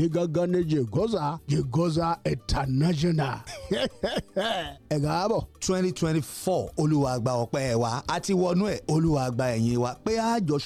ni gangan ni Jegoza Jegoza International. ẹ káàbọ̀. twenty twenty four olúwa gba ọpẹ́ ẹ wa àti wọnú ẹ̀ olúwa gba ẹ̀yìn wa pé a jọ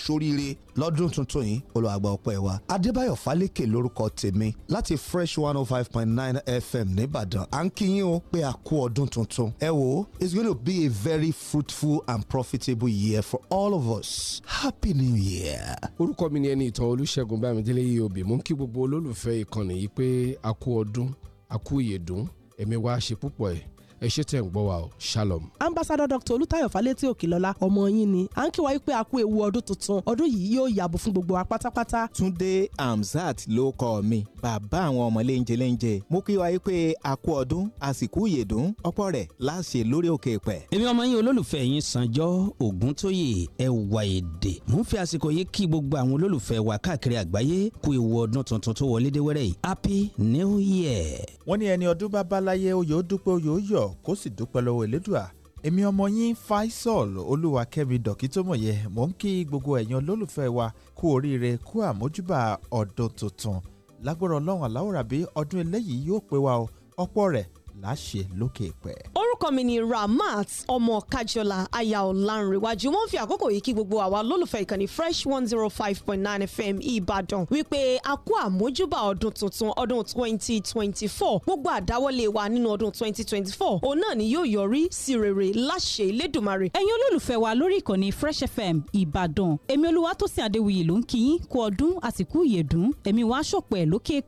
lọ́dún tuntun yìí olùwàgbà ọpẹ́ wa adébáyọ̀ fálékè lórúkọ tèmi láti fresh one oh five point nine fm nìbàdàn à ń kíyìn o pé a kú ọdún tuntun ẹ wo it's going to be a very fruitful and profitable year for all of us happy new year. orúkọ mi ni ẹni ìtàn olùṣègùn bámidélé yìí òbí mú kí gbogbo olólùfẹ́ ìkànnì yìí pé a kú ọdún a kú ìyèdún ẹ̀mí wa ṣe púpọ̀ ẹ̀ ẹ ṣé tẹ̀ ń gbọ́ wa o shalom. ambassadọ dr olùtayọ falẹtí òkèlọlá ọmọ yín ni à ń kí wa pé a kú ewu ọdún tuntun ọdún yìí yóò yàbò fún gbogbo wa pátápátá. túnde hamzat ló kọ mi bàbá àwọn ọmọ léńjẹ léńjẹ mú kí wa pé a kú ọdún àsìkò ìyèdún ọ̀pọ̀ rẹ̀ láṣẹ lórí òkè pẹ. èmi ọmọ yín olólùfẹ́ yín sanjọ́ ògúntóyè ẹwà èdè mò ń fi àsìkò yìí kí gbogbo àwọn olólùfẹ́ wa káàkiri àgbáyé kú ewu ọdún tuntun tó wọlé dé wẹ́rẹ́ yìí happy new year. wọ́n ní ẹni ọdún bá bá láyé oyè ó dúpẹ́ oyè ó yọ̀ kó sì dúpẹ́ lọ́wọ́ elédùà èmi ọmọ yín faisal olúwakẹ́mi dọ̀kítọ́mọ̀yẹ mò ń kí gbogbo ẹ̀yin olólùfẹ́ wa kú oríire kú àmójúbà ọdún tuntun lágbára ọlọ́run aláwòrábí ọdún eléyìí yóò pé wa o ọ̀pọ̀ rẹ̀ láṣẹ lókè pẹ. orúkọ mi ni Ramat ọmọ Kájọlá aya Ọlánrewájú wọ́n fi àkókò yìí kí gbogbo àwa lólùfẹ́ ìkànnì fresh one zero five point nine fm Ìbàdàn wípé a kú àmójúbà ọdún tuntun ọdún twenty twenty four gbogbo àdáwọ́lé wa nínú ọdún twenty twenty four òun náà ni yóò yọrí sí rere láṣẹ Elédùmarè. ẹ̀yin olólùfẹ́ wa lórí ìkànnì fresh fm Ìbàdàn èmi Olúwatósìn Adéwuyì ló ń kí yín kú ọdún àsìkò ìyèdún èmi wàá ṣọ̀pẹ̀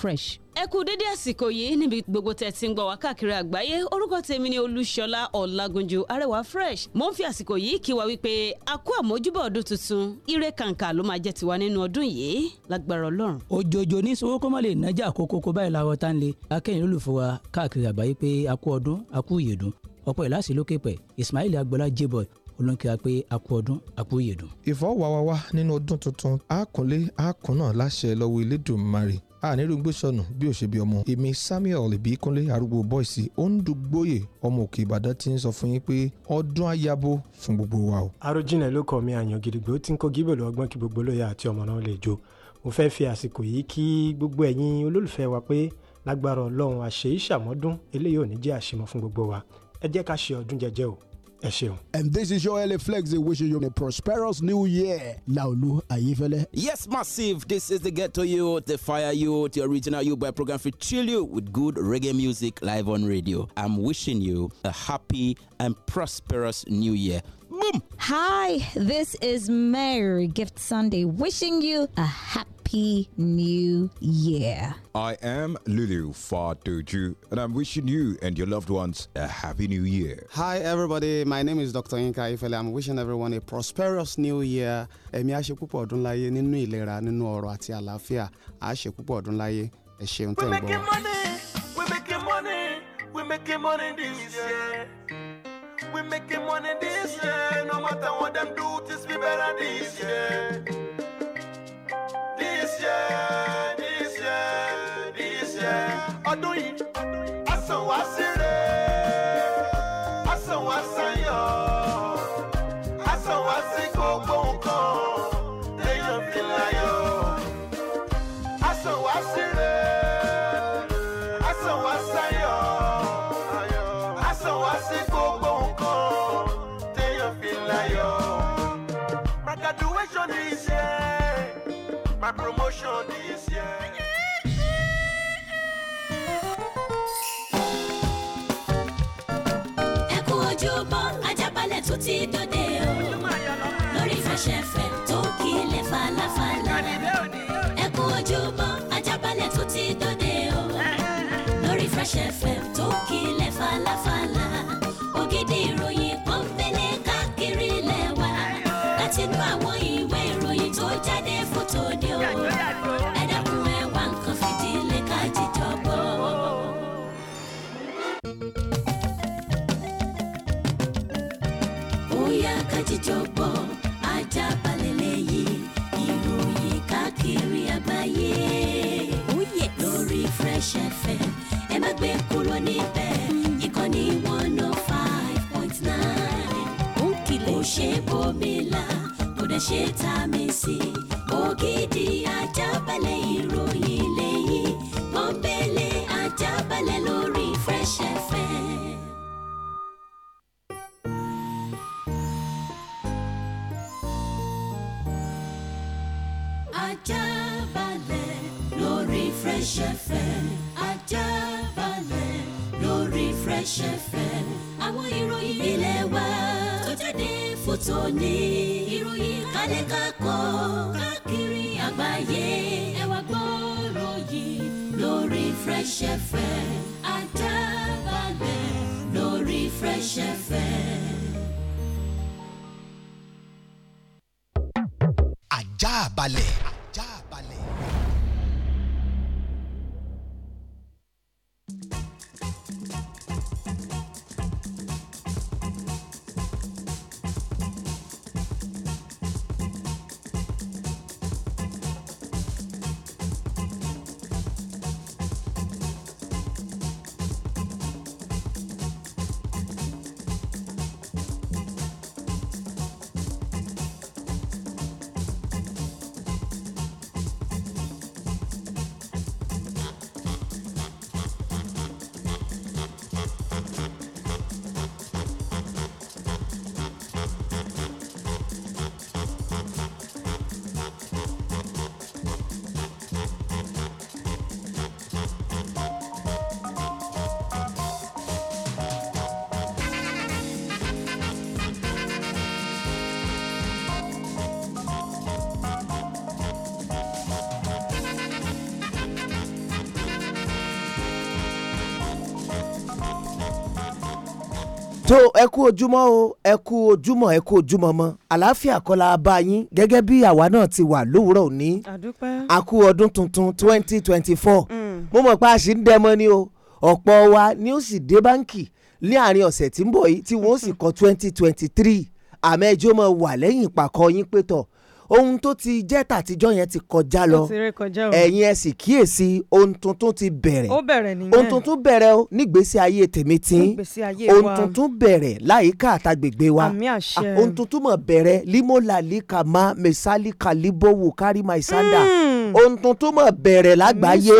fresh ẹ kú dédé àsìkò yìí níbi gbogbo tẹ̀ ń gbọ́ wá àgbáyé orúkọ tèmi ni olúṣọlá ọ̀làgúnjú arẹwà fresh mò ń fi àsìkò yìí kí wa wípé a kú àmójúbọ̀ ọdún tuntun ire kàǹkà ló máa jẹ́ tiwa nínú ọdún yìí lágbára ọlọ́run. òjòjò ní sowó kó má lè nájà kókókó báyìí làwọn tá ń le akẹ́yìn olùfọ́ wa káàkiri àgbáyé pé a kú ọdún a kú ìyèdún ọ̀pọ̀ ìlàsì lókè pẹ̀ ọdún a kú ìyèdún. ìfọwọ́wáwá nínú ọdún tuntun a kúnlé a kún láṣẹ lọ́wọ́ Elédùmarè ànírúgbó sọnù bí ò ṣe bí ọmọ èmi Samuel Ìbíkúnlé arúgbó bọ́ìsì òǹdùgbòyè ọmọ òkè Ìbàdàn ti ń sọ fún yín pé ọdún ayabo fún gbogbo wa o. Arójinlẹ̀ ló kọ mi àyàn gidigbo tí ń kó gíbèlú ọgbọ́n kí gbogbo lóye àti ọmọ náà lè jó mo fẹ́ fi àsìkò yìí kí gbogbo ẹ̀yin olólùfẹ́ wa pé lágbára Ọlọ́run àṣeyíṣàmọ́dún eléyìí ò ní jẹ́ àṣemọ́ fún gbogbo wa ẹ jẹ́ ká ṣe ọdún jẹ́jẹ́ o ẹ ṣeun. and this is your LA Flexi wishing you a prosperous new year. Laolu Ayefele. Yes, massive. This is the Ghetto Youth, the Fire Youth, the original Youth by program for chill you with good reggae music live on radio. I'm wishing you a happy and prosperous new year. Boom. Hi, this is Mary Gift Sunday wishing you a happy Happy New Year. I am Lulu Fadoju, and I'm wishing you and your loved ones a Happy New Year. Hi, everybody. My name is Dr. Inka Ifele. I'm wishing everyone a prosperous New Year. Ẹ̀mí á ṣe púpọ̀ ọdún láyé nínú ìlera, nínú ọrọ̀ àti àlàáfíà. Á ṣe púpọ̀ ọdún láyé. Ẹ ṣeun tẹ̀ gbọ́. We making money, we making money, we making money this year. We making money this year. No matter what them do, we be better this year. This year, this year, this year. I do it. I saw I see. ti dòde o lórí fẹsẹ̀fẹ̀ tó kílẹ̀ falafala ẹ kú ojúmọ́ ajábalẹ̀ tó ti dòde o lórí fẹsẹ̀fẹ̀ tó kílẹ̀ falafala. níbẹ̀ ṣe tá a mi sí. ògidì ajábalẹ̀ ìròyìn lẹ́yìn pọ́npẹ́lẹ́ ajábalẹ̀ lórí Fresh FM. ajábalẹ̀ lórí Fresh FM ajábalẹ̀ lórí Fresh FM àwọn ìròyìn ilé wa tó jáde fún tòní ìròyìn jáde kákó káàkiri àgbáyé ẹ wá gbọ́rọ̀ yìí lórí Fresh FM Ajaabale lórí Fresh FM. Ajaabale. so ẹ kú ojúmọ́ o ẹ kú ojúmọ́ ẹ kú ojúmọ́ mọ́ àlàáfíà kọ́lá bá yín gẹ́gẹ́ bí àwa náà ti wà lówùúrọ̀ òní a kú ọdún tuntun twenty twenty four mm. mo mọ̀ pé a sì ń dẹ́mọ́ ni o ọ̀pọ̀ wa ni ó sì dé báǹkì ní àárín ọ̀sẹ̀ tí ń bọ̀ yìí tí wọ́n sì kọ́ twenty twenty three àmẹ́jọ́ mọ̀ wà lẹ́yìn ìpàkọ́ yín pé tọ̀ ohun tó ti jẹ́ tàtijọ́ yẹn ti kọjá lọ ẹ̀yin ẹ sì kíyèsí ohun tuntun ti bẹ̀rẹ̀ ohun tuntun bẹ̀rẹ̀ o nígbésí ayé tèmi tí ohun tuntun bẹ̀rẹ̀ láyìíká àtàgbègbè wa ah, ohun tuntun mọ̀ bẹ̀rẹ̀ limola likama mesali kalibowu karima isanda mm. ohun tuntun mọ̀ bẹ̀rẹ̀ lágbàáyé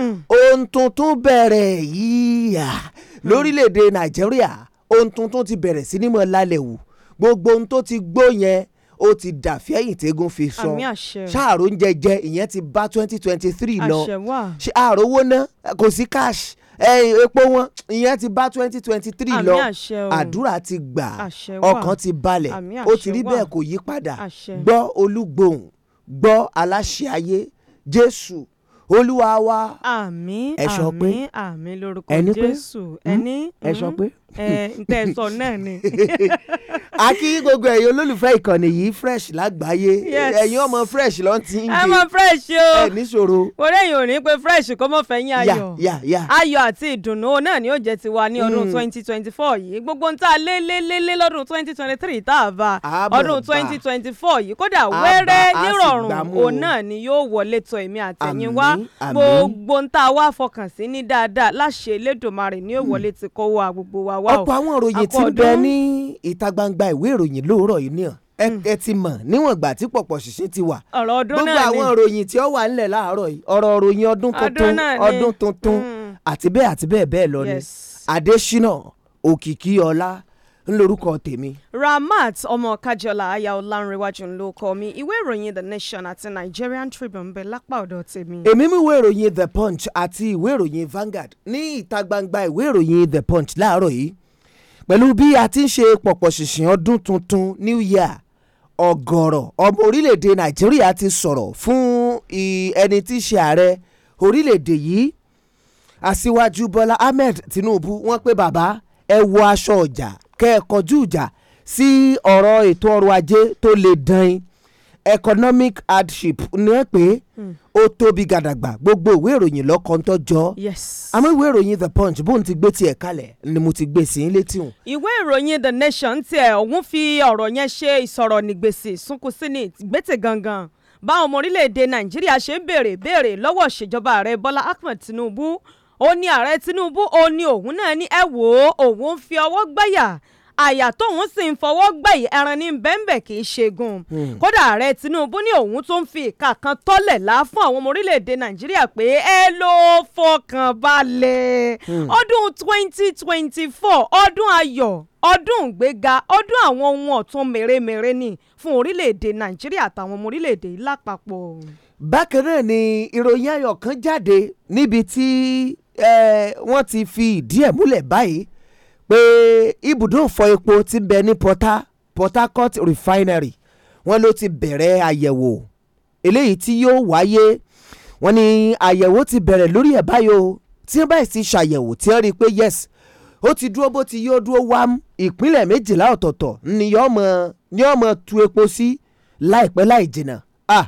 mm. ohun tuntun bẹ̀rẹ̀ yíyà mm. lórílẹ̀‐èdè nàìjíríà ohun tuntun ti bẹ̀rẹ̀ sí ní mọ̀ lálẹ́ wò gbogbo ohun tó ti gbó yẹn ó ti dà fẹ́yìn tẹ́gùn fi sọ ṣáàrò ń jẹjẹ ìyẹn ti bá twenty twenty three lọ ṣáàrò owó ná kò sí cash epo wọn ìyẹn ti bá twenty twenty three lọ àdúrà ti gbà ọkàn ti balẹ̀ ó ti rí bẹ́ẹ̀ kò yí padà gbọ́ olúgbòhùn gbọ́ aláṣẹ ayé jésù olúwa wa. àmín àmín àmín lórúkọ jésù hmm? ẹni ẹ sọ hmm? pé ẹ ntẹ sọ náà ni. a kí gbogbo ẹ̀yin olólùfẹ́ ìkànnì yìí fresh lágbàáyé ẹ̀yin ọmọ fresh ló ń ti ń gbé ẹ mọ fresh o ẹ níṣòro. orí ẹ̀yin ò ní pé fresh kó mọ̀ fẹ́yìn ayọ̀ ayọ̀ àti ìdùnnú náà ni ó jẹ́ tiwa ní ọdún hmm. twenty twenty four yìí gbogbo ń tà lé lé lé lé lọ́dún twenty twenty three tá a bá ọdún twenty twenty four yìí kódà wẹ́rẹ́ nírọ̀rùn òun náà ni yóò wọlé tọ̀ èmi àtẹ̀yìn wá gbogbo ń tá a wá fọkàn sí ní dáadáa láṣẹ Elédùmarè ni yóò hmm. wọlé ti kọ́ wa gbogbo wa wá o. ọ̀pọ̀ àwọn òròyìn ti bẹ ní ìta gbangba ìwé ìròyìn lóòrọ̀ yìí nìyàn hmm. ẹ ti mọ̀ níwọ̀n ìgbà tí pọ̀pọ̀ ṣìṣìn ti wà. ọ̀rọ̀ ọdún náà ni gbogbo àwọn òròyìn tí ó wà ńlẹ̀ láàárọ̀ yìí ọ̀rọ̀ òròyìn ọdún tuntun ọdún tuntun hmm. àti bẹ́ẹ̀ àti bẹ́ẹ̀ bẹ́ẹ̀ lọ ni Adésínà Òkìkíọlá ńlórúkọ tèmi. ramat ọmọ kájọlá aya ọlárẹwájú ló kọ mi ìwé ìròyìn the nation àti nigerian tribune bẹ lápá ọ̀dọ̀ tèmi. èmi mú ìwé ìròyìn the punch àti ìwé ìròyìn Vanguard ní ìta gbangba ìwé ìròyìn the punch láàárọ̀ yìí pẹ̀lú bí a ti ń ṣe pọ̀pọ̀ ṣìnṣìn ọdún tuntun new year ọ̀gọ̀rọ̀ ọmọ orílẹ̀-èdè nàìjíríà ti sọ̀rọ̀ fún ẹni tí í ṣe ààrẹ orílẹ̀-èdè yìí aṣíwájú bọ́lá ahmed tinubu wọ́n pé bàbá ẹ wọ aṣọ ọjà kẹ́ ẹ kọjú ìjà sí ọ̀rọ̀ ètò ọrọ̀ ajé tó le danin economic hardship ni wọ́n pè é hmm. ó tóbi gàdàgbà gbogbo ìwé ìròyìn lọ́kàn tó jọ àmọ́ ìwé ìròyìn the punch bóun ti gbé tiẹ̀ kalẹ̀ ni mo ti gbé sí i létí hùn. ìwé ìròyìn the nation tiẹ̀ ọ̀hún fi ọ̀rọ̀ yẹn ṣe ìsọ̀rọ̀ nígbèsè sunkún sí ní gbèsè gangan báwọn ọmọ orílẹ̀-èdè nàìjíríà ṣe ń béèrè béèrè lọ́wọ́ ìṣèjọba ààrẹ bọ́lá ahmed tinubu ó ní ààrẹ tinubu ó ní òun náà ní ẹ òun fi ọwọ́ gbáyà àyà tóun sì ń fọwọ́ gbẹ̀yìn ẹran ní bẹ́ńbẹ̀ kì í ṣẹ́gun hmm. kódà ààrẹ Tinubu ní òun tó ń fi ìka kan tọ́lẹ̀ lá fún àwọn ọmọ orílẹ̀-èdè Nàìjíríà pé ẹ ló fọkàn balẹ̀ hmm. ọdún twenty twenty four ọdún ayọ̀ ọdún ìgbéga ọdún àwọn ohun ọ̀tun mèremère ni fún orílẹ̀-èdè Nàìjíríà àtàwọn ọmọ orílẹ̀-èdè lápapọ̀. bákan náà ni ìròyìn ayọ̀ kan jáde níbi tí wọ́n ti fi ìdí ẹ̀ múlẹ̀ báyìí pé ibùdó ìfọ epo ti bẹ ní Port Harcourt refinery wọ́n ló ti bẹ̀rẹ̀ àyẹ̀wò eléyìí tí yóò wáyé wọ́n ní àyẹ̀wò ti bẹ̀rẹ̀ lórí ẹ̀ báyò tí wọ́n báyìí ti ṣàyẹ̀wò tí wọ́n rí i pé yes ó ti dúró bó ti yóò dúró wá ìpínlẹ̀ méjìlá ọ̀tọ̀ọ̀tọ̀ ni yóò mọ̀ ni yóò mọ̀ tu epo sí láìpẹ́ láì jìnnà ah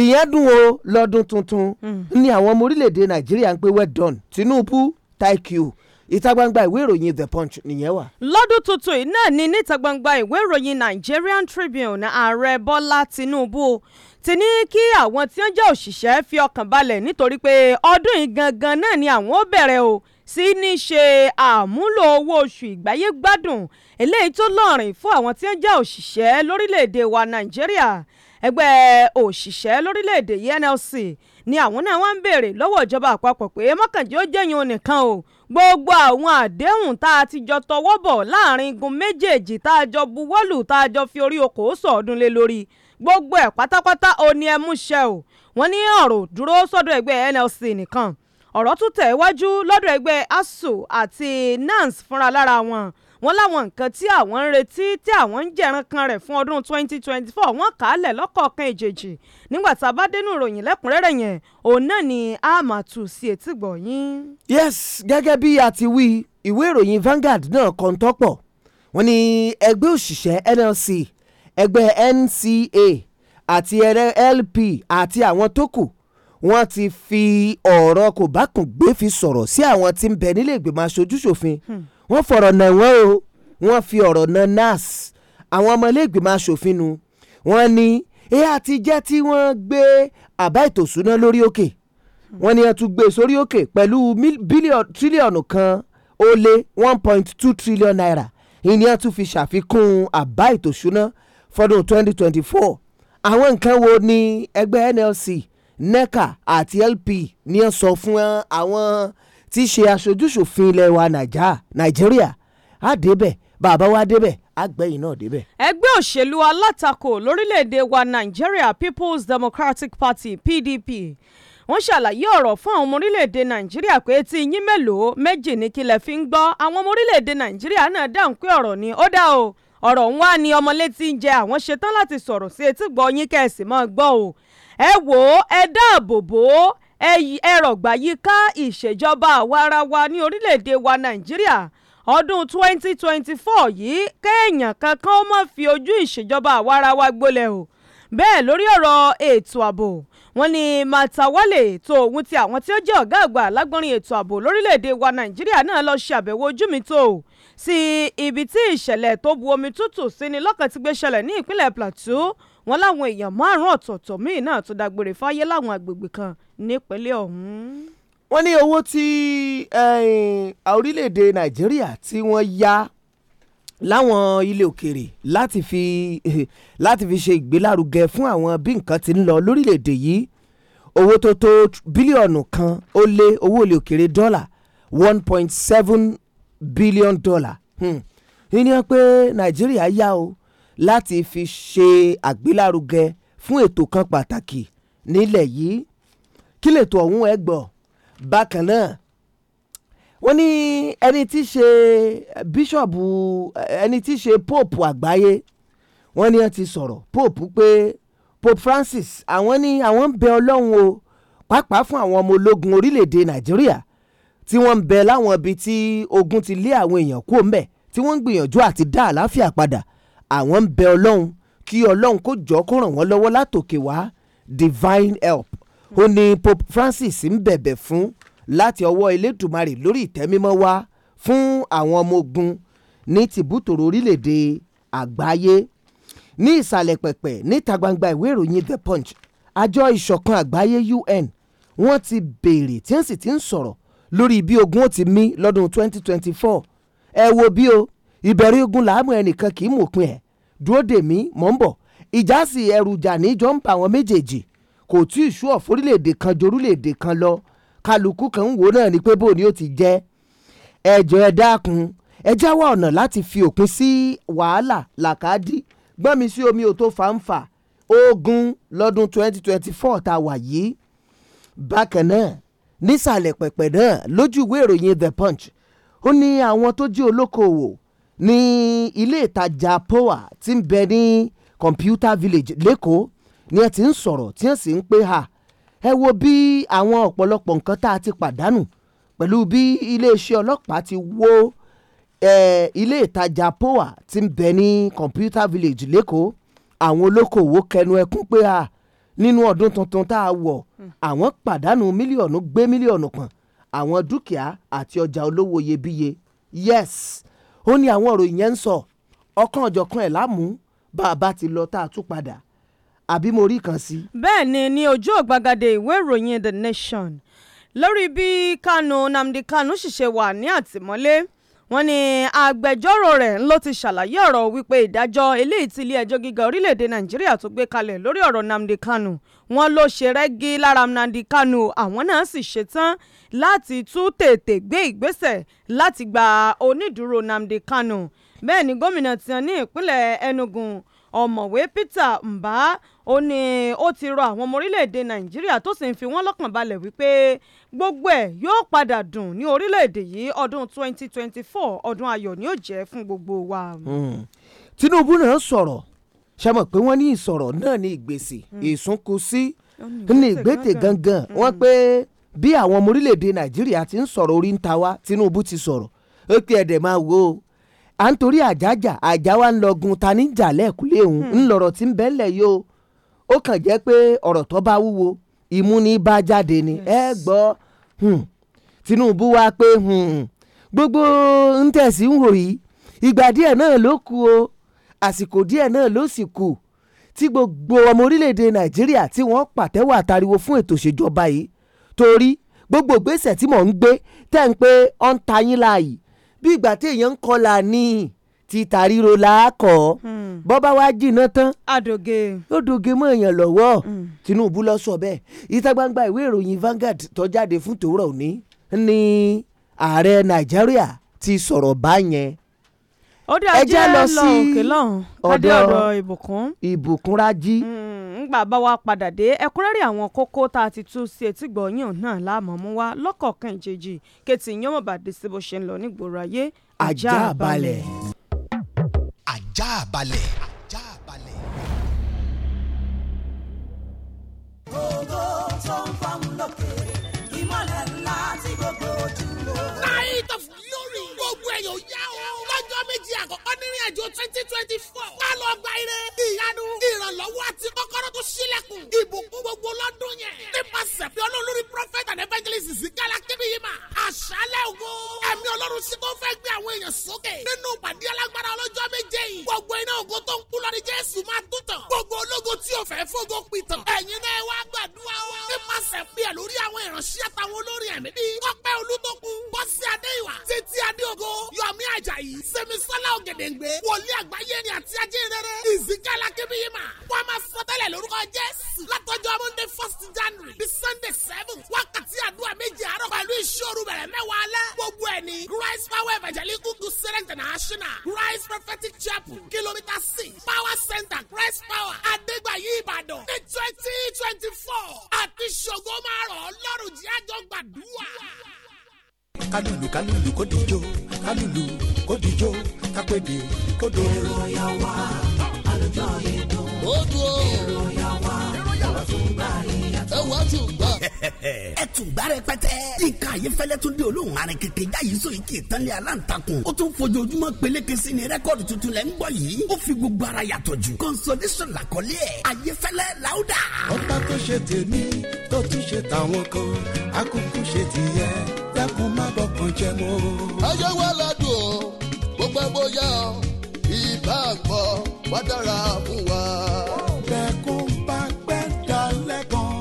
ìyẹn dùn o lọ́dún tuntun hmm. ni àwọn ọmọ orílẹ̀-èdè Nàìjíríà ń pè well done Tinubu thank you ìta gbangba ìwé ìròyìn the punch nìyẹn wà. lọ́dún tuntun yìí náà ni níta gbangba ìwé ìròyìn Nigerian Tribune ààrẹ Bọ́lá Tinubu ti ní kí àwọn tí ó jẹ́ òṣìṣẹ́ fi ọkàn balẹ̀ nítorí pé ọdún yìí gangan náà ni àwọn ó bẹ̀rẹ̀ o sí ní ṣe àmúlò owó oṣù ìgbáyé gbádùn eléyìí tó lọ́rìn fún àwọn tí ó jẹ́ òṣìṣẹ́ lórílẹ̀‐èdè wa Nàìjíríà ẹgbẹ́ òṣìṣẹ́ lórílẹ̀‐èdè NLC ni àwọn náà wọ́n ń béèrè lọ́wọ́ ìjọba àpapọ̀ pé mọ́kànjẹ́ ó jẹ́yìn òun nìkan o gbogbo àwọn àdéhùn tá a ti jọ tọwọ́ bọ̀ láàrin igun méjèèjì tá a jọ buwọ́lù tá a jọ fi orí okòó sọ̀ọ́dún lé lórí gbogbo ẹ̀ pátápátá ó ní ẹ mú ṣẹ o wọ́n ní ọ̀rọ̀ dúró sọ́dọ̀ ẹgbẹ́ NLC nìkan ọ̀rọ̀ tún tẹ̀ wájú lọ́dọ̀ ẹgbẹ́ ASUU àti NANS fúnra lára wọn wọ́n láwọn nǹkan tí àwọn ń retí tí àwọn ń jẹ̀ran kan rẹ̀ fún ọdún 2024 wọ́n kà á lẹ̀ lọ́kọ̀ọ̀kan èjèèjì nígbà tá a bá dénú ìròyìn lẹ́kùnrẹ́rẹ́ yẹn òun náà ni a máa tù sí etí gbọ̀ yín. yes gẹ́gẹ́ bí a ti wí ìwé ìròyìn Vanguard náà kan tọ́pọ̀ wọ́n ní ẹgbẹ́ òṣìṣẹ́ NLC ẹgbẹ́ NCA àti LP àti àwọn tó kù wọ́n ti fi ọ̀rọ̀ kò bá kùn gbé fi sọ̀rọ̀ sí àwọn tí ń bẹ nílé ìgbìmọ̀ aṣojú ṣòfin. Hmm wọ́n fọ̀rọ̀ nà wọ́n o wọ́n fi ọ̀rọ̀ nà nas àwọn ọmọlẹ́gbẹ̀mọ aṣòfin nu wọ́n ní èyí àti jẹ́ tí wọ́n gbé àbá ètò ìsúná lórí òkè wọ́n ní ẹ tún gbé e sórí òkè pẹ̀lú tírílíọ̀nù kan ó lé one point two trillion naira ìní ẹ tún fi ṣàfikún àbá ètò ìsúná fọdún twenty twenty four àwọn nǹkan wo ni ẹgbẹ́ NLC NECA àti LP ní ẹ sọ fún àwọn. Uh, tí í ṣe aṣojúṣòfin ilẹ̀ wa nàìjíríà á débẹ̀ bàbá wa débẹ̀ àgbẹ̀yìn náà débẹ̀. ẹgbẹ́ òṣèlú alátakò lórílẹ̀‐èdè wa Nigeria People's Democratic Party PDP wọ́n ṣàlàyé ọ̀rọ̀ fún àwọn ọmọ orílẹ̀‐èdè nàìjíríà pé tí yín mélòó méjì ní kílẹ̀ fi ń gbọ́ àwọn ọmọ orílẹ̀‐èdè nàìjíríà náà dáhùn pé ọ̀rọ̀ ni ó dá o ọ̀rọ̀ ń wá ní ọmọlé tí ń jẹ àwọn ṣetán láti sọ̀rọ̀ sí etí gbọ́ yín kẹ́sì mọ́ gbọ́ o ẹ wò ó ẹ dáàbò bò ó ẹ̀rọ̀gbà yìí ká ìṣèjọba àwarawa ní orílẹ̀-èdè wa nàìjíríà ọdún 2024 yìí kéèyàn kankan ó má fi ojú ìṣèjọba àwarawa gbolẹ̀ o bẹ́ẹ̀ lórí ọ̀rọ̀ ètò ààbò wọn ni Matawalle tó ohun ti àwọn tí ó jẹ́ ọ̀gá àgbà lágbọ́nrin ètò ààbò lórílẹ̀‐èdè wa Nàìjíríà náà lọ ṣe àbẹ̀wò ojú mi tó sí ibi tí ìṣẹ̀lẹ̀ tó bu omi tútù sí ni lọ́kàn ti gbé ṣẹlẹ̀ ní ìpínlẹ̀ Plateau wọn láwọn èèyàn márùn-ún ọ̀tọ̀ọ̀tọ̀ míì náà tó dágbére fáyé láwọn àgbègbè kan nípínlẹ̀ ọ̀hún. wọ́n ní owó tí eh, orílẹ̀-èdè nàìjíríà tí wọ́n yá láwọn ilé òkèèrè láti fi láti fi ṣe ìgbélárugẹ fún àwọn bí nǹkan ti ń lọ lórílẹ̀-èdè yìí owó tó tó bílíọ̀nù kan ó lé owó ilé òkèèrè dọ́là one point seven billion dollar hmm. ìyẹn pé nàìjíríà yá o láti fi ṣe àgbélárugẹ fún ètò kan pàtàkì nílẹ̀ yìí kí lètò ọ̀hún ẹ gbọ́ bákan náà wọ́n ní ẹni tí í ṣe bíṣọ̀bù ẹni tí í ṣe pope àgbáyé wọ́n ní wọ́n ti sọ̀rọ̀ pope pé pope francis àwọn ní àwọn ń bẹ ọlọ́run o pàápàá fún àwọn ọmọ ológun orílẹ̀-èdè nàìjíríà tí wọ́n ń bẹ láwọn ibi tí ogun ti lé àwọn èèyàn kúrò ńbẹ̀ tí wọ́n ń gbìyànjú àti dá àlàáfíà padà àwọn ń bẹ ọlọ́run kí ọlọ́run kó jọ kó ràn wọ́n lọ́wọ́ látòkè wá divine help ó ní Pope Francis ń bẹ̀bẹ̀ fún láti ọwọ́ Elédùmarè lórí ìtẹ́mímọ́ wá fún àwọn ọmọ ogun ní tìbútòrò orílẹ̀-èdè àgbáyé ní ìsàlẹ̀ pẹ̀pẹ̀ níta gbangba ìwé ìròyìn The Punch àjọ ìṣọ̀kan àgbáyé UN wọ́n ti béèrè tí wọ́n sì ti ń sọ̀rọ̀ lórí bí ogun ó ti mí lọ́dún 2024 ẹ wo bí o ìbẹ̀rẹ̀ ogun làámú ẹnìkan kì í mòpin ẹ̀ dúró dè mí mò ń bọ̀ ìjà sí ẹrù jà níjọ́ ń pa àwọn méjèèjì kò tí ì sú ọ̀fọ̀ orílẹ̀-èdè kan ju orílẹ̀-èdè kan lọ kálukú kan ń wò náà ni pé bó ni ó ti jẹ́ ẹjọ́ ẹ dákun ẹ jáwọ́ ọ̀nà láti fi òpin sí wàhálà làkàdí gbọ́nmi sí omi ò tó fàǹfà ogun lọ́dún 2024 tá a wà yìí bákan náà nísàlẹ̀ pẹ̀pẹ̀ náà lójú ìwé ìròyìn The Punch ó ní àwọn tó jí olókoòwò ní ilé ìtajà power tí ń bẹ ní Computer Village lẹ́kọ̀ọ́ ni ẹ ti ń sọ̀rọ̀ tí ẹ sì ń pé ha ẹ wo bí àwọn ọ̀pọ̀lọpọ̀ nǹkan tá a ti pàdánù pẹ̀lú bí iléeṣẹ́ ọlọ́pàá ti wó ilé ìtajà power ti ń bẹ ní computer village lẹ́kọ̀ọ́ àwọn olókoòwò kẹnu ẹkún pé ha nínú ọdún tuntun tá a wọ̀ àwọn pàdánù mílíọ̀nù gbé mílíọ̀nù kan àwọn dúkìá àti ọjà olówó iyebíye yes ó ní àwọn ọ̀rọ̀ ìyẹn ń sọ ọ̀kan ọ̀jọ̀kan ẹ̀ lámú bá a bá ti lọ tá a tún padà àbí mo rí kan sí. bẹ́ẹ̀ ni ní ojú ọ̀gbagadé ìwé ìròyìn the nation lórí bí kanu nnamdi kanu ṣiṣẹ́ wà ní àtìmọ́lé wọ́n ní agbẹjọ́rò rẹ̀ ló ti ṣàlàyé ọ̀rọ̀ wípé ìdájọ́ eléyìí tí ilé-ẹjọ́ gíga orílẹ̀-èdè nàìjíríà tó gbé kalẹ̀ lórí ọ̀rọ̀ nnamdi kanu wọ́n ló ṣe rẹ́gí lára nnamdi kanu àwọn náà sì ṣetán láti tún tètè gbé ìgbésẹ̀ láti gba onídùúró nnamdi kanu bẹ́ẹ̀ ni gómìnà tiẹ̀ ní ìpínlẹ̀ enugu ọ̀mọ̀wé peter mbah ó ní ó ti rọ àwọn ọmọ orílẹ̀-èdè nàìjíríà tó sì ń fi wọ́n lọ́kàn balẹ̀ wípé gbogbo ẹ̀ yóò padà dùn ní orílẹ̀-èdè yìí ọdún 2024 ọdún ayọ̀ ni ó jẹ́ fún gbogbo wa. Hmm. tinubu náà sọ̀rọ̀ ṣàmọ̀ pé wọ́n ní ìsọ̀rọ̀ náà hmm. ní ìgbésì ìsúnkúsí ní ìgbésẹ̀ gangan hmm. wọ́n pé bí àwọn ọmọ orílẹ̀-èdè nàìjíríà ti ń sọ̀rọ̀ orí ń ta wá tinubu ti sọ̀rọ̀ ó pé ẹ̀dẹ̀ à ń torí àjájà àjá wa ń lọ gun ta ní jà lẹ́ẹ̀kúlé òun ńlọrọ̀ tí ń bẹ́ẹ̀ lẹ̀ yóò ó kàn jẹ́ pé ọ̀rọ̀ tó bá wúwo imú ní bá jáde ni ẹ gbọ́ hmm, Tinubu wá pé hmm, hmm, gbogbo ń tẹ̀sí ń wò yìí ìgbà díẹ̀ náà ló kù o àsìkò díẹ̀ náà ló sì kù tí gbogbo ọmọ orílẹ̀-èdè Nàìjíríà tí wọ́n pàtẹ́wọ́ àtariwo fún ètò ìṣèjọba yìí torí gbogbo ìgbésẹ̀ tí mò ń gbé tẹ̀ ń pé ọ́n ta yín láàyè bí ìgbà tí èèyàn ń kọlà níyì títa ríro làákọ̀ hmm. bọ́ bá wá jìnnà tán àdògè yóò dògè mọ́ èèyàn lọ́wọ́ hmm. Tinubu lọ sọ bẹ́ẹ̀ ìta gbangba ìwé ìròyìn Vanguard tó jáde fún tòwúrọ̀ òní ni ààrẹ Nàìjíríà ti sọ̀rọ̀ báyẹn ó dà jẹ́ lọ sí ọ̀dọ̀ ìbùkún ìbùkún rájí. ngbà hmm, bá wa padà dé ẹ̀kúnrẹ́rẹ́ àwọn kókó tá a ti tú sí etí gbọ̀nyàn náà láàmú wa lọ́kọ̀ọ̀kan ìjèjì kẹ́tì yánmọ̀bàdé sí bó ṣe ń lọ nígboro ayé ajá balẹ̀ ajá balẹ̀. gbogbo tó ń fa lókè ìmọ̀lẹ̀ ńlá tí gbogbo ojú lò. night of glory yóò yá o. lọ́jọ́ méjì àkọ́kọ́ nínú àjò twenty twenty four. wà á lọ gba ire. ìyanu ìrànlọ́wọ́ àti kọ́kọ́rọ́ tó ṣílẹ̀kùn. ìbùkún gbogbo lọ́dún yẹn. nípasẹ̀ fi olólórí prophet and evangelist zikala kébìyìmá. àṣálẹ̀ ògo. ẹ̀mí ọlọ́run sí kó fẹ́ gbé àwọn èèyàn sókè. nínú pàdé alágbára ọlọ́jọ́ méje yìí. gbogbo iná ògo tó ń kú lọ ní jésù máa tún tàn. gbogbo ológo tí ò fẹ́ fógo pìtàn. ẹ̀yin náà wá gbàdúrà wa. nípasẹ̀ bí ẹ̀ lórí àwọn ìránṣẹ́ àtàwọn olórin ẹ̀mí bíi. kọ́pẹ́ olútókun bọ́sí adéìwà títí adéògo Yọ̀mí Àjàyí, Sẹ́misọ́lá Ògèdèǹgbé, Wòlíì àgbáyé ni àti ajé rere, Ìzíkàlà Kébíyìmá. Wọ́n máa sọ tẹ́lẹ̀ lórúkọ Jésù. Látọjọ́ Monday first January bí Sunday seven wákàtí àdúrà méje àárọ̀ pẹ̀lú ìṣòro bẹ̀rẹ̀ mẹ́wàá alẹ́. Gbogbo ẹ̀ ni Christ Power Evangelical Crusade International, Christ Prophetic Chapel, Kilomita six, Power Center, Christ Power, Adégbàyí Ìbàdàn ní twenty twenty four àti ṣògo máa rọ̀ ọ́ lọ́rùn jíájọ́ gbàdúrà. kálùlù kálùlù kò díjó kálùlù kó dijó kápẹ́dé kó do. èrò ya wá àlùjọ yìí dùn. ó dùn. èrò ya wá àwa tún gbà ìyàtọ̀. ẹ wá tún gbà ẹ tún gbá rẹpẹtẹ. yínká yìí fẹlẹ tún di olóhùn arin kékeré jáyé sọ yìí kì í tán lé aláǹtakùn. ó tún fojoojúmọ́ peléke sí ni rẹ́kọ̀dì tuntun lẹ́ ń bọ̀ yìí. ó fi gbogbo ara yàtọ̀ jù. consolation làkọlé ẹ̀. ayé fẹlẹ làwùdà. ọba tó ṣe tèmi tó tún ṣe tàwọn kan akúkú ṣe tìyẹ dákun má bọkàn jẹ́ mọ́. ayé wa ládùn o gbogbo bóyá ìbá àgbọ̀ wá dára fún wa. bẹ́ẹ̀kún bá gbẹ́ dalẹ̀ gan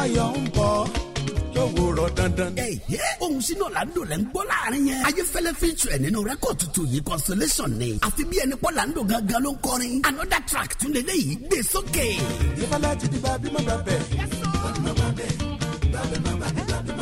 ayọ̀ ń bọ̀ lówùrọ̀ dandan. ẹ yé ohun sínú ọ̀làǹdò rẹ̀ ń gbọ́ láàrin yẹn. ayéfẹ́lẹ́ fíjù ẹ̀ nínú rẹ́kọ̀d tuntun yìí consolation ni. àfi bí ẹni pọ́ làǹdò gangan ló ń kọrin. another track tún lélẹ̀ yìí gbé sókè. ìfọlájì ti bá bímọ bàbẹ̀ bàbẹ̀ bàbẹ̀ bàbẹ̀ bàbẹ̀ bàbẹ̀.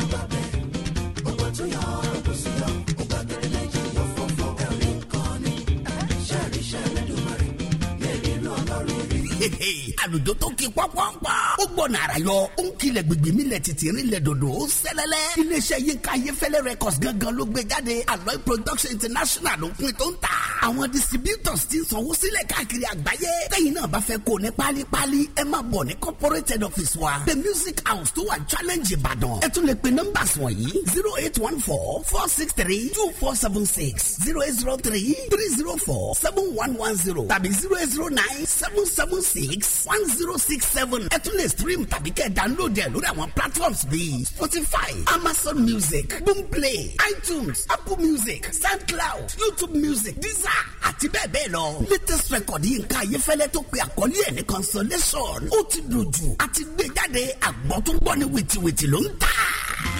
Hey, hey. àlùjọ tó ki pọ́npọ́npọ́ ó gbọ́nà àrà yọ ó ń kilẹ̀ gbègbè mi lẹ̀ tìtìrín lẹ̀ dòdò ó sẹ́lẹ̀lẹ̀ iléeṣẹ́ yínká ayéfẹ́lẹ́ records gangan ló gbé jáde aloe production international ló pin tó ń ta àwọn distributors ti ń sanwó sílẹ̀ káàkiri àgbáyé tẹ́yìn náà bá fẹ́ kó ní pálípálí ẹ máa bọ̀ ní corporate office wa the music house tó wà challenge ìbàdàn ẹ tún lè pe numbers wọ̀nyí zero eight one four four six three two four seven six zero eight zero three three zero four seven one one zero tàbí zero eight zero nine seven seven six one zero six seven ẹ tún lè stream tàbí kẹ́ download ẹ lórí àwọn platforms bíi spotify amazon music boomplay itunes apple music soundcloud youtube music deezer àti bẹ́ẹ̀ bẹ́ẹ̀ lọ. latest record yìí nǹkan ayéfẹ́lẹ́ tó pe àkọlé ẹ̀ ní consolation ó ti dojú àti gbé jáde àgbọ̀ tó gbọ́ ní wìtìwìtì ló ń tà.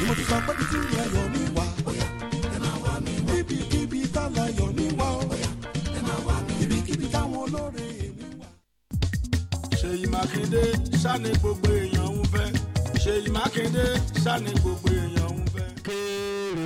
ìmọ̀ tó sọ pé kí n yẹ yọ mí. Ṣèyí Mákindé ṣáni gbogbo èèyàn ń fẹ́ Ṣèyí Mákindé ṣáni gbogbo èèyàn.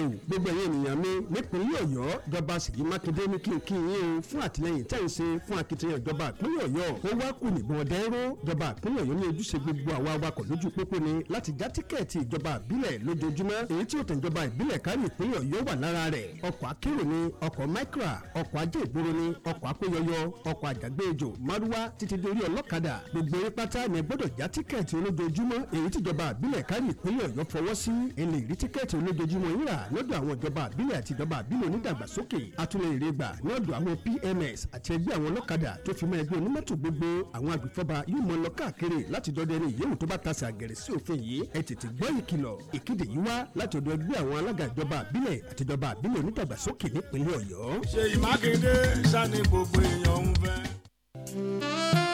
gbogbo ẹ̀yin ènìyàn mi nípínlẹ̀ ọ̀yọ́ ìjọba Ṣèyí Mákindé ní kí n kí yín o fún àtìlẹyìn tẹ̀ ń ṣe fún akitiyan ìjọba ìpínlẹ̀ ọ̀yọ́ ó wá kù nìbọn dẹ́rọ́ ìjọba ìpínlẹ̀ ọ̀yọ́ ní ojúṣe gbogbo àwa awakọ̀ lójú pópó ni láti já tíkẹ́ẹ̀tì ìjọba ìbílẹ̀ lójoojúmọ́ èyí tí òtẹ̀ ìjọba ìbílẹ̀ kárí ìpínlẹ̀ ọ̀yọ́ wà lára rẹ̀ ọkọ̀ akérò ni ọkọ̀ micra ọkọ̀ ajé ìgboro ni ọkọ̀ akóyọyọ ọkọ̀ àjàgbéjò márúwá títí dé orí ọlọ́kadà gbogbo eré pátá ni gbọ́dọ̀ já tíkẹ́ẹ̀tì olójoojúmọ́ èyí tíjọba ìbílẹ̀ kárí ìpínlẹ̀ ọ̀yọ́ fọwọ́ sí ẹni ìrí tíkẹ́ẹ̀tì olójoojúmọ́ rírà lọ́dọ̀ àwọn ìjọba àbílẹ̀ àti ìjọba àbílẹ̀ onídàgbàsókè atúnlẹ̀rẹ̀ gbà ní ọ̀dọ̀ àwọn PMS àti ẹgbẹ́ àwọn ọlọ́kadà tó fi mọ́ ẹgbẹ́ onímọ́tò gbogbo àwọn agbèfọ́ba yóò mọ lọ káàkiri láti dọdẹ ní ìyẹ́wò tó bá tasẹ̀ àgẹ̀rẹ̀ sí òfin yìí ẹ tètè gbọ́ ìkìlọ̀ ìkéde yìí wá láti ọ̀dọ̀ ẹgbẹ́ àwọn alága ìjọba àbílẹ̀ àti ìjọba àbílẹ̀ onídàgbàsókè nípínlẹ̀ Ọ̀yọ́. Ṣèyí Mákindé sani gbogbo èèyàn ń fẹ́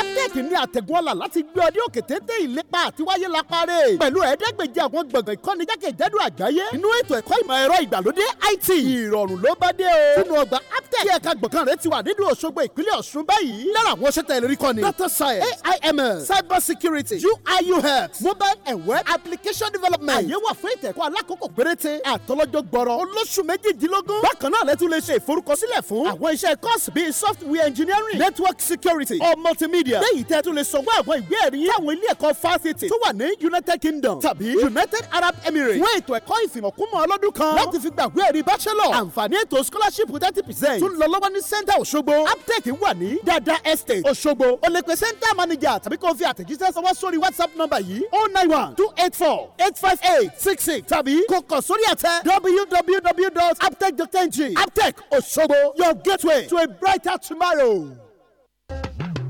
atẹ́ẹ̀kì ní àtẹ̀gùn ọ̀la láti gbé ọdẹ òkè téńté ìlépa àti wáyé la parẹ́ pẹ̀lú ẹ̀ẹ́dẹ́gbẹ̀jẹ àwọn gbọ̀ngàn ìkọ́ni jákèjádò àgbáyé nínú ètò ẹ̀kọ́ ìmọ̀ ẹ̀rọ ìgbàlódé IT ìrọ̀rùn ló bá dé o nínú ọgbà aptec tí ẹ̀ka gbọ̀ngàn rẹ̀ ti wà nínú Òṣogbo ìpínlẹ̀ Ọ̀ṣun báyìí lára àwọn ṣẹ́tẹ̀ ìlérí kan ni data science AIML cyber security UI UX mobile and web application development àyè wà fún ìtẹ̀kọ́ alákòókò péréte àtọlọ́jọ́ gbọ́rọ̀ olóṣù méjìdínlógún bákan náà lẹ́tún lè ṣe ìforúkọ́sílẹ̀ fún àwọn iṣẹ́ kọ́ọ̀sì bíi software engineering network security or multimedia media lẹ́yìn tẹ́ tún lè sọ̀gbọ́ àwọn ìwé ẹ̀rí táwọn ilé ẹ̀kọ́ fásitì tó wà ní united kingdom tàbí united arab emirates fún ètò ẹ̀kọ́ ìfìmọ̀kúmọ̀ ọlọ́dún kan láti fi gbàgbé ẹ̀rí bachelor àǹfààní ètò scholarship thirty percent tún lọ lọ́wọ́ ní center òṣogbo aptec wà ní dada estate òṣogbo o lè pe center manager tàbí kó fi àtẹ̀jíṣẹ́ sọwọ́ sórí whatsapp number yìí oh nine one two eight four eight five eight six six tàbí kó kàn sórí àtẹ www.aptec.ng aptec òṣogbo your gateway to a brighter tomorrow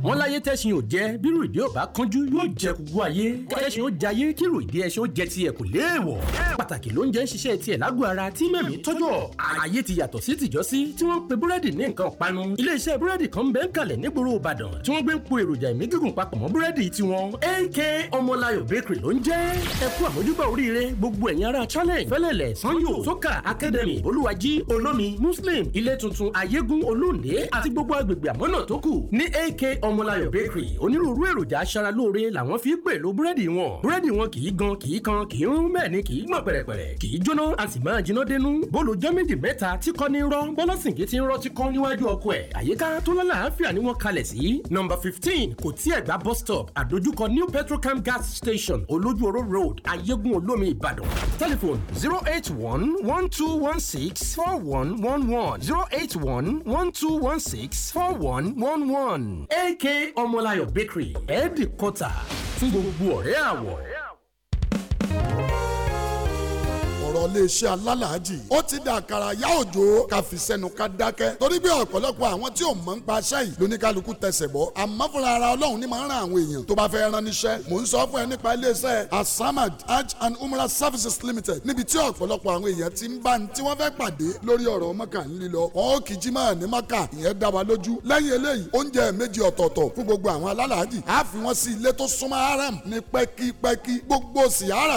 wọn láyé tẹ́sìn ò jẹ bírò ìdí ò bá kánjú yóò jẹ gbogbo ayé kẹ́sìn ó jayé kírò ìdí ẹṣin ó jẹ tiẹ̀ kò léèwọ̀ pàtàkì ló ń jẹ́ ń ṣiṣẹ́ tiẹ̀ lágbo ara tí mẹ́mí tọ́jọ́ ààyè ti yàtọ̀ sí tìjọ́sí tí wọ́n pe búrẹ́dì ní nǹkan panu iléeṣẹ́ búrẹ́dì kan bẹ́ẹ̀ ń kalẹ̀ nígboro Ìbàdàn tí wọ́n gbé ń po èròjà ìmí gígùn papọ̀ mọ́ búrẹ́dì tiwọn AK Ọmọláyọ̀ bakery ló ń jẹ́ ẹ kú àmójúbà challenge fẹ́lẹ̀lẹ̀ sanyo soka academy olúwají olómi muslim ilé tuntun ayégún olóòlé àti gbogbo agbègbè àmọ́nà tó kù ní AK ọmọláyọ̀ bakery onírúurú èròjà aṣaralóore làwọn fi gbè lo búrẹ́dì wọn búrẹ́dì wọn kì í gan kì í kan kì í rún bẹ́ẹ̀ ni kì í gbọ̀n pẹ̀rẹ̀pẹ̀rẹ̀ kì í jóná a sì máa jiná dénú bólú jọ́ mẹ́ta tí kọ́ ní rọ́ bọ́lọ́sìnkì ti ń rọ́ ti kọ́ níwájú ọkọ ẹ̀ àyíká tó lálàáfíà ni wọ́n kalẹ̀ sí nọ́mbà fifteen kò tí ẹ̀ gba bus stop àdójúkọ new petrocam gas station olójúoró road ayégun olómi ìbàdàn telephone zero eight one one two one six four one one one zero eight one one two one six four one one one aka ọmọláyọ̀ bakery ẹ̀ẹ́dì kọ́tà fún gbogbo ọ̀rẹ́ àwọ̀ ọ̀rọ̀ iléeṣẹ́ alálàájì ó ti dà àkàrà yá òjò ká sẹ́nu ká dákẹ́ torí pé ọ̀pọ̀lọpọ̀ àwọn tí ò mọ̀ ń pa aṣẹ́ yìí lóníkálukú tẹsẹ̀ bọ́ àmọ́ fúnra ara ọlọ́run ní máa ń ran àwọn èèyàn tó bá fẹ́ rán níṣẹ́ mò ń sọ fún ẹ nípa iléeṣẹ́ asamad hajj and umrah services limited níbi tí ọ̀pọ̀lọpọ̀ àwọn èèyàn ti ń bá ní tí wọ́n fẹ́ pàdé lórí ọ̀rọ̀ mọ́kà ń lílọ wọn ó kì í jí máa ní mọ́kà ìyẹn dá wa lójú lẹ́yìn eléyìí oúnjẹ méjì ọ̀tọ̀ọ̀tọ̀ fún gbogbo àwọn alálàájì á fi wọ́n sí ilé tó súnmọ́ haram ní pẹ́kípẹ́kí gbogbo sìyára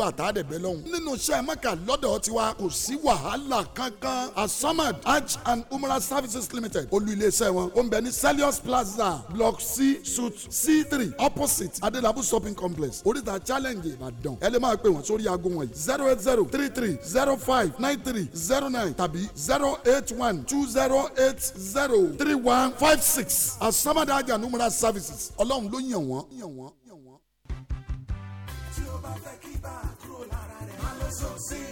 gbàdúrà tá a lọ́hùn. nínú iṣẹ́ mẹ́ka lọ́dọ̀ tiwa kò sí wàhálà kankan asamad hajj and umrah services limited olú iléeṣẹ́ wọn ó ń bẹ ní salius plaza block c suite c three opposite adelabu shopping complex oríta challenge ìbàdàn ẹ lè máa pè wọ́n sórí aago wọ̀nyí zero eight zero three three zero five nine three zero nine tàbí zero eight one two zero eight zero three one five six asamad hajj and umrah services ọlọ́run ló yàn wọ́n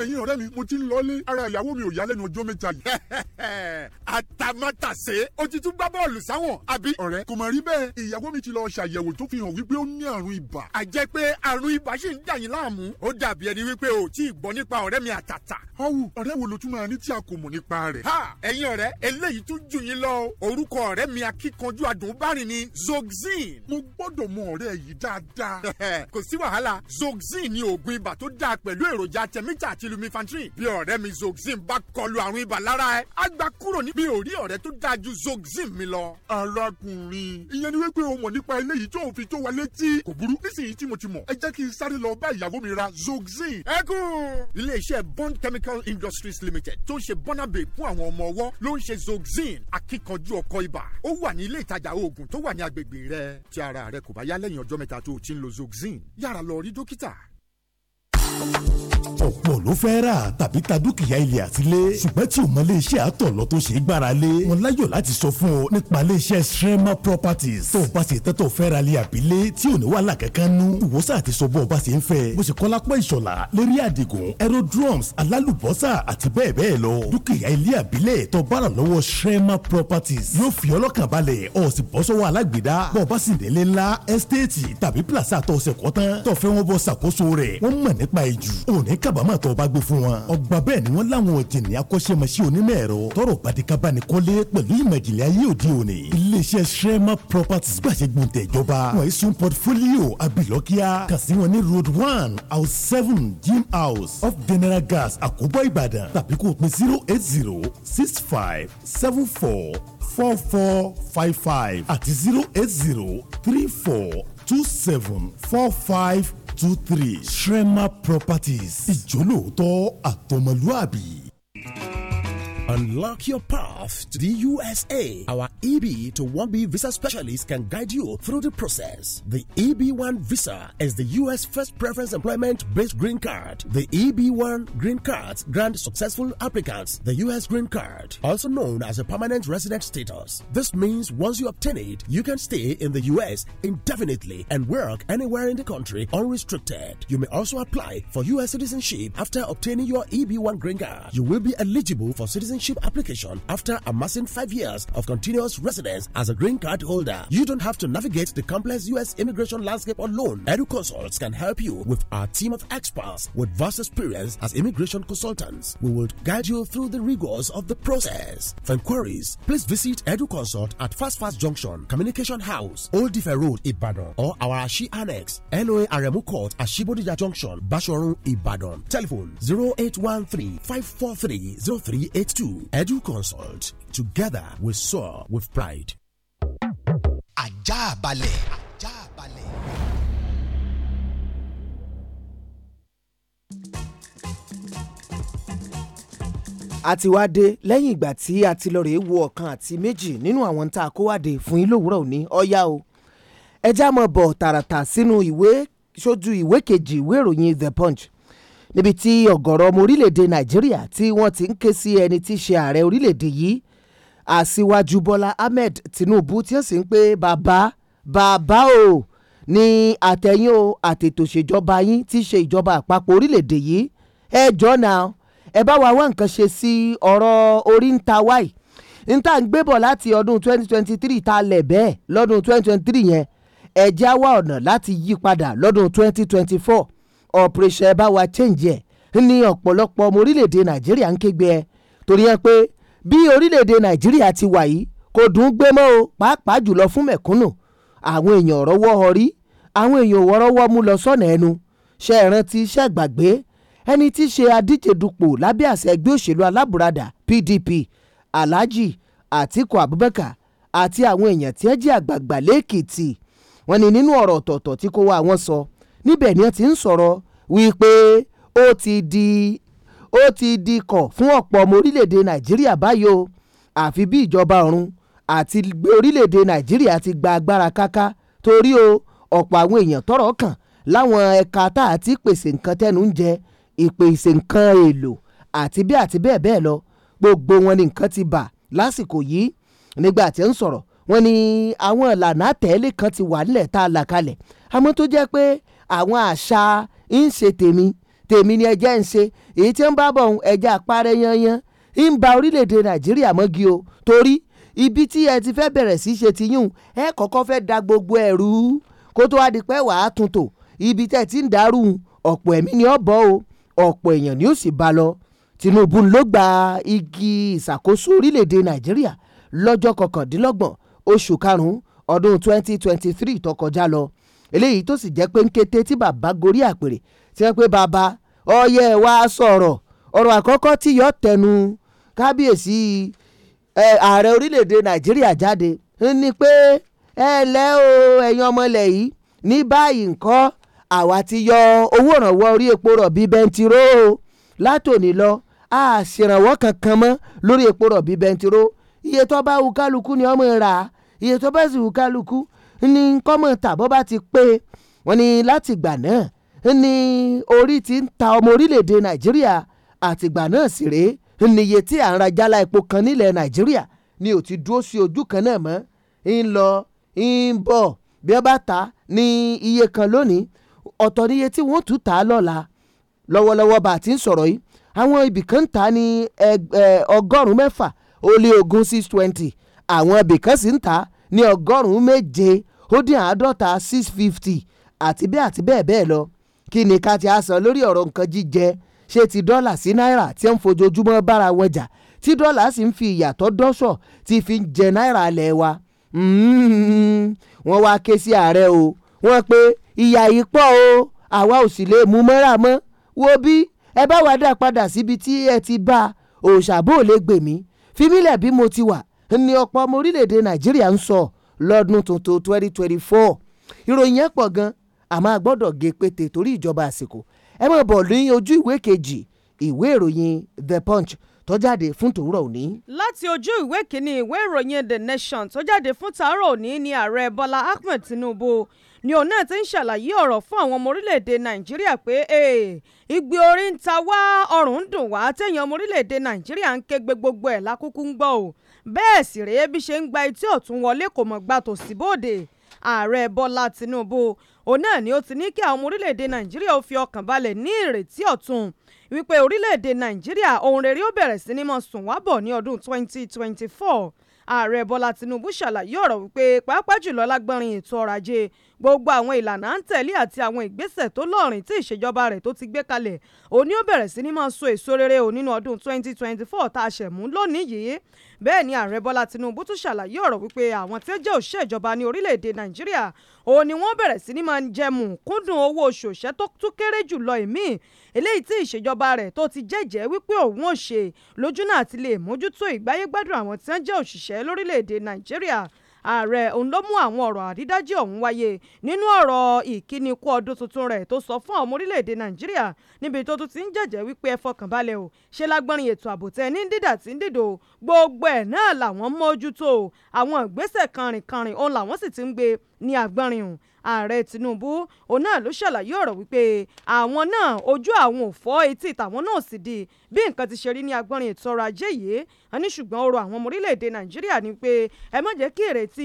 ẹ̀yin ọ̀rẹ́ mi mo ti ń lọlé ara ìyàwó mi ò yá lẹ́nu ọjọ́ mẹ́ta yìí. àtàmátàsé ó ti tún gbá bọ́ọ̀lù sáwọn àbí. ọ̀rẹ́ kò mà rí bẹ́ẹ̀ ìyàwó mi ti lọ ṣàyẹ̀wò tó fi hàn wípé ó ní àrùn ibà. a jẹ́ pé àrùn ibà ṣì ń dà yín láàmú. ó dàbí ẹni wípé o tí ì gbọ́ nípa ọ̀rẹ́ mi àtàtà. ọ̀wù ọ̀rẹ́ wo ló tún máa ní tí a kò mọ̀ nípa rẹ̀. ha ẹ̀yin ọ̀rẹ́ eléyìí tún jù yín lọ orúkọ ọ̀rẹ́ mi akíkanjú adùnbárìn ni Zoxyn. mo gbọ́dọ̀ mọ ọ̀rẹ́ yìí dáadáa. kò sí wàhálà Zoxyn ni oògùn ibà tó dáa pẹ̀lú èròjà tẹ̀mítà àti lumifantrin bí ọ̀rẹ́ mi Zoxyn bá kọlu àrùn ibà lára ẹ̀ á gbà kúrò ní mi ò rí ọ̀rẹ́ tó dáa ju zoxyn mi lọ. arákùnrin ìyẹn ni wípé o mọ̀ nípa eléyìí tó fi tó wa létí. kò burú nísìnyí tí mo ti mọ̀ ẹ jẹ́ kí n sáré lọ bá ìyàwó mi ra zoxyn. ẹ kún. iléeṣẹ́ bond chemical industries limited tó ń ṣe bọ́nàbè fún àwọn ọmọ ọwọ́ ló ń ṣe zoxyn akíkanjú ọkọ ibà. ó wà ní ilé ìtajà oògùn tó wà ní agbègbè rẹ. tí ara rẹ kò bá yá lẹ́yìn ọjọ́ mẹ́ta tó o ti ń lo zoxyn yára lọ rí dókítà ọ̀pọ̀ ló fẹ́ rà tàbí ta dúkìá ilẹ̀ àtìlé ṣùgbọ́n tí o mọ iléeṣẹ́ àtọ̀lọ́ tó ṣe é gbára lé wọn láyọ̀ láti sọ fún ọ nípa iléeṣẹ́ Shrema Properties tó o bá ṣe tẹ́tọ̀ fẹ́ ra ilé àbílé tí ò ní wàhálà kankan nú ìwọ́sà àti sọ bọ́ ọ bá ṣe ń fẹ́ bó ṣe kọ́lápọ̀ ìṣọ̀lá lérí àdìgún aerodromes alálùbọ́sà àti bẹ́ẹ̀ bẹ́ẹ̀ lọ dúkìá ilé àbílẹ̀ tó bára Properties yóò fi ọlọ́kàn balẹ̀ ọ̀ sì bọ́ sọ́wọ́ alágbèédá bọ́ ọ bá sì nílé ńlá ẹ́stéètì tàbí pílàsà tó ṣe láì jù òní kábàámọ̀ tó o bá gbé fún wọn. ọgbà bẹ́ẹ̀ ni wọ́n láwọn òjìní akọ́ṣẹ́mọṣẹ́ onímọ̀ ẹ̀rọ tọrọ pàdékábàní kọ́lé pẹ̀lú ìmọ̀ ìjìnlẹ̀ ayé òde òní. iléeṣẹ́ sẹ́mà properties gbàṣẹ gbòǹtẹ̀ ìjọba wọ́n yìí sun portfolio abilọ́kíá kà sí wọn ní road one house seven gym house of general gas àkóbọ̀ ìbàdàn tàbí kò pin zero eight zero six five seven four four four five five àti zero eight zero three four two seven four five two three Shrema Properties ìjólóòótọ́ àtọmọlúàbí. Unlock your path to the USA. Our EB to 1B visa specialist can guide you through the process. The EB1 visa is the US first preference employment based green card. The EB1 green cards grant successful applicants the US green card, also known as a permanent resident status. This means once you obtain it, you can stay in the US indefinitely and work anywhere in the country unrestricted. You may also apply for US citizenship after obtaining your EB1 green card. You will be eligible for citizenship citizenship application after amassing five years of continuous residence as a green card holder. You don't have to navigate the complex U.S. immigration landscape alone. Edu Consults can help you with our team of experts with vast experience as immigration consultants. We will guide you through the rigors of the process. For inquiries, please visit Edu Consult at Fast Fast Junction, Communication House, Old Ife Road, Ibadan, or our Ashi Annex, NOA Aremu Court, Ashibodija Junction, Bashorun, Ibadan. Telephone 0813 543 0382. you. Edu Consult. Together we soar with pride. Ajabale. Ajabale. a ti wá dé lẹ́yìn ìgbà tí a ti lọ rèé wo ọ̀kan àti méjì nínú àwọn tá a kó wá dé fún yín lówùúrọ̀ òní ọ̀yá o ẹ já mọ̀ bọ̀ tààràtà sínú ìwé sójú ìwé kejì ìwé ìròyìn The Punch níbi tí ọ̀gọ̀rọ̀ ọmọ orílẹ̀-èdè nàìjíríà tí wọ́n ti ń ké sí ẹni tí í ṣe ààrẹ orílẹ̀-èdè yìí àṣìwájú bọ́lá ahmed tinubu tí ó sì ń pé bàbá bàbá o ní àtẹ̀yìn o àtètò ìṣèjọba yín tí í ṣe ìjọba àpapọ̀ orílẹ̀-èdè yìí ẹ jọ́nà ẹ bá wa wá nǹkan ṣe sí ọ̀rọ̀ orí ń ta wáì ń tà ń gbébọ̀ láti ọdún 2023 ta lẹ̀ bẹ́ẹ̀ lọ́dún 2023 yẹn ẹ já wá ọ̀nà láti yí padà lọ́dún 2024 operation ẹ wa change ẹ̀ ní ọ̀pọ̀lọpọ̀ ọmọ orílẹ̀-èdè nàìjíríà ń kégbe ẹ torí ẹ pé bí orílẹ̀-èdè nàìjíríà ti wà yìí kò dùn gbé mọ́ o pàápàá jùlọ fún mẹ̀kúnnù àwọn èèyàn ọ̀rọ̀wọ́ ọrí àwọn èèyàn ọ̀rọ̀wọ́ mú lọ sọ́nà ẹnu ṣe ìrántí iṣẹ́ gbàgbé ẹni tí ṣe adíje dupò lábẹ́ àṣẹ ẹgbẹ́ òṣèlú alábùradà PDP Alhaji Atiku Abubakar àti àwọn èèyàn tí ẹ jẹ́ àgbààgbà lẹ́kìtì wọ́n ní nínú ọ̀rọ̀ ọ̀tọ̀ọ̀tọ̀ tí kò wá àwọn sọ so níbẹ̀ ni wọ́n ti ń sọ̀rọ̀ wípé ó ti di ó ti di kọ̀ fún ọ̀pọ̀ ọmọ orílẹ̀-èdè nàìjíríà báyìí o àfi bí ìjọba ọ̀run àti gbé orílẹ̀-èdè nàìjíríà ti gba agbára káká torí o ọ̀pọ̀ àwọn èèyàn tọ́rọ̀ kàn láwọn ẹ̀ka tá a ti pèsè nǹkan tẹ́nu ń jẹ ìpèsè nǹkan èlò àti bí àti bẹ́ẹ̀ bẹ́ẹ̀ lọ gbogbo wọn ni nǹkan ti bà lásìkò yìí nígbà tí ń sọ̀rọ̀ wọn ni àwọn ìlànà àtẹ̀lé kan ti wà nílẹ̀ tá a là kalẹ̀ àmọ́ tó jẹ́ pé àwọn àṣà ń ṣe tèmi tèmi ni ẹjẹ́ ń ṣe èyí tí ń bá bọ̀ ọ̀hún ẹjẹ́ àparẹ́ yanyan ń ba orílẹ̀-èdè nàìjíríà mọ́gi o torí ibi tí ẹ ti fẹ́ bẹ̀rẹ̀ sí ṣe ti yún ẹ kọ́kọ́ fẹ́ da gbogbo ẹ̀rú kó tó wá wàá tuntò ibi tẹ́ ti ń dàrú ọ̀pọ̀ ẹ̀mí ni ó bọ́ o ọ̀pọ̀ èèyàn ni ó sì bá lọ Tinubu ló gba igi ìṣàkóso orílẹ̀-èdè nàìjíríà lọ́jọ́ kọkàndínlọ́gbọ̀n oṣù karùn-ún ọdún 2023 tó kọjá lọ eléyìí tó sì jẹ́ pé ń kété tí bàbá gorí àpèrè tí pé bàbá ọyẹ wa sọ̀rọ̀ ọ̀rọ̀ àkọ́kọ́ tí yọ tẹnu kábíyèsí ààrẹ orílẹ̀-èdè nàìjíríà jáde ni pé ẹ lẹ́ o ẹ̀yin ọmọlẹ̀ yìí ní báyìí ti yọ owó ìrànwọ́ orí epo rọ̀bì bẹntiró látòní lọ a ṣèrànwọ́ kankan mọ́ lórí epo rọ̀bì bẹntiró iye tó bá wù kálukú ni ọmọ rà iye tó bá sì ní kọ́mọ tàbọ́ bá ti pé wọ́n ní látìgbà náà ní orí ti ń ta ọmọ orílẹ̀-èdè nàìjíríà àtìgbà náà sì rèé níye tí à ń ra jálá epo kan nílẹ̀ nàìjíríà ni ò ti dúró sí ojú kan náà mọ́ ń lọ ń bọ̀ bí wọ́n bá ta ní iye kan lónìí ọ̀tọ̀ níye tí wọ́n tún ta lọ́la lọ́wọ́lọ́wọ́ bá a ti ń sọ̀rọ̀ yìí àwọn ibìkan ta ní ọgọ́rùn-ún mẹ́fà ó lé ogún six twenty àwọn ibìkan sì ń ta ní ọgọ́rùn-ún méje ó dín àádọ́ta six fifty àti bẹ́ẹ̀ àti bẹ́ẹ̀ bẹ́ẹ̀ lọ kí ni ká ti á sọ lórí ọ̀rọ̀ nǹkan jíjẹ ṣé ti dọ́là sí náírà tí ń fojoojúmọ́ bára wọjà tí dọ́là sì ń fi ìyàtọ̀ dọ́ṣọ̀ tí fi ń jẹ náírà lẹ̀ wa hmm, wọ́n wá ké sí ààrẹ o wọ́n pe ìyà yìí pọ̀ o àwa ò sì lè mú mọ́ra mọ́ wo bí ẹ bá wàá dà padà síbi tí ẹ ti bá òòṣà bò lè gbèmí fímílẹ̀ bí mo ti wà ni ọ̀pọ̀ ọmọ orílẹ̀-èdè nàìjíríà ń sọ lọ́dún tuntun twenty twenty four ìròyìn yẹn pọ̀ gan àmọ́ a gbọ́dọ̀ gé pété torí ìjọba àsìkò ẹ mọ̀ bọ̀ ní ojú ìwé kejì ìwé ìròyìn the punch tó jáde fún tòwúrọ̀ òní. láti ojú ìwé kínní ìwé ìròyìn the nation tó jáde fún tàárọ̀ òní ni ààrẹ bọ́lá ahmed tinubu ni òun náà ti ń ṣàlàyé ọ̀rọ̀ fún àwọn ọmọ orílẹ̀-èdè nàìjíríà pé ìgbé orí ń ta wá ọrùn ń dùn wá téèyàn ọmọ orílẹ̀-èdè nàìjíríà ń ké gbogbo ẹ̀ lákúkú ń gbọ́ o bẹ́ẹ̀ sì rèé bí ṣe ń gba etí ọ̀tún wọlé kò mọ̀ gba tòsí bóde ààrẹ bọ́lá tinubu òun náà ni ó ti ní kí àwọn ọmọ orílẹ̀-èdè nàìjíríà ó fi ọkàn balẹ̀ ní ìrètí ọ̀tun wípé orílẹ̀-èdè nàìjíríà ohun rere ó bẹ̀rẹ̀ sí ní mọ̀ sùn wá bọ̀ ní ọdún 2024 ààrẹ bọ́lá tinubu ṣàlàyé ọ̀rọ̀ wípé pàápàá jùlọ lágbọ́nrin ètò ọrọ̀ ajé gbogbo àwọn ìlànà à ń tẹ̀lé àti àwọn ìgbésẹ̀ tó lọ́rìn tí ìṣèjọba rẹ̀ tó ti gbé kalẹ̀ òní ó bẹ̀rẹ̀ sí ní máa so èso rere o nínú ọdún 2024 tá a ṣẹ̀ mú lónìí yìí bẹ́ẹ̀ ni ààrẹ bọ́lá tinubu tún ṣàlàyé ọ̀rọ̀ wípé àwọn tí ó jẹ́ òṣìṣẹ́ ìjọba ní orílẹ̀-èdè nàìjíríà òun ni wọ́n bẹ̀rẹ̀ sí ní máa jẹmù kúndùn owó oṣù òṣẹ́ tó tún kéré jù lọ ìmíì eléyìí tí ìṣèjọba rẹ̀ tó ti jẹ́jẹ́ wípé òun ò ṣe lójú náà ti lè mójútó ìgbáyégbádùn àwọn tí wọ́n jẹ́ òṣìṣẹ́ lórílẹ̀-èdè nàìjíríà ààrẹ òun ló mú àwọn ọ̀rọ̀ àrídájú ọ̀hún wáyé nínú ọ̀rọ̀ ìkíni kú ọdún tuntun rẹ̀ tó sọ fún ọmọ orílẹ̀-èdè nàìjíríà níbi tó tún ti ń jẹ̀jẹ̀ wípé ẹ fọkàn balẹ̀ o ṣe lágbọ́nrin ètò ààbò tẹ ní dídà tí ń dìdò gbogbo ẹ̀ náà làwọn mójútó àwọn ìgbésẹ̀ kanrìnkanrìn òun làwọn sì ti ń gbé ní agbọ́nrin ààrẹ Tinubu òun náà ló ṣàlàyé ọ̀rọ̀ wípé àwọn náà ojú àwọn ò fọ́ etí tàwọn náà sì di bí nǹkan ti ṣe rí ní agbọ́nrin ètò ọrọ̀ ajé yìí àní ṣùgbọ́n ọ̀rọ̀ àwọn ọmọ orílẹ̀-èdè Nàìjíríà ni pé ẹ má jẹ́ kí ìrètí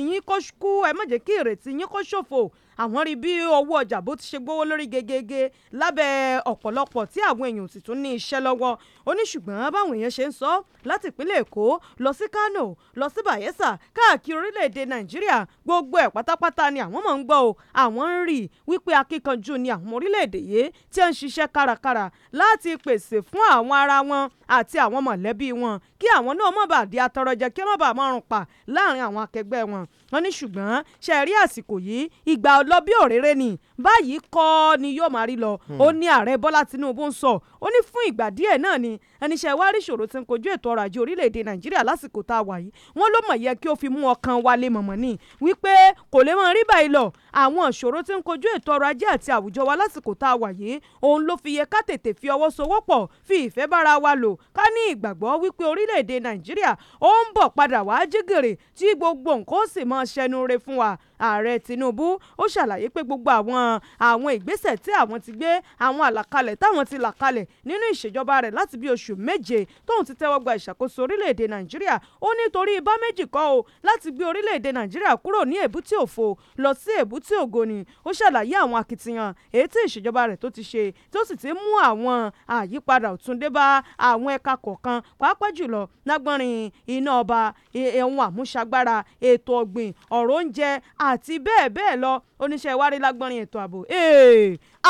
yín kó ṣòfò àwọn rí bí owó ọjà bó ti ṣe gbówó lórí gegege lábẹ́ ọ̀pọ̀lọpọ̀ tí àwọn èèyàn sì tún ní iṣẹ́ lọ́wọ́ ó ní ṣùgbọ́n báwọn èèyàn ṣe ń sọ láti ìpínlẹ̀ èkó lọ sí kano lọ sí bayelsa káàkiri orílẹ̀-èdè nàìjíríà gbogbo ẹ̀ pátápátá ni àwọn máa ń gbọ́ o àwọn ń rí wípé akíkanjú ni àwọn orílẹ̀-èdè yìí tí ń ṣiṣẹ́ kárakára láti pèsè fún àwọn ara wọn àti àwọn mọ̀lẹ́bí wọn kí àwọn náà má bàa di atọrọjẹ kí wọ́n má bàa márùn pa láàrin àwọn akẹgbẹ́ wọn wọ́n ní ṣùgbọ́n ṣe rí àsìkò yìí ìgbà ọlọ́bí òréré ni báyìí kọ́ ni yóò máa rí lọ hmm. ó ní ààrẹ bọ́lá tinubu ń sọ ó ní fún ìgbà díẹ̀ náà ni ẹniṣẹ́ wa rí ìṣòro tí ń kojú ètò ọrọ̀ ajé orílẹ̀-èdè nàìjíríà lásìkò tá a wà yìí wọ́n ló mọ̀ yẹ kí ó fi mú ọkàn wa lè mọ̀mọ́ ni wípé kò lè mọ̀ rí báyìí lọ àwọn ìṣòro tí ń kojú ètò ọrọ̀ ajé àti àwùjọ wa lásìkò tá a wà yìí òun ló fi yẹ ká tètè fi ọwọ́ sowọ́pọ̀ fi ìfẹ́ bára wa lò ká ní ìgbàgbọ́ wípé orílẹ̀-èdè nàìjíríà ó ń bọ̀ padà wá jígèrè tí gbogbo nǹkan ó sì mọ ṣẹnu re fún wa ààrẹ Tinubu ó ṣàlàyé pé gbogbo àwọn àwọn ìgbésẹ̀ tí àwọn ti gbé àwọn àlàkalẹ̀ táwọn ti là kalẹ̀ nínú ìṣèjọba rẹ̀ láti bí oṣù méje tóun ti tẹ́wọ́ gba ìṣàkóso orílẹ̀-èdè Nàìjíríà ó nítorí ibà méjì kọ́ o láti gbé orílẹ̀-èdè Nàìjíríà kúrò ní èbúté òfo lọ sí èbúté ògo ni ó ṣàlàyé àwọn akitiyan èyí tí ìṣèjọba rẹ̀ tó ti ṣe tó sì ti mú àwọn àyípadà ọ̀tun dé bá àwọn ẹ̀ka kọ̀ọ̀kan pàápàá jùlọ lágbọ́nrin iná ọba ẹ̀hún e, àmúṣagbára ètò ọ̀gbìn àti bẹ́ẹ̀ bẹ́ẹ̀ lọ oníṣẹ́ ìwárí lágbọ́nrin ètò ààbò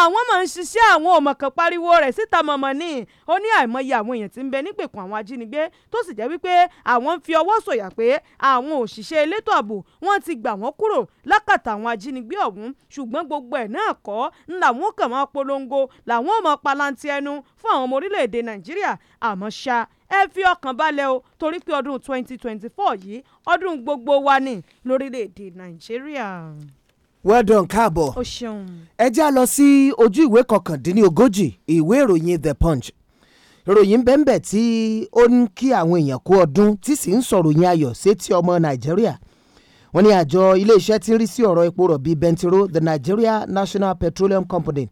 àwọn máa ń ṣiṣẹ́ àwọn òmọ̀kàn pariwo rẹ̀ síta mọ̀mọ́ ni ó ní àìmọye àwọn èèyàn ti ń bẹ nígbèkùn àwọn ajínigbé tó sì jẹ́ wípé àwọn ń fi ọwọ́ sọ̀yà pé àwọn òṣìṣẹ́ elétò ààbò wọ́n ti gbà wọ́n kúrò lákàtà àwọn ajínigbé ọ̀hún ṣùgbọ́n gbogbo ẹ̀ náà kọ́ ń làwọn kàn máa polongo làwọn ò máa palanti ẹnu fún àwọn ọmọ orílẹ̀-èdè Nàìjíríà àmọ́ ṣá ẹ fi ọkàn balẹ̀ o torí pé ọdún 2024 yìí ọdún gbogbo wa ní lórílẹ̀‐èdè nàìjíríà. well done káàbọ̀ o ṣeun. ẹ já lọ sí ojú ìwé kọkàndínlógójì ìwé ìròyìn the punch ìròyìn bẹ́ńbẹ̀ tí ó ń kí àwọn èèyàn kú ọdún tí sì ń sọ̀rọ̀ yín ayọ̀ sétí ọmọ nàìjíríà wọ́n ní àjọ iléeṣẹ́ tí ń rí sí ọ̀rọ̀ epo rọ̀bì bẹntiró the Nigeria National Petroleum Company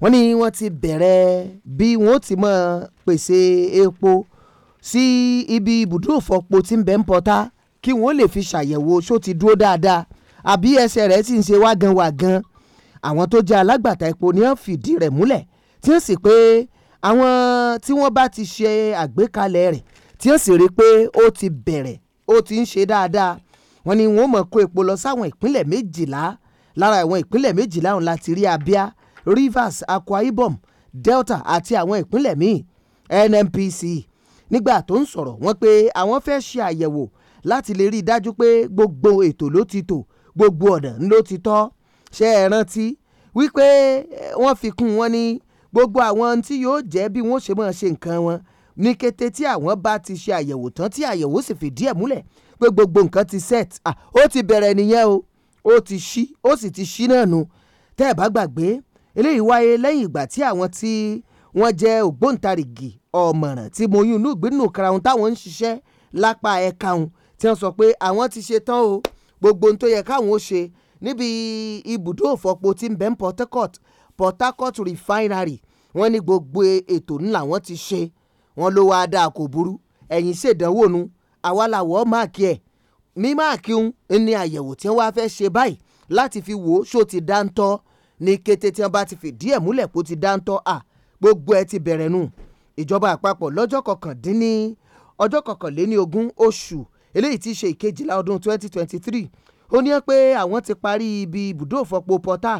wọ́n ní wọ́n ti bẹ̀rẹ̀ bí wọ́n ti máa pèsè epo sí ibi ibùdó ìfọpo tí ń bẹ ń pọta kí wọ́n lè fi ṣàyẹ̀wò ṣó ti dúró dáadáa àbí ẹsẹ̀ rẹ̀ sì ń ṣe wágan wàgan àwọn tó jẹ́ alágbàtà epo ni wọ́n fìdí rẹ̀ múlẹ̀ tí wọ́n sì pé àwọn tí wọ́n bá ti ṣe àgbékalẹ̀ rẹ̀ tí wọ́n sì rí pé ó ti bẹ̀rẹ̀ ó ti ń ṣe dáadáa wọ́n ní wọ́n mọ̀ kó epo lọ sáwọn ìpínlẹ̀ méjìlá lára àwọn ìpínlẹ̀ méjìlá ọ̀hún láti rí Abia Rivers Akwa Ibom Delta àti àwọn ìpínlẹ̀ míì NNPC nígbà tó ń sọ̀rọ̀ wọ́n pé àwọn fẹ́ ṣe àyẹ̀wò láti lè rí i dájú pé gbogbo ètò ló ti tò gbogbo ọ̀nà ló ti tọ́ ṣe é rántí wípé wọ́n fi kún wọn ní gbogbo àwọn tí yóò jẹ́ bí wọ́n ṣe máa ṣe nǹkan wọn ní kété tí àwọn bá ti ṣe àyẹ̀wò tán tí àyẹ̀wò sì fìdí ẹ̀ múlẹ̀ pé gbogbo nǹkan ti set ah ó ti bẹ̀rẹ̀ nìyẹn o ó ti ṣí ó sì ti ṣí náà nu tẹ́ ẹ̀ bá gbàgbé eléyìí wáyé lẹ́yìn ìgbà tí àwọn tí wọ́n jẹ́ ògbóǹtarìgì ọ̀mọ̀ràn tí mo yún inú ìgbínú karahun táwọn ń ṣiṣẹ́ lápá ẹ̀ka òun tí wọ́n sọ pé àwọn ti ṣe tán o gbogbo ohun tó yẹ káwọn ó ṣe níbi ibùdó òfọpo tí ń bẹ ń Port Harcourt Port Harcourt refinery wọ́n ní gbogbo ètò ńlá wọn ti ṣe wọ́n ló wáá dáa kò burú ẹ̀yìn ṣèdánwò nu àwa làwọ̀ máàkì ẹ̀ mí máàkì ń ní àyẹ̀wò tí wọ́n wáá fẹ́ ṣe báyìí láti fi wò ó ṣó ti dáńtọ́ ní kété tí wọ́n bá ti fìdí ẹ̀ múlẹ̀ kó ti dáńtọ́ à gbogbo ẹ̀ ti bẹ̀rẹ̀ nù ìjọba àpapọ̀ lọ́jọ́ kọkàndínní ọjọ́ kọkànléní ogún oṣù eléyìí tí í ṣe ìkejìlá ọdún 2023 ó ní pé àwọn ti parí ibi ibùdó òfọpo pọ́tà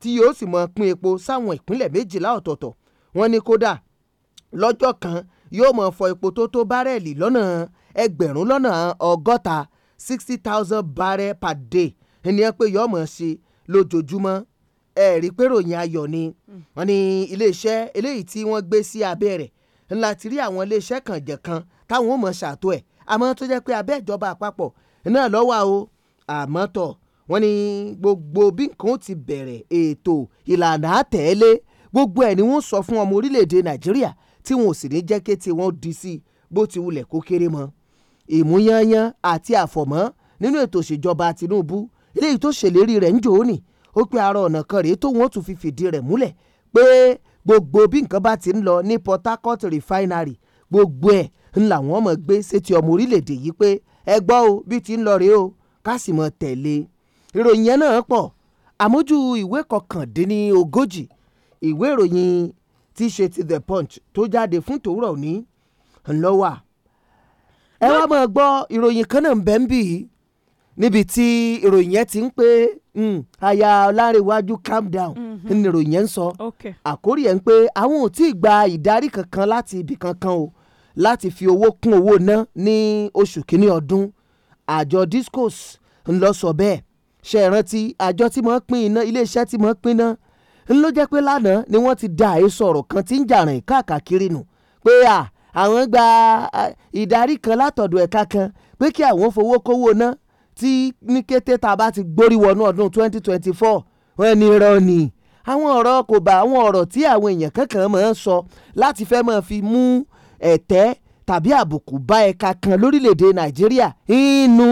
tí yóò sì mọ pín epo sáwọn ìpínlẹ̀ méjìlá ọ̀tọ̀ọ̀tọ̀ wọ́n ní kódà lọ́jọ́ kan yóò mọ fọ epo tó tó bárẹ́ẹ̀lì lọ́nà ẹgbẹ̀rún lọ́nà ọgọ́ta sixty thousand barrel per day ẹni ẹ pé yóò mọ̀ ṣe lójoojúmọ́ ẹ pé ròyìn ayọ̀ ni hmm. wọ́n ní iléeṣẹ́ eléyìí tí wọ́n gbé sí abẹ́ ńlá ti rí àwọn iléeṣẹ́ kànjẹ̀ kan táwọn ò mọ̀ ṣàtò ẹ̀ àmọ́ tó jẹ́ pé abẹ́ ìjọba àpapọ̀ náà lọ́wọ́ o àmọ́ tọ̀ wọ́n ní gbogbo bí nǹkan ó ti bẹ̀rẹ̀ ètò ìlànà àtẹ̀lé gbogbo ẹ̀ ni wọ́n sọ fún ọmọ orílẹ̀-èdè nàìjíríà tí wọn ò sì ní jẹ́ kété wọn di sí bó ti wulẹ̀ kó kéré mọ́ ìmúyányán àti àfọ̀mọ́ nínú ètò ìṣèjọba Tinubu eléyìí tó ṣèlérí rẹ̀ ń jò ó nì ó pé ara ọ̀nà kan rèé tó wọn ó tún fi fìdí rẹ̀ múlẹ̀ pé gbogbo bí nǹkan bá ti ń lọ ní Port Harcourt refinery gbogbo ẹ̀ ń làwọn ọmọ gbé sétí ọmọ orílẹ̀-èdè yìí pé ẹ gbọ́ o bí ti ń lọ rèé o ká sì mọ̀ tẹ̀lé ìròyìn yẹn náà pọ̀ àmójú ìwé kọkàndínlógójì ìwé ìròyìn tí ṣe ti The Punch tó jáde fún tòwúrọ̀ ní ńlọ́wà ẹ wá máa gbọ́ ìròyìn kan náà ń bẹ ń bì níbi tí ìròyìn yẹn ti ń pé Mm. aya ọlárẹ̀wájú calm down mm-hmm. níròyìn yẹn ń sọ àkórí ẹ̀ ń pé àwọn ò tí ì gba ìdarí kankan láti ibì kankan o láti fi owó kún owó ná ní oṣù kínní ọdún àjọ discos ń lọ sọ bẹ́ẹ̀ ṣe ìrántí àjọ tí mo ń pín iná iléeṣẹ́ tí mo ń pín iná ń ló jẹ́ pé lánàá ni wọ́n ti da àhesọ ọ̀rọ̀ kan tí ń jàrìn káàkiri nù pé à àwọn gba ìdarí kan látọ̀dọ̀ ẹ̀ka kan pé kí àwọn fowó kówó ná tí ní kété tá a bá ti gbórí wọnú ọdún 2024 wọ́n ní irọ́ ni àwọn ọ̀rọ̀ kò bá àwọn ọ̀rọ̀ tí àwọn èèyàn kankan máa ń sọ láti fẹ́ máa fi mú ẹ̀tẹ́ tàbí àbùkù bá ẹ̀ka kan lórílẹ̀‐èdè nàìjíríà inú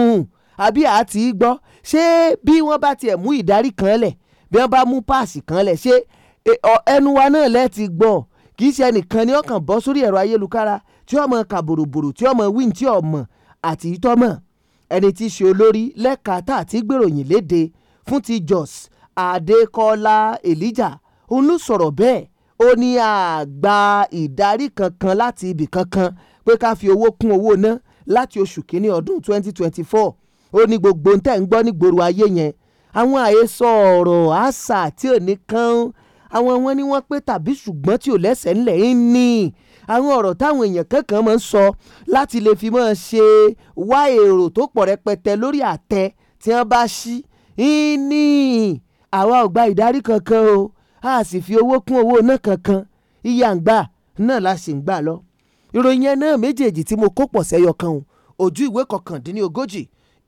àbí àti gbọ́ ṣé bí wọ́n bá tiẹ̀ mú ìdarí kan lẹ̀ bí wọ́n bá mú páàsì kan lẹ̀ ṣé ẹnu wa náà lẹ́ ti gbọ́ kì í ṣe ẹnìkan ni ọkàn bọ́ sórí ẹ̀rọ ayélujára tí ọmọ kà tí ọmọ wíńtí ọmọ àti ìtọ́mọ̀ ẹni tí í ṣe olórí lẹ́ka tá a ti gbèròyìn léde fún ti Jos Adékọ́lá Elijah òun ló sọ̀rọ̀ bẹ́ẹ̀ ó ní àgbà ìdarí kankan láti ibì kankan pé ká fi owó kún owó ná láti oṣù kínní ọdún 2024 ó ní gbogbo ń tẹ̀ ń gbọ́ ní gbòòrò ayé yẹn àwọn àhesọ ọ̀rọ̀ àṣà tí ò ní kán àwọn wọn ni wọ́n pé tàbí ṣùgbọ́n tí ò lẹ́sẹ̀ ńlẹ̀ ń ní àwọn ọ̀rọ̀ táwọn èèyàn kankan máa ń sọ láti lè fi máa ṣe wá èrò tó pọ̀ rẹpẹtẹ lórí àtẹ tí wọ́n bá ṣí ní àwa ò gba ìdarí kankan o a sì fi owó kún owó náà kankan iye à náà la sì ń gbà lọ. ìròyìn náà méjèèjì tí mo kó pọ̀ sẹ́yọ kan o ojú ìwé kọkàndínlógójì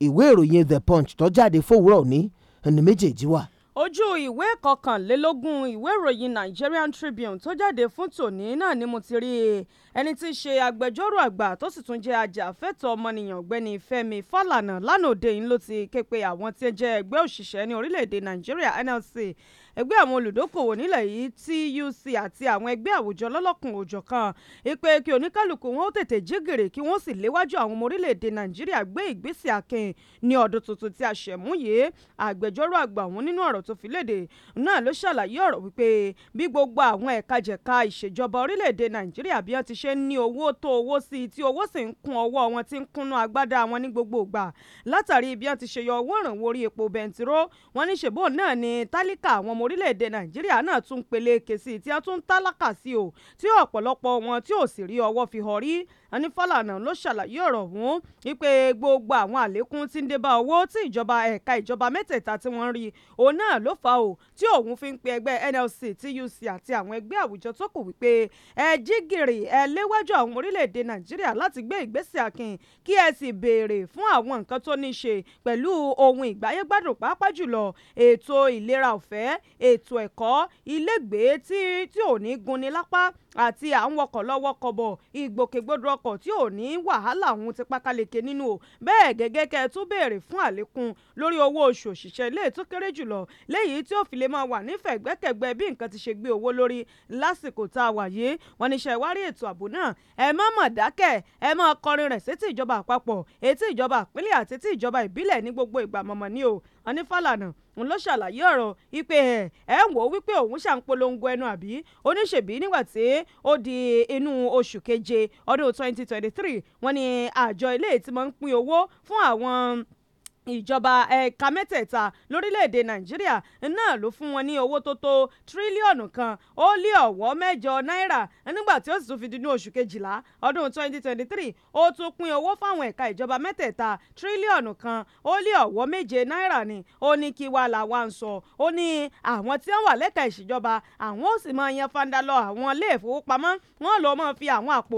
ìwé ìròyìn The Punch tó jáde fòwúrọ̀ òní ẹni méjèèjì wà ojú ìwé kọkànlélógún ìwé ìròyìn nigerian tribune tó jáde fún tòní náà ni mo ti rí i ẹni tí í ṣe agbẹjọ́rò àgbà tó sì tún jẹ́ ajàfẹ́tọ̀ọ́ ọmọnìyàn ọ̀gbẹ́ni fẹ́mi fálànà lánàá òde yìí ló ti ké pe àwọn tí ń jẹ́ ẹgbẹ́ òṣìṣẹ́ ní orílẹ̀-èdè nàìjíríà nlc ẹgbẹ́ àwọn olùdókòwò nílẹ̀ yìí TUC àti àwọn ẹgbẹ́ àwùjọ lọ́lọ́kùn òjọ̀kan ìpè kí oníkálukú wọn ó tètè jí gìrì kí wọ́n sì léwájú àwọn ọmọ orílẹ̀-èdè Nàìjíríà gbé ìgbésẹ̀ akin ní ọdún tuntun tí a ṣẹ̀ mú yìí àgbẹjọ́rò àgbà wọn nínú ọ̀rọ̀ tó fi léde náà ló ṣàlàyé ọ̀rọ̀ wípé bí gbogbo àwọn ẹ̀kajẹ̀ka ìṣèjọba orílẹ̀-èdè Nàìjíríà bí wọ́n ti ṣe ń ní owó tó owó sí i tí owó sì ń kún ọwọ́ wọn ti ń kúnnú agbádá wọn ní gbogbo ìgbà látàrí bí wọ́n ti ṣe yọ owó ìrànwọ́ orí epo orílẹ̀-èdè nàìjíríà náà tún peléke sí i tí wọ́n tún tálákà sí o tí ọ̀pọ̀lọpọ̀ wọn tí ò sì rí ọwọ́ fi họ ẹni Fálànà ló ṣàlàyé ọ̀rọ̀ ọ̀hún wípé gbogbo àwọn àlékún tí ń dé bá owó tí ìjọba ẹ̀ka ìjọba mẹ́tẹ̀ẹ̀ta tí wọ́n ń rí òun náà ló fa o tí òun fi ń pe ẹgbẹ́ NLC TUC àti àwọn ẹgbẹ́ àwùjọ tó kù wípé ẹ jí gìrì ẹ léwájú àwọn orílẹ̀-èdè Nàìjíríà láti gbé ìgbésẹ̀ akin kí ẹ sì béèrè fún àwọn nǹkan tó ní ṣe pẹ̀lú ohun ìgbáyégbádùn pàápàá jùlọ ètò ìlera ọ̀fẹ́ ètò ẹ̀kọ́ ilégbèé tí ò ní gunni lápá àti à ń wọkọ̀ ọkọ̀ tí ò ní wàhálà òun ti pákáleke nínú o bẹ́ẹ̀ gẹ́gẹ́ kẹ́ ẹ tún béèrè fún àlékún lórí owó oṣù òṣìṣẹ́ ilé tó kéré jùlọ léyìí tí ó lè máa wà nífẹ̀ẹ́ gbẹ́kẹ̀gbẹ́ bí nǹkan ti ṣe gbé owó lórí lásìkò tá a wà yìí wọ́n ní ṣe ìwárí ètò ààbò náà ẹ má mà dákẹ́ ẹ má kọrin rẹ̀ sétí ìjọba àpapọ̀ etí ìjọba ìpínlẹ̀ àti etí ìjọba ìbílẹ̀ ní gbogbo ìgbà mọ̀mọ́ ni o wọ́n ní Fálànà òun ló ṣàlàyé ọ̀rọ̀ wípé ẹ̀ ẹ̀ ń wò ó wípé òun ṣàǹpolongo ẹnu àbí oníṣèbí nígbà tí ó di inú oṣù keje ọdún twenty twenty three wọ́n ní àjọ ilé ìtìmọ̀ ń pín owó fún àwọn ìjọba ẹ̀ka mẹ́tẹ̀ẹ̀ta lórílẹ̀‐èdè nàìjíríà náà ló fún wọn ní owó tó tó tírílíọ̀nù kan ó lé ọ̀wọ́ mẹ́jọ náírà nígbà tí ó sì tún fi dínú oṣù kejìlá ọdún 2023 ó tún pín owó fáwọn ẹ̀ka ìjọba mẹ́tẹ̀ẹ̀ta tírílíọ̀nù kan ó lé ọ̀wọ́ méje náírà ni ó ní kí wàá là wá ń sọ ó ní àwọn tí wọ́n wà lẹ́ka ìṣèjọba àwọn ó sì máa yan fanda lọ àwọn ilé ìfowópamọ́ wọn lọ máa fi àwọn àpò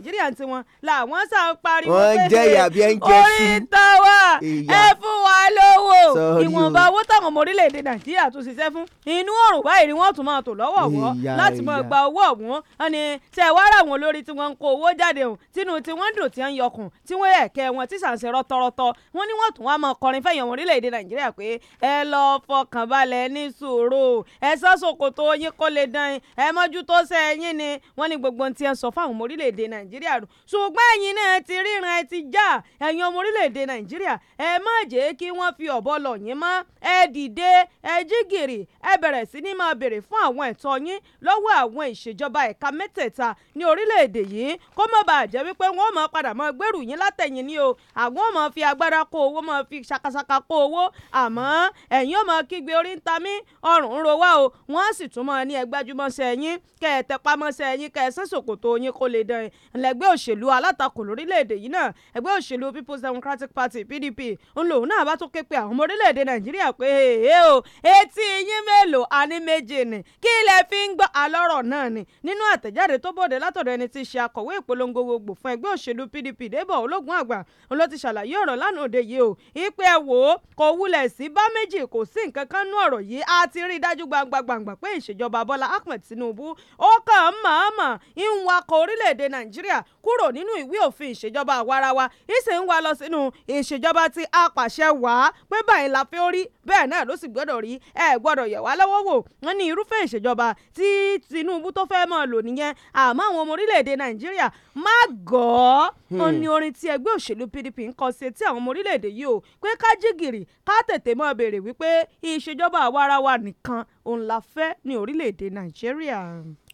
nàìjíríà ti wọn làwọn sá ń pariwo pé wọ́n jẹ́ ìyàbí ẹ̀ ń jẹ́ sí orí tàwa ẹ fún wa lówó ìwọ̀nba owó táwọn ọmọ orílẹ̀-èdè nàìjíríà tún ṣiṣẹ́ fún inú ọ̀rùn báyìí ni wọ́n tún máa tò lọ́wọ́ wọ́ láti máa gba owó ọ̀hún ẹni tẹ wá rà wọn lórí tí wọ́n ń kó owó jáde hùn tínú tí wọ́n ń dùn tí wọ́n ń yọkùn tí wọ́n ẹ̀kẹ́ wọn tí sàǹsẹ̀ rọ́tọ́rọ́tọ́ wọ́n ní wọ́n tún wá máa kọrin fẹ́yàn wọn orílẹ̀-èdè nàìjíríà pé ẹ lọ fọkàn balẹ̀ ní sùúrù ẹ sá ṣòkòtò yín kó lè dán ẹ mọ́jú tó sẹ́yìn ni wọ́n ní gbogbo ohun tí wọ́n sọ fáwọn ọmọ orílẹ̀-èdè nàìjíríà nàìjíríà rù ṣùgbọ́n ẹ̀yin náà ti ríran ẹ ti já ẹ̀yin ọmọ orílẹ̀-èdè nàìjíríà ẹ má jẹ́ kí wọ́n fi ọ̀bọ lọ̀ yín mọ́ ẹ dìde ẹ jí gìrì ẹ bẹ̀rẹ̀ sí ní máa béèrè fún àwọn ẹ̀tọ́ yín lọ́wọ́ àwọn ìṣèjọba ẹ̀ka mẹ́tẹ̀ẹ̀ta ní orílẹ̀-èdè yìí kó má bàa jẹ́ wípé wọ́n mọ̀ padà mọ́ gbèrú yín látẹ̀yìn ni o àwọn mọ̀ fi agbára kó owó mọ̀ fi ṣakaṣaka kó owó àmọ́ ẹ̀yin ọmọ kígbe orí ń ta mí ọrùn ń ro wá o wọ́n sì tún mọ̀ ní ẹgbẹ́júmọ́sẹ̀ yín kẹ́ ẹ tẹpámọ́sẹ̀ yín kẹ́ ẹ sẹ́sòkòtò yín kó lè dán lẹ́gbẹ́ òṣèlú alátakò lórílẹ̀‐èdè yìí náà ẹgbẹ́ òṣèlú people's democratic party pdp ń lòun náà bá tún ké pe àwọn ọmọ orílẹ̀‐èdè nàìjíríà pé èè o etí yín mélòó àní méje ni kí ilẹ̀ fi ń gbọ́ alọ́rọ̀ náà ni nínú àtẹ̀jáde tó bòde látọ̀dọ̀ ẹni tí í ṣe akọ̀wé ìpolongo gbogbo fún ẹgbẹ́ òṣèlú pdp débọ̀ ológun àgbà ló ti ṣàlàyé ọ̀rọ̀ lánàá òde yìí o ìpè ẹ̀ wò ó kò wulẹ̀ sí bá méjì kò sí nǹkan kan nú ọ̀rọ̀ yìí a ti rí i dájú gbangba-gbàngbà pé ìṣèjọba bọ́lá ahmed tinubu ó kàn mọ̀ọ́mọ̀ ń wakọ̀ orílẹ̀-èdè nàìj nàìjíríà kúrò nínú ìwé òfin ìṣèjọba àwarawa ìsìn ń wa lọ sínú ìṣèjọba tí apàṣẹ wàá pé báyìí la fẹ́ rí bẹ́ẹ̀ náà ló sì gbọ́dọ̀ rí ẹ gbọ́dọ̀ yẹ̀ wá lọ́wọ́ wò wọ́n ní irúfẹ́ ìṣèjọba tí tinubu tó fẹ́ máa lò nìyẹn àmọ́ àwọn ọmọ orílẹ̀-èdè nàìjíríà má gọ̀ọ́ ó hmm. ní orin tí ẹgbẹ́ òṣèlú pdp ń kọ sí etí àwọn ọmọ orílẹ̀-èdè yìí o pé ká jígìrì ká tètè máa béèrè wípé ìṣèjọba àwarawa nìkan òun la fẹ́ ní orílẹ̀-èdè nàìjíríà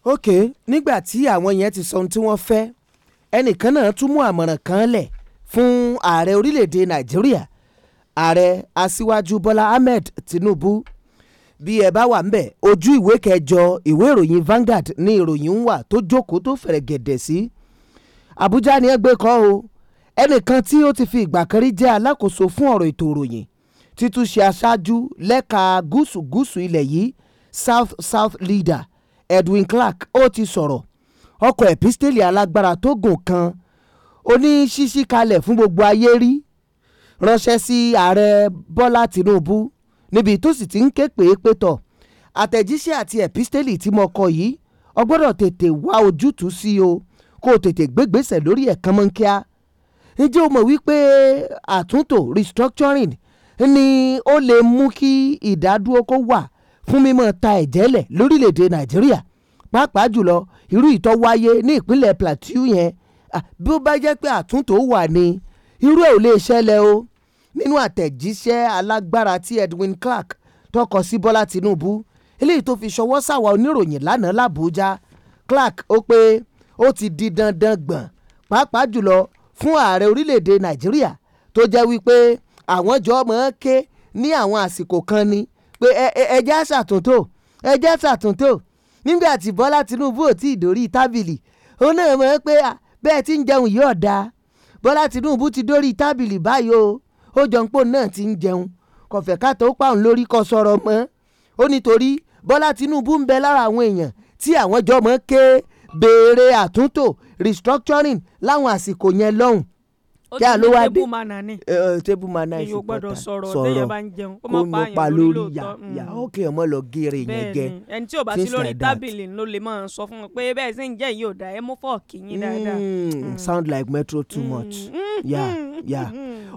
ok nígbà tí àwọn yẹn ti sọ ohun tí wọ́n fẹ́ ẹnìkan náà tún mú àmọ̀ràn kan lẹ̀ fún ààrẹ orílẹ̀-èdè nàìjíríà ààrẹ aṣíwájú bọ́lá ahmed tinubu bí ẹ bá wà ńbẹ̀ ojú ìwé kẹjọ ìwé ìròyìn Vanguard ní ìròyìn ń wà tó jókòó tó fẹ̀rẹ̀ gẹ̀dẹ̀ sí àbújá ni ẹ gbé kọ́ o ẹnìkan tí ó ti fi ìgbà kan rí jẹ́ alákòóso fún ọ̀rọ̀ ètò ìròyìn títúnṣe aṣáájú lẹ́ka gúúsù gúúsù ilẹ̀ yìí South South leader Edwin Clark ó ti sọ̀rọ̀ ọkọ̀ ẹ̀písítélì alágbára tó gùn kan oníṣíṣí kalẹ̀ fún gbogbo ayé rí ránṣẹ́ sí ààrẹ Bọ́lá Tinubu níbi tó sì ti ń ké pé pé àtẹ̀jíṣẹ́ àti ẹ̀písítélì tí mo kọ yìí o gbọ́dọ̀ tètè wá ojútùú sí o kó o tètè gbégbèsè lórí ẹ̀kan mọ́ kíá o mọ̀ wípé àtúntò restructuring ni ó lè mú kí ìdádúró kó wà fún mímọ́ ta ẹ̀jẹ̀ lẹ̀ lórílẹ̀‐èdè nàìjíríà pàápàá jùlọ irú ìtọ́ wáyé ní ìpínlẹ̀ plateau yẹn bí ó bá jẹ́ pé àtúntò wà ní irú ẹ̀ ò lè ṣẹlẹ̀ o nínú àtẹ̀jíṣẹ́ alágbára tí Edwin Clark tọkọ sí Bọ́lá Tinubu eléyìí tó fi ṣọwọ́ sáwà oníròyìn lánàá làbújá Clark ó pé ó ti di dandan gbọ̀n pàápàá jùlọ fún ààrẹ orílẹ̀-èdè Nàìjíríà tó jẹ́ wípé àwọn jọ mọ̀ ọ́n ké ní àwọn àsìkò kan ni pé ẹjẹ́ ṣàtúntò ẹjẹ́ ṣàtúntò nígbà tí Bọ́lá Tinubu ò tí ì dórí tábìlì òun náà mọ̀ pé bẹ́ẹ̀ tí ń jẹun yìí ọ̀dà Bọ́lá Tinubu ti dórí tábìlì báyìí o ó jọun pò náà ti ń jẹun kọ̀fẹ́ ká tó pàun lórí kọ sọ̀rọ̀ mọ́ ó nítorí Bọ́lá Tinubu ń bẹ lára àwọn èèyàn tí àwọn jọmọ ké béèrè àtúntò restructuring láwọn àsìkò yẹn lọ́hùn kí àló wá dé tébù máa ná ìsìn pọ̀tà sọ̀rọ̀ kó nu pa lórí yà mm. yà ókè ọmọ lọ gèrè yẹn jẹ ẹni tí ò bá sí lórí tábìlì ló lè máa sọ fún wọn pé bẹ́ẹ̀ sì ń jẹ́ yìí ò dá ẹ mú fọ́ọ̀kì yín dáadáa. Mm, mm. sound like metro too much yà yà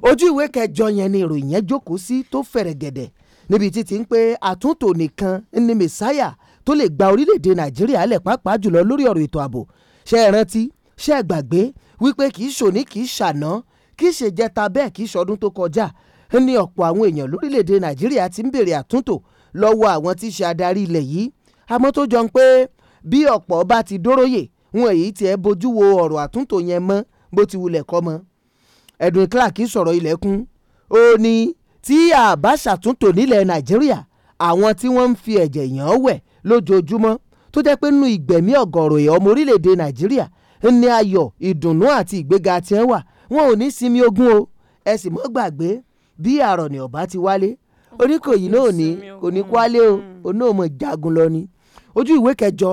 ojú ìwé kẹjọ yẹn ni ìròyìn yẹn jókòó sí tó fẹ̀rẹ̀ gẹ̀dẹ̀ níbi títí ń pé àtúntò nìkan ni mẹsáyà tó lè gba orílẹ̀-èdè nàìjíríà lẹ̀ pàápàá jùlọ lórí ọ̀rọ̀ ètò ààbò ṣe é rántí ṣe é gbàgbé wípé kì í ṣòní kì í ṣàná kì í ṣe jẹta bẹ́ẹ̀ kì í ṣọdún tó kọjá ní ọ̀pọ̀ àwọn èèyàn lórílẹ̀‐èdè nàìjíríà ti ń béèrè àtúntò lọ́wọ́ àwọn tí í ṣe adarí ilẹ̀ yìí àmọ́ tó jọ ń pé bí ọ̀pọ̀ bá ti dóróyè wọn èyí tiẹ̀ bójú wo ọ̀rọ̀ àtúntò yẹn mọ́ bó ti wulẹ̀ kọ́ mọ́ Edwin Clark sọ̀rọ̀ ilẹ̀kùn ó ní tí àbá ṣàtúntò nílẹ̀ nàìjíríà àwọn tí wọ́n ń fi ẹ̀jẹ̀ yàn wẹ̀ lójoojúmọ́ tó jẹ́ pé nínú ìgbẹ̀mí ọ̀gọ̀rọ̀ ọmọ orílẹ̀ nàìjíríà ní ayọ̀ ìdùnnú àti ìgbéga tiẹ̀ wà wọn ò ní sinmi ogun o ẹ sì mọ́ gbàgbé bí àrọ̀nì ọ̀bá ti wálé oníkòyí náà ní kò ní kwálé o òun náà mọ̀ jagun lọ ni ojú ìwé kẹjọ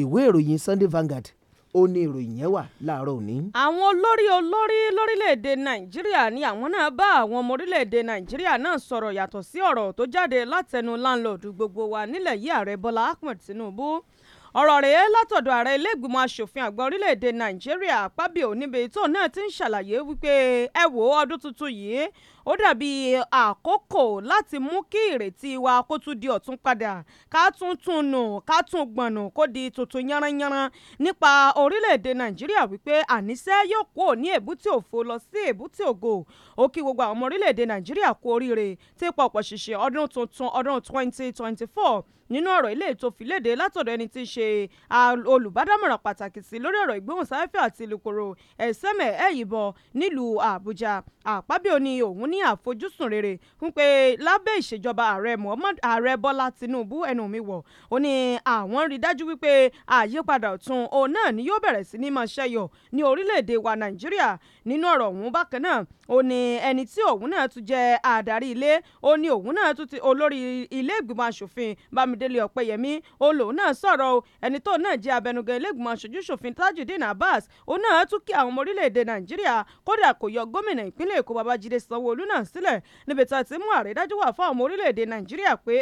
ìwé ìròyìn Sunday Vanguard ó ní ìròyìn yẹn wà láàárọ̀ òní. àwọn olórí olórí lórílẹ̀‐èdè nàìjíríà ni àwọn náà bá àwọn ọmọ orílẹ̀‐èdè nàìjíríà náà sọ̀rọ̀ yàtọ̀ sí ọ̀rọ̀ tó jáde látẹnu láńlọ́ọ̀dù gbogbo wa nílẹ̀ yìí ààrẹ bọ́lá ahmed tinubu ọ̀rọ̀ rèé látọ̀dọ̀ ààrẹ ilé ìgbìmọ̀ asòfin àgbà orílẹ̀-èdè nàìjíríà pábíò níbi tó náà ti ń ṣàlàyé wípé ẹ wo ọdún tuntun yìí ó dàbí àkókò láti mú kí ìrètí wa kó tún di ọ̀tún padà ká tún tún nù ká tún gbọ̀nù kó di tuntun yánranyánran nípa orílẹ̀-èdè nàìjíríà wípé àníṣe yóò kó ní èbúté òfo lọ sí èbúté ògo ó kí gbogbo àwọn ọmọ orílẹ̀-èdè nàìjíríà kú oríire tí pọ̀pọ̀ ṣìṣe ọdún tuntun ọdún twenty twenty four nínú ọ̀rọ̀ ilé ètò fìlédè látọ̀dọ̀ ẹni tí í ṣe olùbádámọ̀ràn pàtàkì sí lórí ọ̀rọ̀ ìgbóhùnsáfẹ́fẹ́ àti ìlúkòrò ẹ̀sẹ́mẹ̀ ẹ̀yìnbọn nílùú àbújá àpábíò ni òun ní àfojúsùn rere fún pé lábẹ́ ìṣèjọba ààrẹ muhammad ààrẹ bọ́lá tinubu ẹnu mi wọ̀ ó ní àwọn rí dájú wípé àyípadà ọ̀tun òun náà ni yóò bẹ̀rẹ̀ sí ní máa ṣẹ́yọ ní orílẹ̀-èdè wa nàìjíríà nínú ọ̀rọ̀ ọ̀hún bákan náà ó ní ẹni tí òun náà tún jẹ́ adarí ilé ó ní òun náà tún ti olórí ilé ìgbìmọ̀ asòfin bámidélé ọ̀pẹ́yẹmí ó lòun náà sọ̀rọ̀ o ẹni tó náà jẹ́ abẹnugan ilé ìgbìmọ̀ aṣojú ṣòfin tajudeen abbas ó náà tún kí àwọn ọmọ orílẹ̀-èdè nàìjíríà kódà kò yọ gómìnà ìpínlẹ̀ èkó babájídé sanwó-olú náà sílẹ̀ níbi tá a ti mú àrídájú wà fún àwọn ọmọ orílẹ̀-èdè nàìjíríà pé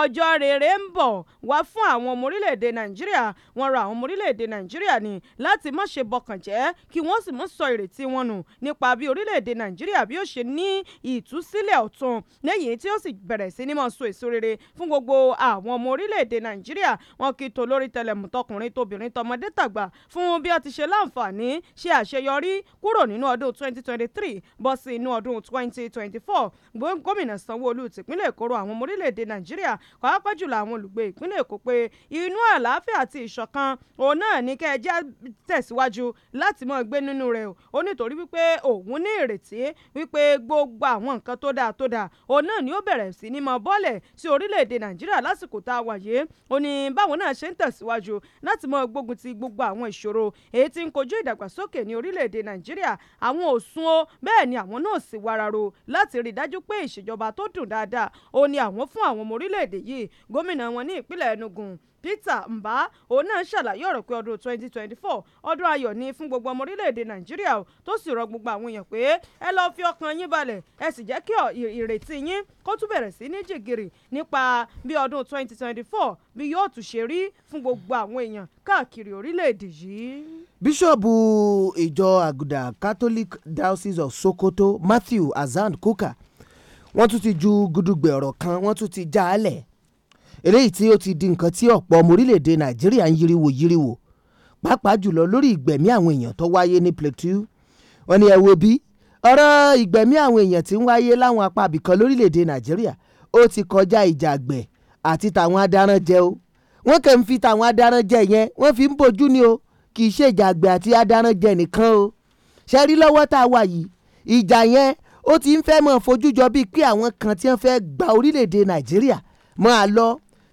ọjọ́ rere ń bọ̀ wá fún àwọn ọmọ orílẹ̀-èdè nàìjíríà wọ́n ra àwọn ọmọ orílẹ̀-èdè nàìjíríà ní láti má ṣe bọkàn jẹ́ kí wọ́n sì mú sọ ìrètí tiwọn nù nípa bí orílẹ̀-èdè nàìjíríà bí ó ṣe ní ìtúsílẹ̀ ọ̀tun lẹ́yìn tí ó sì bẹ̀rẹ̀ sí ní máa èso rere fún gbogbo àwọn ọmọ orílẹ̀-èdè nàìjíríà wọn kì í tó lórí tẹlẹ̀mù tóbìnrin tọmọdé tàgbà fún bí ó ti ṣe láǹfààní ṣe àṣeyọrí kúrò nínú ọdún 2023 bọ́ sí inú ọdún 2024 gómìnà sanwó tìpínlẹ̀ èkó àwọn ọmọ orílẹ̀-èdè nàìjíríà pàápàá jùlọ àwọn olùgbé ìpínlẹ̀ èkó pé inú àlàáfíà àti ìṣọ̀kan òun nítorí wípé òun ní ìrètí wípé gbogbo àwọn nǹkan tó dáa tó dáa òun náà ni ó bẹ̀rẹ̀ sí ní máa bọ́lẹ̀ sí orílẹ̀-èdè nàìjíríà lásìkò tá a wà yìí ó ní báwọn náà ṣe ń tẹ̀síwájú láti máa gbógun ti gbogbo àwọn ìṣòro èyí tí ń kojú ìdàgbàsókè ní orílẹ̀-èdè nàìjíríà àwọn ò sún ó bẹ́ẹ̀ ni àwọn náà sì wararo láti rí i dájú pé ìṣèjọba tó dùn dáadáa ó àwọn fún àwọn Peter mba òun náà ṣàlàyé ọ̀rọ̀ pé ọdún twenty ọdún ayọ̀ ni fún gbogbo ọmọ orílẹ̀-èdè Nàìjíríà tó sì rọ gbogbo àwọn èèyàn pé ẹ lọ fi ọkàn yín balẹ̀ ẹ sì jẹ́ kí ìrètí yín kó tún bẹ̀rẹ̀ sí ní jìgìrì nípa bí ọdún twenty twenty four bí yóò tún ṣe rí fún gbogbo àwọn èèyàn káàkiri orílẹ̀-èdè yìí. bíṣọ̀bù ìjọ àgùdà Catholic Diocese of Sokoto Matthew Hasan Kuka wọ́n tún ti ju gudugbẹ̀ ọ̀rọ̀ kan wọ́n tún ti já alẹ̀. eléyìí tí ó ti di nǹkan tí ọ̀pọ̀ ọmọ orílẹ̀-èdè nàìjíríà ń yiriwo yiriwo pàápàá jùlọ lórí ìgbẹ̀mí àwọn èèyàn tó wáyé ní plateau wọ́n ní ẹ wo bí ọ̀rọ̀ ìgbẹ̀mí àwọn èèyàn tí ń wáyé láwọn apá abìkan lórílẹ̀‐èdè nàìjíríà ó ti kọjá ìjà àgbẹ̀ àti tàwọn adaranjẹ o wọ́n kàn ń fi tàwọn adaranjẹ yẹn wọ́n fi ń bojú ni o kì í ṣe ìjà àgbẹ̀ àti adaranjẹ nìkan o ṣe rí lọ́wọ́ tá a wà yìí ìjà yẹn ó ti ń fẹ́ mọ̀ fojú jọ bíi pé àwọn kan tí wọ́n fẹ́ gba orílẹ̀‐èdè nàìjíríà máa lọ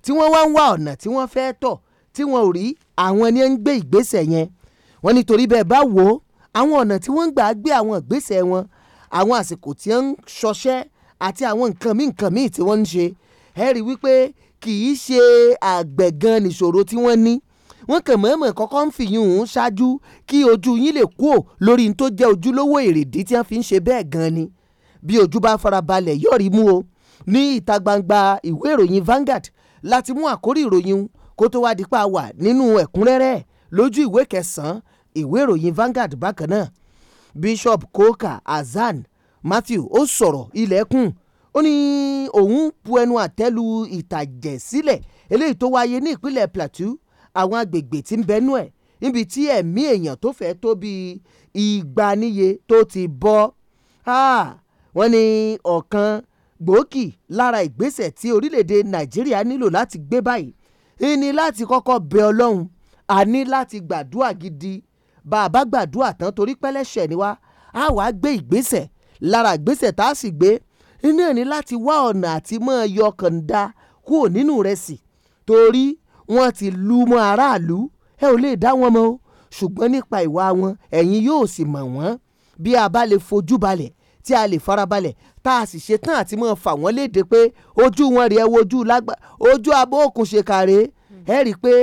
tí wọ́n wá ń wá ọ̀nà tí wọ́n fẹ́ tọ̀ tí wọn ò rí àwọn ni ń gbé ìgbésẹ̀ yẹn wọ́n nítorí bẹ́ẹ̀ bá wò ó àwọn ọ̀nà tí wọ́n ń gbà gbé àwọn ìgbésẹ̀ wọn àwọn àsìkò tí wọ́n ń ṣọṣẹ́ àti àwọn nǹkan míì nǹkan míì tí wọ́n ń ṣe ẹ rí wípé kì í ṣe àgbẹ̀ gan nìṣòro tí wọ́n ní wọ́n kàn mọ̀ọ́mọ̀ kọ́kọ́ ń fìyún un ṣáájú kí ojú yín lè kúò lórí tó jẹ́ ojúlówó èrèdí tí wọ́n fi ń ṣe bẹ́ẹ̀ gan ni bí ojú bá farabalẹ̀ yọ̀rí mú o ní ìta gbangba ìwé ìròyìn Vanguard láti mú àkórí ìròyìn kó tó wá dípa wà nínú ẹ̀kúnrẹ́rẹ́ lójú ìwé kẹsàn-án ìwé ìròyìn Vanguard bákan náà Bishop Koka Hasan Matthew ó sọ̀rọ̀ ilẹ̀kùn ó ní òun pu ẹnu àtẹ́lu ìtàjẹ̀sílẹ̀ eléyìí tó wáyé ní ìpínlẹ̀ Plateau àwọn agbègbè tí ń bẹnu ẹ̀ níbi tí ẹ̀mí èèyàn tó fẹ́ tó bíi ìgbaniye tó ti bọ́ wọ́n ní ọ̀kan gbòógì lára ìgbésẹ̀ tí orílẹ̀-èdè nàìjíríà nílò láti gbé báyìí ìní láti kọ́kọ́ bẹ ọlọ́run a ní láti gbàdúrà gidi bá a bá gbàdúrà tán torí pẹ́lẹ́ṣẹ̀ ni wá a wàá gbé ìgbésẹ̀ lára ìgbésẹ̀ tá a sì gbé iná ní láti wá ọ̀nà àti mọ́ ẹyọ kànda kúrò nínú rẹ̀ sí torí wọ́n ti lu mọ́ aráàlú ẹ ò lè dá wọn mọ́ o ṣùgbọ́n nípa ìwà wọn ẹ̀yin yóò sì mọ̀ wọ́n bí a bá lè fojú balẹ̀ tí a lè farabalẹ̀ tá a sì ṣetán àti mọ́ fà wọ́n léde pé ojú wọn rèé wojú lágbà ojú abó òkun ṣe kàrè hmm. ẹ rí i pé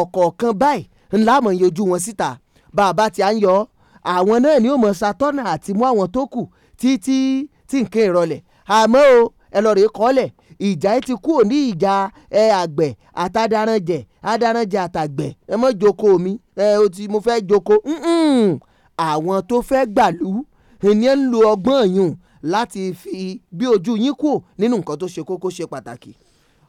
ọ̀kọ̀ọ̀kan báyìí ńlá mọ̀ ń yọjú wọn síta bàbá tí a ń yọ àwọn náà ni ó mọ̀ satọ́nà àti mú àwọn tó kù títí tí nǹkan ìrọ̀lẹ̀ àmọ́ o ẹ lọ rèé kọ́lẹ̀ ìjà ẹ ti kú òní ìjà ẹ àgbẹ̀ àtàdáranjẹ àdáranjẹ àtàgbẹ̀ ẹ mọ̀ jókòó mi ẹ o ti mo fẹ́ jókòó àwọn tó fẹ́ gbàlú ènìyàn ń lo ọgbọ́n yùn láti fi bí ojú yín kù nínú nǹkan tó ṣe kókó ṣe pàtàkì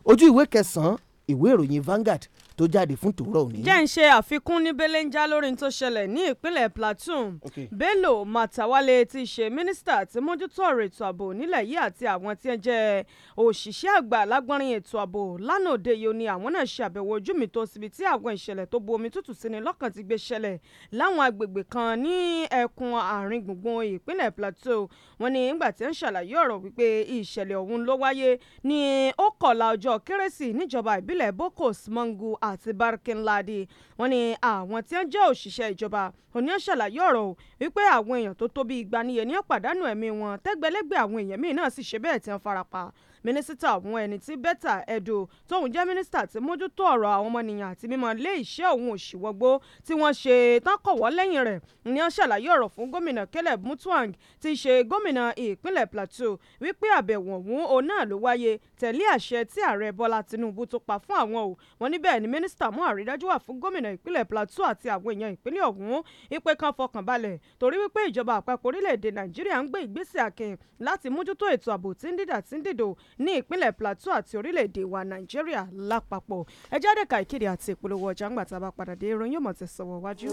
ojú ìwé kẹsàn ìwé ìròyìn Vanguard tó jáde fún tòórọ́ òní. jẹ́ ń ṣe àfikún ní belenja lórí tó ṣẹlẹ̀ ní ìpínlẹ̀ Plateau Bello Matawale ti ṣe mínísítà tí mójútó ọ̀rọ̀ ètò ààbò nílẹ̀ yìí àti àwọn tí ń jẹ́ òṣìṣẹ́ àgbà lágbọ́nrin ètò ààbò lánàá òde yìí ni àwọn náà ṣe àbẹ̀wò ojú mi tó síbi tí àwọn ìṣẹ̀lẹ̀ tó bu omi tútù sí ni lọ́kàn ti gbé ṣẹlẹ̀ láwọn agbègbè kan ní ẹkùn àárín gbùngbùn ìpínlẹ̀ Plateau wọ́n ní ìgbà tí ń ṣàlàyé ọ̀rọ̀ wípé ìṣẹ̀lẹ̀ ọ̀hún ló wáyé ní ó kọ̀la ọjọ́ kérésì níjọba ìbílẹ̀ Bokos Mangu àti barkinladi wọ́n ní àwọn tí wọ́n jẹ́ òṣìṣẹ́ ìjọba òní ṣàlàyé ọ̀rọ̀ o wípé àwọn èèyàn tó tó bíi ní pàdánù ẹ̀mí wọn tẹ́gbẹ́lẹ́gbẹ́ àwọn èèyàn míì náà sì ṣe bẹ́ẹ̀ tí wọ́n farapa mínísítà ọ̀hún ẹni tí bẹ́tà ẹ̀dọ̀ tóun jẹ́ mínísítà tí mójútó ọ̀rọ̀ àwọn ọmọnìyàn àti mímọ ilé iṣẹ́ òun òṣìwọ́gbó tí wọ́n ṣe tákọ̀wọ́ lẹ́yìn rẹ̀ ni wọ́n ṣàlàyé ọ̀rọ̀ fún gómìnà Caleb Mutuang tí ṣe gómìnà ìpínlẹ̀ Plateau wípé àbẹ̀wò ọ̀hún òun náà ló wáyé tẹ̀lé àṣẹ tí ààrẹ Bọ́lá Tinubu tó pa fún àwọn o wọn níbẹ̀ ni mínísítà mú àrídájú wà fún gómìnà ìpínlẹ̀ Plateau àti àwọn èèyàn ìpínlẹ̀ ọ̀hún ipe kan fọkàn balẹ̀ torí wípé ìjọba àpapọ̀ orílẹ̀-èdè Nàìjíríà ń gbé ìgbésẹ̀ akin láti mójútó ètò ààbò tí ń dìdà tí ń dìdò ní ìpínlẹ̀ Plateau àti orílẹ̀-èdè wa Nàìjíríà lápapọ̀ ẹ jáde ka ìkéde àti ìpolówó ọjà ńgbà tá a bá padà dé ìròyìn ọmọ tẹ̀sán wájú.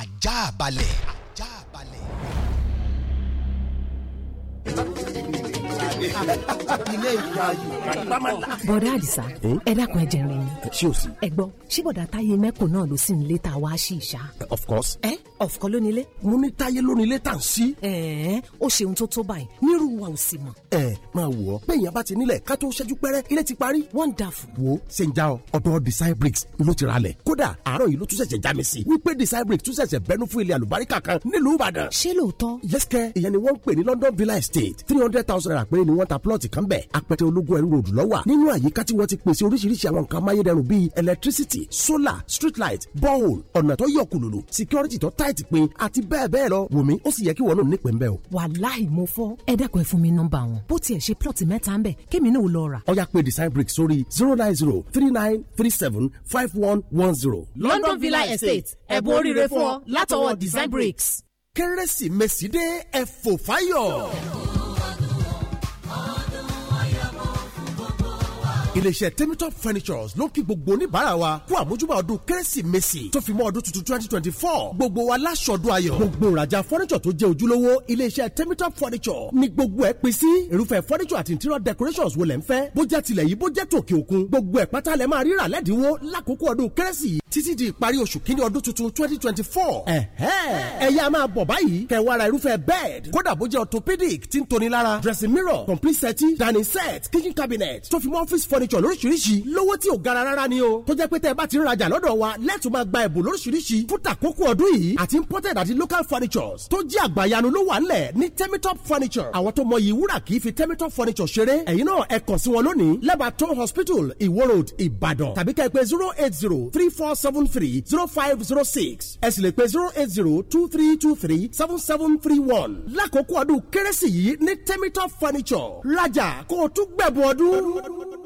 àjà balẹ̀. àjà balẹ̀ ilé ìyá yìí. bọ̀dá àdìsá hmm? ẹ dákun ẹ jẹun ẹni. ṣé o sì. ẹ gbọ́ ṣé bọ̀dá táyé mẹ́kùn náà ló sì ń lé ta wá sí ìṣá. of course. ẹ of course lónìí lé. mo ní táyé lónìí lé tà ń sí. ẹ ẹ ó ṣe ohun tó tó báyìí nírú wa ò sì mọ. ẹ máa wọ bẹ́ẹ̀yàn bá ti nílẹ̀ ká tó ṣẹ́jú pẹ́rẹ́ ilé ti parí. wonderful. wo ṣe ń já ọ ọ̀dọ̀ design bricks ló ti ralẹ̀ kódà àárọ̀ yìí ló tún ṣẹ̀ṣẹ̀ já mi sí wípé design bricks tún ṣẹ̀ṣẹ̀ bẹnu fún ilé àlùbáríkà kan nílùú ìbàdàn. ṣé lóòótọ́. yẹ́sìkẹ́ ìyẹn ni wọ́n ń pè ní London Villa Estate three hundred thousand naira pé ni wọ́n ta plọ́ọ̀tì kan bẹ̀ apẹtẹ ológun ẹ̀rú ròdù lọ́wà nínú àyíká tí wọ́n ti pèsè oríṣiríṣi àwọn nǹkan amáyédẹrùn bíi electricity solar street light borehole ọ̀nà tó yọ kùlùlù security tó tight pin àti bẹ́ẹ̀ bẹ́ẹ̀ lọ wùmí ó sì yẹ kí wọ́n lòun nípìn bẹ́ẹ̀ o. wàláì mo fọ ẹ dẹ́kun ẹ fún mi nọ́mbà wọn bó tiẹ̀ ṣe plọ́ọ̀tì mẹ́ta ń bẹ̀ design brick sórí zero nine zero three nine three seven five one one zero. London Villa Estate ẹ̀bùn oríire fún ọ látọwọ́ design bricks. kérésìmesì dé ẹ̀fọ́ fáyọ̀. iléeṣẹ́ temitop furnitures ló ń kí gbogbo oníbàárà wa kú àmójúbà ọdún kérésìmesì tó fi mọ́ ọdún tuntun twenty twenty four gbogbo wa láṣọdún ayọ̀ gbogbo ìrajà furniture tó jẹ́ ojúlówó iléeṣẹ́ temitop furniture ni gbogbo ẹ̀ pín sí irúfẹ́ furniture àti interior decorations wo lẹ̀ ń fẹ́ bó jẹ́ tilẹ̀ yìí bó jẹ́ tòkè òkun gbogbo ẹ̀ pátá lẹ̀ máa ríra lẹ́dínwó lákòókò ọdún kérésì títí di ìparí oṣù kínní ọdún tuntun twenty twenty four ẹ̀yà máa bọ̀ báyìí kẹwàá ra irúfẹ́ bed kódà bó jẹ́ orthopedic tí ń toni lára dressing mirror complete set dining set kitchen cabinet tó fi mọ́ office furniture furniture lóríṣiríṣi lówó tí ò gara rárá ni o tó jẹ́ pé tẹ́ ẹ bá ti ń rajà lọ́dọ̀ wa lẹ́tù máa gba ẹ̀bùn lóríṣiríṣi fún tàkókò ọdún yìí àti imported àti local furnitures tó jẹ́ àgbàyanu ló wà ńlẹ̀ ní temitop furniture àwọn tó mọyì wúrà kì í fi temitop furniture ṣeré ẹ̀yin náà ẹ kàn sí wọn lónìí lẹ́bàá hospital Iwo Road Ìbàdàn tàbí kẹ́ ẹ pé zero eight zero three four seven three zero five zero six ẹ sì lè pé zero eight zero two three two three seven seven three one lákòókò ọdún kérésì yìí ní temitop furniture rajà kó o tún gbẹ̀bù ọdún.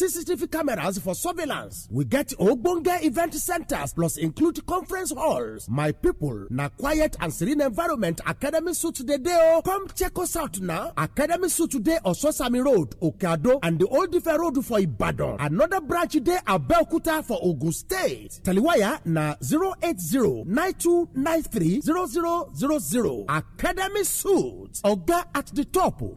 CCTV cameras for surveillance. We get Ogbonge event centers plus include conference halls. My people, na quiet and serene environment Academy Suit today Oh, Come check us out now. Academy Suit today Ososami Road, Okado and the Old Ife Road for Ibadan. Another branch today Abeokuta for Ogun State. Taliwaya na 08092930000. Academy Suit. Oga at the top. Oh.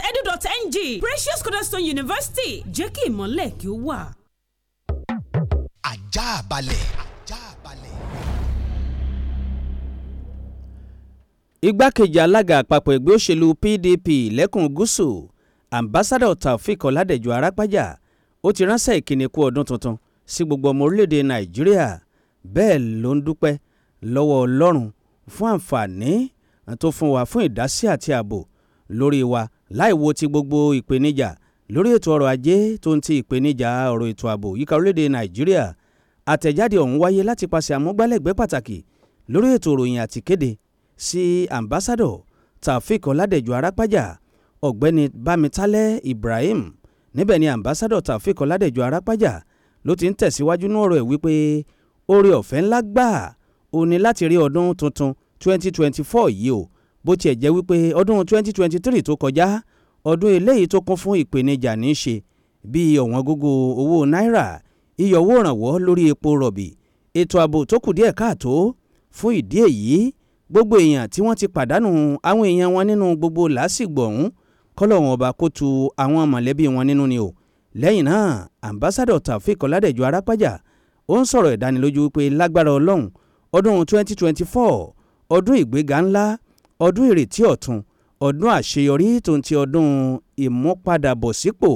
edu.ng Precious Cornerstone University jẹ́ kí ìmọ̀lẹ̀ kí ó wà. ajá balẹ̀. igbákejì alága àpapọ̀ ẹgbẹ́ òṣèlú PDP lẹ́kùn gúúsù ambassadọ̀ Taofik Ọládẹ̀jọ Arápájà ó ti ránṣẹ́ ìkíni kú ọdún tuntun sí gbogbo ọmọ orílẹ̀-èdè Nàìjíríà bẹ́ẹ̀ ló ń dúpẹ́ lọ́wọ́ Ọlọ́run fún àǹfààní tó fún wa fún ìdásí àti ààbò lórí wa láìwo ti gbogbo ìpèníjà lórí ètò ọrọ̀ ajé tó ń ti ìpèníjà ọ̀rọ̀ ètò ààbò yíká orílẹ̀-èdè nàìjíríà àtẹ̀jáde ọ̀hún wáyé láti pàṣẹ àmúgbálẹ́gbẹ̀ẹ́ pàtàkì lórí ètò ìròyìn àtìkéde sí ambassadọ̀ taofik ọládẹ̀jọ arápájà ọ̀gbẹ́ni bámitálẹ́ ibrahim níbẹ̀ ni ambassadọ̀ taofik ọládẹ̀jọ arápájà ló ti ń tẹ̀síwájú ní ọ̀rọ̀ ẹ̀ wípé oore ọ̀fẹ́ ńlá gbà ó láti rí ọdún tuntun 2024 yìí o bó tiẹ̀ jẹ́ wípé ọdún 2023 tó kọjá ọdún eléyìí tó kún fún ìpèníjà ní í ṣe bíi ọ̀wọ́n gógó owó náírà iyọ̀ owó ìrànwọ́ lórí epo rọ̀bì ètò ààbò tó kù díẹ̀ káàtó fún ìdí èyí gbogbo èèyàn tí wọ́n ti pàdánù àwọn èèyàn wọn nínú gbogbo làásìgbò ọ̀hún kọ́lọ́wọ́n ọba kó tu àwọn mọ̀lẹ́bí wọn nínú ni o lẹ́yìn náà ambassadọ̀ Taofeek Ọládẹ̀jọ Arápájà ó ń sọ̀rọ̀ ìdánilójú wípé lágbára ọlọ́run ọdún 2024 ọdún ìgbéga ńlá ọdún ìrètí ọ̀tun ọdún àṣeyọrí tó ń ti ọdún ìmúpadàbọ̀sípò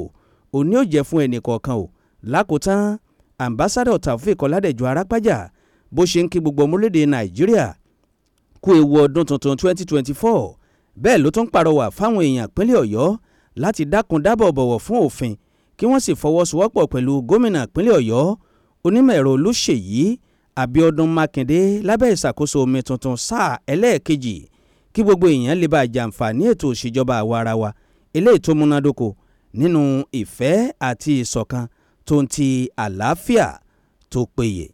òní ò jẹ́ fún ẹnì kọ̀ọ̀kan o lákòótán ambassadọ̀ Taofeek Ọládẹ̀jọ Arápájà bó ṣe ń kí gbogbo ọmọlédè Nàìjíríà kú ewu ọdún tuntun 2024 bẹ́ẹ̀ ló tún pàrọwà fáwọn èèyàn pínlẹ̀ Ọ̀yọ́ láti dákun dábọ̀ bọ̀wọ̀ fún òfin kí wọ́n sì fọwọ́sowọ́pọ̀ pẹ̀lú gómìnà pínlẹ̀ Ọ̀yọ́ onímọ̀ ẹ̀rọ Olúṣèyí Abíọ́dún Mákindé lábẹ́ ìṣàkóso omi tuntun sáà ẹlẹ́ẹ̀kejì kí gbogbo èèyàn lè bá jàǹfààní ètò òṣèjọba àwa ara wa eléyìí tó múnádóko nínú ìfẹ́ àti ìṣọ̀kan tó ń ti àlàáfíà tó péye.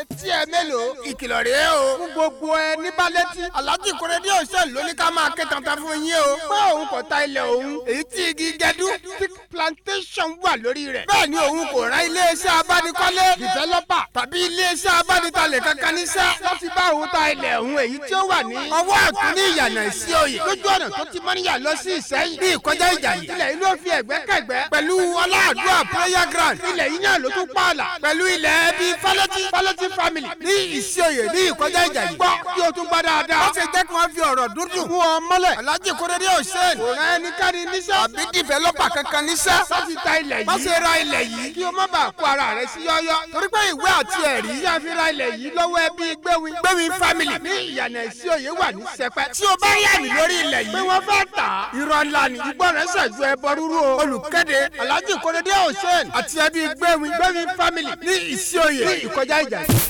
etí ẹ̀ mẹ́ lò ó ìkìlọ̀ rèé o. fún gbogbo ẹ ní balẹ̀tì. aláàjì kúrẹ́dí òṣèlú ló ní ká máa ké tantan fún yín o. pé òun kò ta ilẹ̀ òun èyí tí igi gẹdú tí plantation wà lórí rẹ̀. bẹ́ẹ̀ ni òun kò rán iléeṣẹ́ abánikọ́lé developer tàbí iléeṣẹ́ abánitalẹ̀ kankan níṣẹ́. láti bá òun ta ilẹ̀ òun èyí tí ó wà ní. ọwọ́ ọ̀tún ní ìyànà ìsí òye. lójú ọ̀nà tó ti mọ́níyà lọ sí ìsẹ́yìn. bí ìkọjá ìjà yìí. ilẹ̀ inú òfin ẹ̀gbẹ́kẹ̀gbẹ́. pẹ̀lú ọláàdúrà prayer ground. ilẹ̀ yín náà ló tún pààlà. pẹ̀lú ilẹ̀ bíi falẹ́tì family iṣẹ́ òye ní ìkọjá ìjà yìí. gbọ́ kí o tún gbọ́ dáadáa. wọ́n ṣe jẹ́ kí wọ́n fi ọ̀rọ̀ dúdú. mú ọ mọ́lẹ̀. alhaji kúrẹ́dé hussein. kò rán ẹnikẹ́ni níṣẹ́. àbí dìvẹ́lọ́pà kankan níṣẹ́. wọ́n ti ta ilẹ̀ yìí. wọ́n ṣe ra ilẹ̀ yìí. kí o má bàa kó ara rẹ sí yọ́yọ́. torí pé ìwé àti ẹ̀rí. tí a fi ra ilẹ̀ yìí lọ́wọ́ ẹbí gbéwin. gbéwin family. ní ìyànà iṣẹ́ òye wà ní sẹpẹ́. tí o bá yà mí lórí ilẹ̀ yìí. pé wọ́n fẹ́ tà á. irọ́ ńlá ni. ìgbọ́ rẹ̀ ṣàjù ẹbọ rúrú o. olùkéde alhaji kúrẹ́dé hussein àti ẹbí gbéwin. gbéwin family ní ìṣẹ́ òye ní ìkọjá ìjà yìí.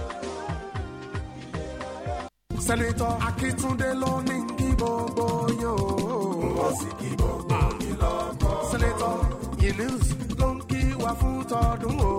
sẹ́nitọ́ Akíntúndé ló ní kí gbogbo yín o. wọ́n sì kí gbogbo yín lọ́kọ́. sẹ́nitọ́ Yunus ló ń kí wa fún tọdún o.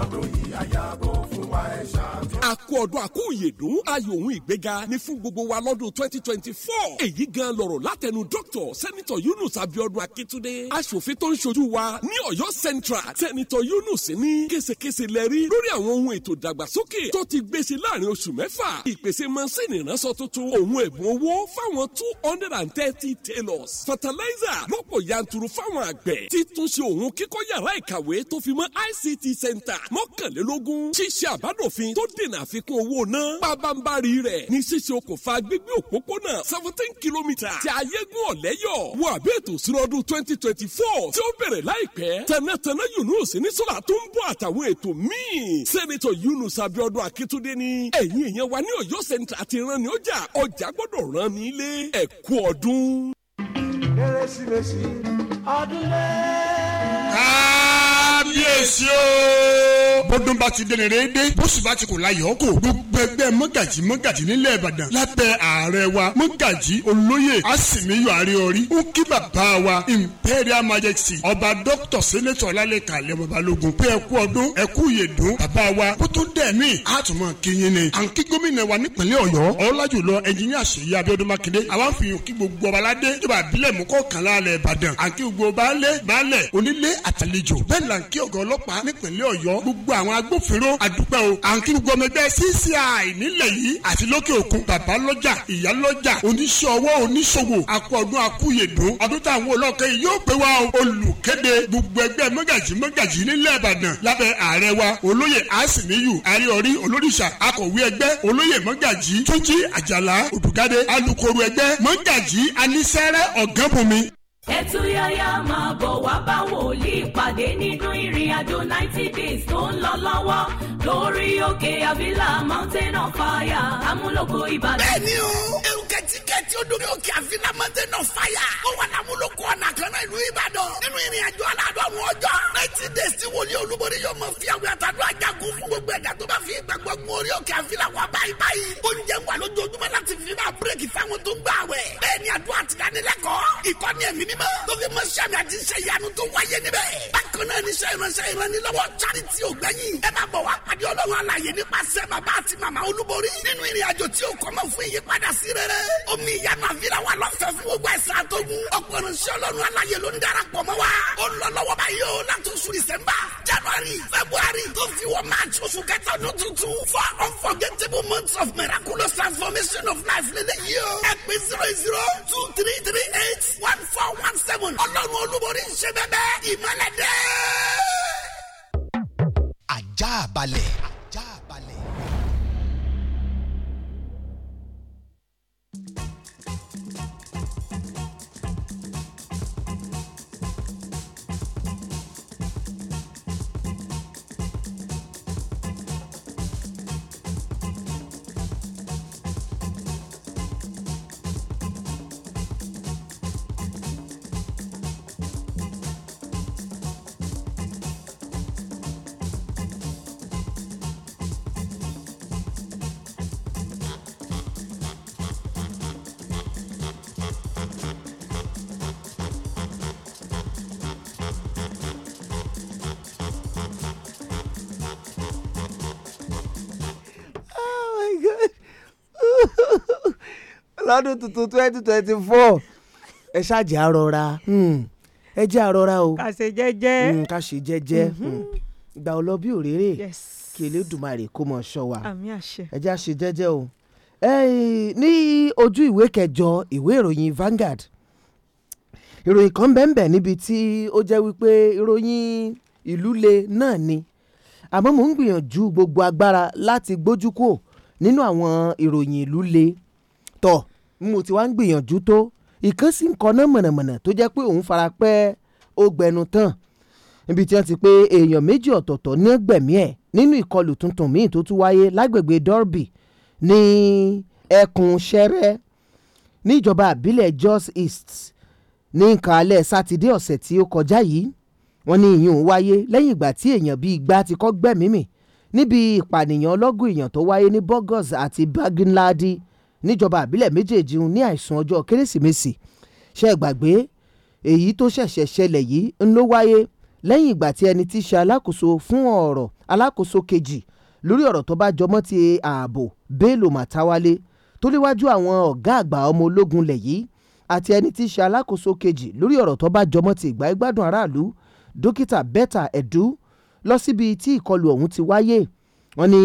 ọdún yìí àyàbò fún àkú ọdún àkú ìyèdún ayò òun ìgbéga ni fún gbogbo wa lọ́dún twenty twenty four èyí gan lọ̀rọ̀ látẹnu dr sẹ́nitọ̀ yunus abiodun akitunde aṣòfin tó ń ṣojú wa ní ọ̀yọ́ central sẹ́nitọ̀ yunus ní késekése lẹ́rí lórí àwọn ohun ètò ìdàgbàsókè tó ti gbèsè láàrin oṣù mẹ́fà ìpèsè mansini ránṣọ tuntun òun ẹ̀bùn owó fáwọn two hundred and thirty tailors fertilizer lọ́pọ̀ yanturu fáwọn àgbẹ̀ títúnṣe òun kíkọ́ yàrá ìkàwé tó fi mọ́ ict center mọ́kànlélógún ṣíṣe àb àbádòfin tó dènà àfikún owó náà pabambari rẹ̀ ní ṣíṣe okòfà gbígbé òpópónà seventeen kilometre ti ayégun ọ̀lẹ́yọ̀ wo àbí ètò ìṣúná ọdún twenty twenty four tí ó bẹ̀rẹ̀ láìpẹ́ tẹ̀nẹ́tẹ̀nẹ́ Yunus ní sọ́la tó ń bọ̀ àtàwọn ètò míì sẹ́nitọ̀ Yunus Abiodun Akitunde ni ẹ̀yin èèyàn wa ní Ọ̀yọ́ sẹ́ńtà àti ìran ni ọjà ọjà gbọ́dọ̀ rán ní ilé ẹ kú ọdún. kérésìmesì ọdún lẹ́ẹ̀. Ah! kábíyèsí o. bọ́dún bá ti dẹnu rẹ̀ dé bóṣù bá ti kò láyọ̀ kò gbogbo ẹgbẹ́ mọ́gàjì mọ́gàjì nílẹ̀ ìbàdàn lábẹ́ ààrẹ wa mọ́gàjì olóyè àsìmíyọ àríọrí ń kí bàbá wa imperial majesty ọba dókítà senator ọlálẹ́kà lẹ́mọ̀ balógun pé ẹkú ọdún ẹkú yèdún bàbá wa kó tó dẹ̀ mí àtúmọ̀ kíyìn ni à ń kí gómìnà wa nípìnlẹ̀ ọ̀yọ́ ọlájùlọ ẹnjìníà ṣèyí abíọ́dún mákindé àwa ń fìyàn kí gbogbo ọbaládé ìjọba àbílẹ̀ mú kọ́ ọlọ́pàá nípìnlẹ̀ ọ̀yọ́ gbogbo àwọn agbófinró àdúpẹ́ o à ń kí gbogbo ẹgbẹ́ CCI nílẹ̀ yìí àti lókè òkun bàbá lọ́jà ìyá lọ́jà oníṣẹ́ ọwọ́ oníṣòwò akọ̀ọ̀dún akúyèdún ọdún táwọn olóòkè yìí yóò pé wa o olùkéde gbogbo ẹgbẹ́ mọ́gàjì mọ́gàjì nílẹ̀ ìbàdàn lábẹ́ ààrẹ wa olóyè asiniyu ariori olóríṣà akọ̀wé ẹgbẹ́ olóyè mọ́gàjì túnjí àjàlá òdùgádé alukoro ẹgbẹ́ mọ́gàjì anisẹ́rẹ́ ọ̀gánbùnmi ẹtúyáyá máa bọ̀ wá bá wòlíì pàdé nínú ìrìn àjò ninety days tó ń lọ lọ́wọ́ lórí òkè àbílà mountain of fire amúlòkọ ìbàdàn. bẹ́ẹ̀ni o òkè tí ó dórí òkè àfínà mountain of fire. ó wà lámúlòkọ ọ̀nà kan náà ìlú ìbàdàn. nínú ìrìn àjò aládọ́run ọjọ́. ninety days tí wòlíì olúborí yóò mọ fi àwọn àtàdúrà jagun fún gbogbo ẹ̀dá tó bá fi ìgbàgbọ́ gun orí òkè àfínà wà báyìí báyìí. oúnjẹ wà lójoojúmọ́ láti fi máa bírèkì fáwọn tó ń gbà wẹ̀. bẹ́ẹ̀ ni àdúrà ti dánilẹ́kọ̀ọ́. ìkọ́ni ẹ̀mí mímọ́ tó fi mọ sàmì àti iṣẹ́ ìyanu ni iṣẹ́ charity ògbẹ́yìn. ẹ máa bọ̀ wá pàdé ọlọ́run alàyè nípasẹ̀ bàbá àti màmá olúborí nínú ìrìn àjò tí ó kọ́mọ fún ìyípadà sí mi ìyanu àfihàn wa lọ́fẹ̀ẹ́ fún gbogbo ẹ̀sìn àtọ́gùn. ọ̀pọ̀lọpọ̀ sí ọlọ́run aláyè ló ń darapọ̀ mọ́ wa. ó lọ o láti oṣù december january february tó fi wọ march oṣù kẹta ọdún tuntun. four unforgettable months of miraculous transformation of life lélẹ̀ yìí o. ẹ zero zero two three three eight one four one seven. ọlọ́run olúborí ń ṣe bẹ́ẹ̀ bẹ́ẹ̀ ìmọ̀lẹ́dẹ́. ajá balẹ̀. lọ́dún tuntun twenty twenty four ẹ ṣáàjì àrọ̀ra hmm. ẹ jẹ́ àrọ̀ra o ká ṣe jẹ́jẹ́ hmm, ká ṣe jẹ́jẹ́ mhm. hmm. ìgbà ọlọ́bí òréré kí Elédùmarè kó mọ̀ ṣọ́ wa ẹ jẹ́ àṣe jẹ́jẹ́ o ní ojú ìwé kẹjọ ìwé ìròyìn Vanguard ìròyìn kan bẹ́ẹ̀nbẹ́ẹ̀ níbi tí ó jẹ́ wípé ìròyìn ìlú náà ni àmọ́ mò ń gbìyànjú gbogbo agbára láti gbójú kò nínú àwọn ìròyìn ìlú le tọ̀ mo ti wá ń gbìyànjú tó ìkànsí nǹkan náà mọ̀nàmọ̀nà tó jẹ́ pé òun fara pẹ́ ó gbẹnu tán níbi tí wọ́n ti pé èèyàn méjì ọ̀tọ̀ọ̀tọ̀ ní gbẹ̀mí ẹ̀ nínú ìkọlù tuntun míì tó tún wáyé lágbègbè Dorby ní ẹkùn Ṣẹrẹ níjọba àbílẹ̀ Jos East ní nǹkan alẹ́ sátidé ọ̀sẹ̀ tí ó kọjá yìí wọ́n ní ìyún wáyé lẹ́yìn ìgbà tí èèyàn bíi igba ti kọ́ gbẹ̀mí níbi ìpànìyàn ọlọ́gùn èèyàn tó wáyé ní Burgos àti Baginladi níjọba àbílẹ̀ méjèèjì ní àìsùn ọjọ́ kérésìmesì ṣe gbàgbé èyí tó ṣẹ̀ṣẹ̀ ṣẹlẹ̀ yìí ń ló wáyé lẹ́yìn ìgbà tí ẹni tí ṣe alákòóso fún ọ̀rọ̀ alákòóso kejì lórí ọ̀rọ̀ tó bá jọmọ́ ti ààbò Bello Matawalle tó léwájú àwọn ọ̀gá àgbà ọmọ ológun lẹ̀ yìí àti ẹni tí ṣe alákòóso kejì lórí ọ̀rọ̀ tó bá jọmọ́ ti ìgbà ìgbádùn aráàlú dókítà Betta Edu lọ síbi tí ìkọlù ọ̀hún ti wáyé wọ́n ní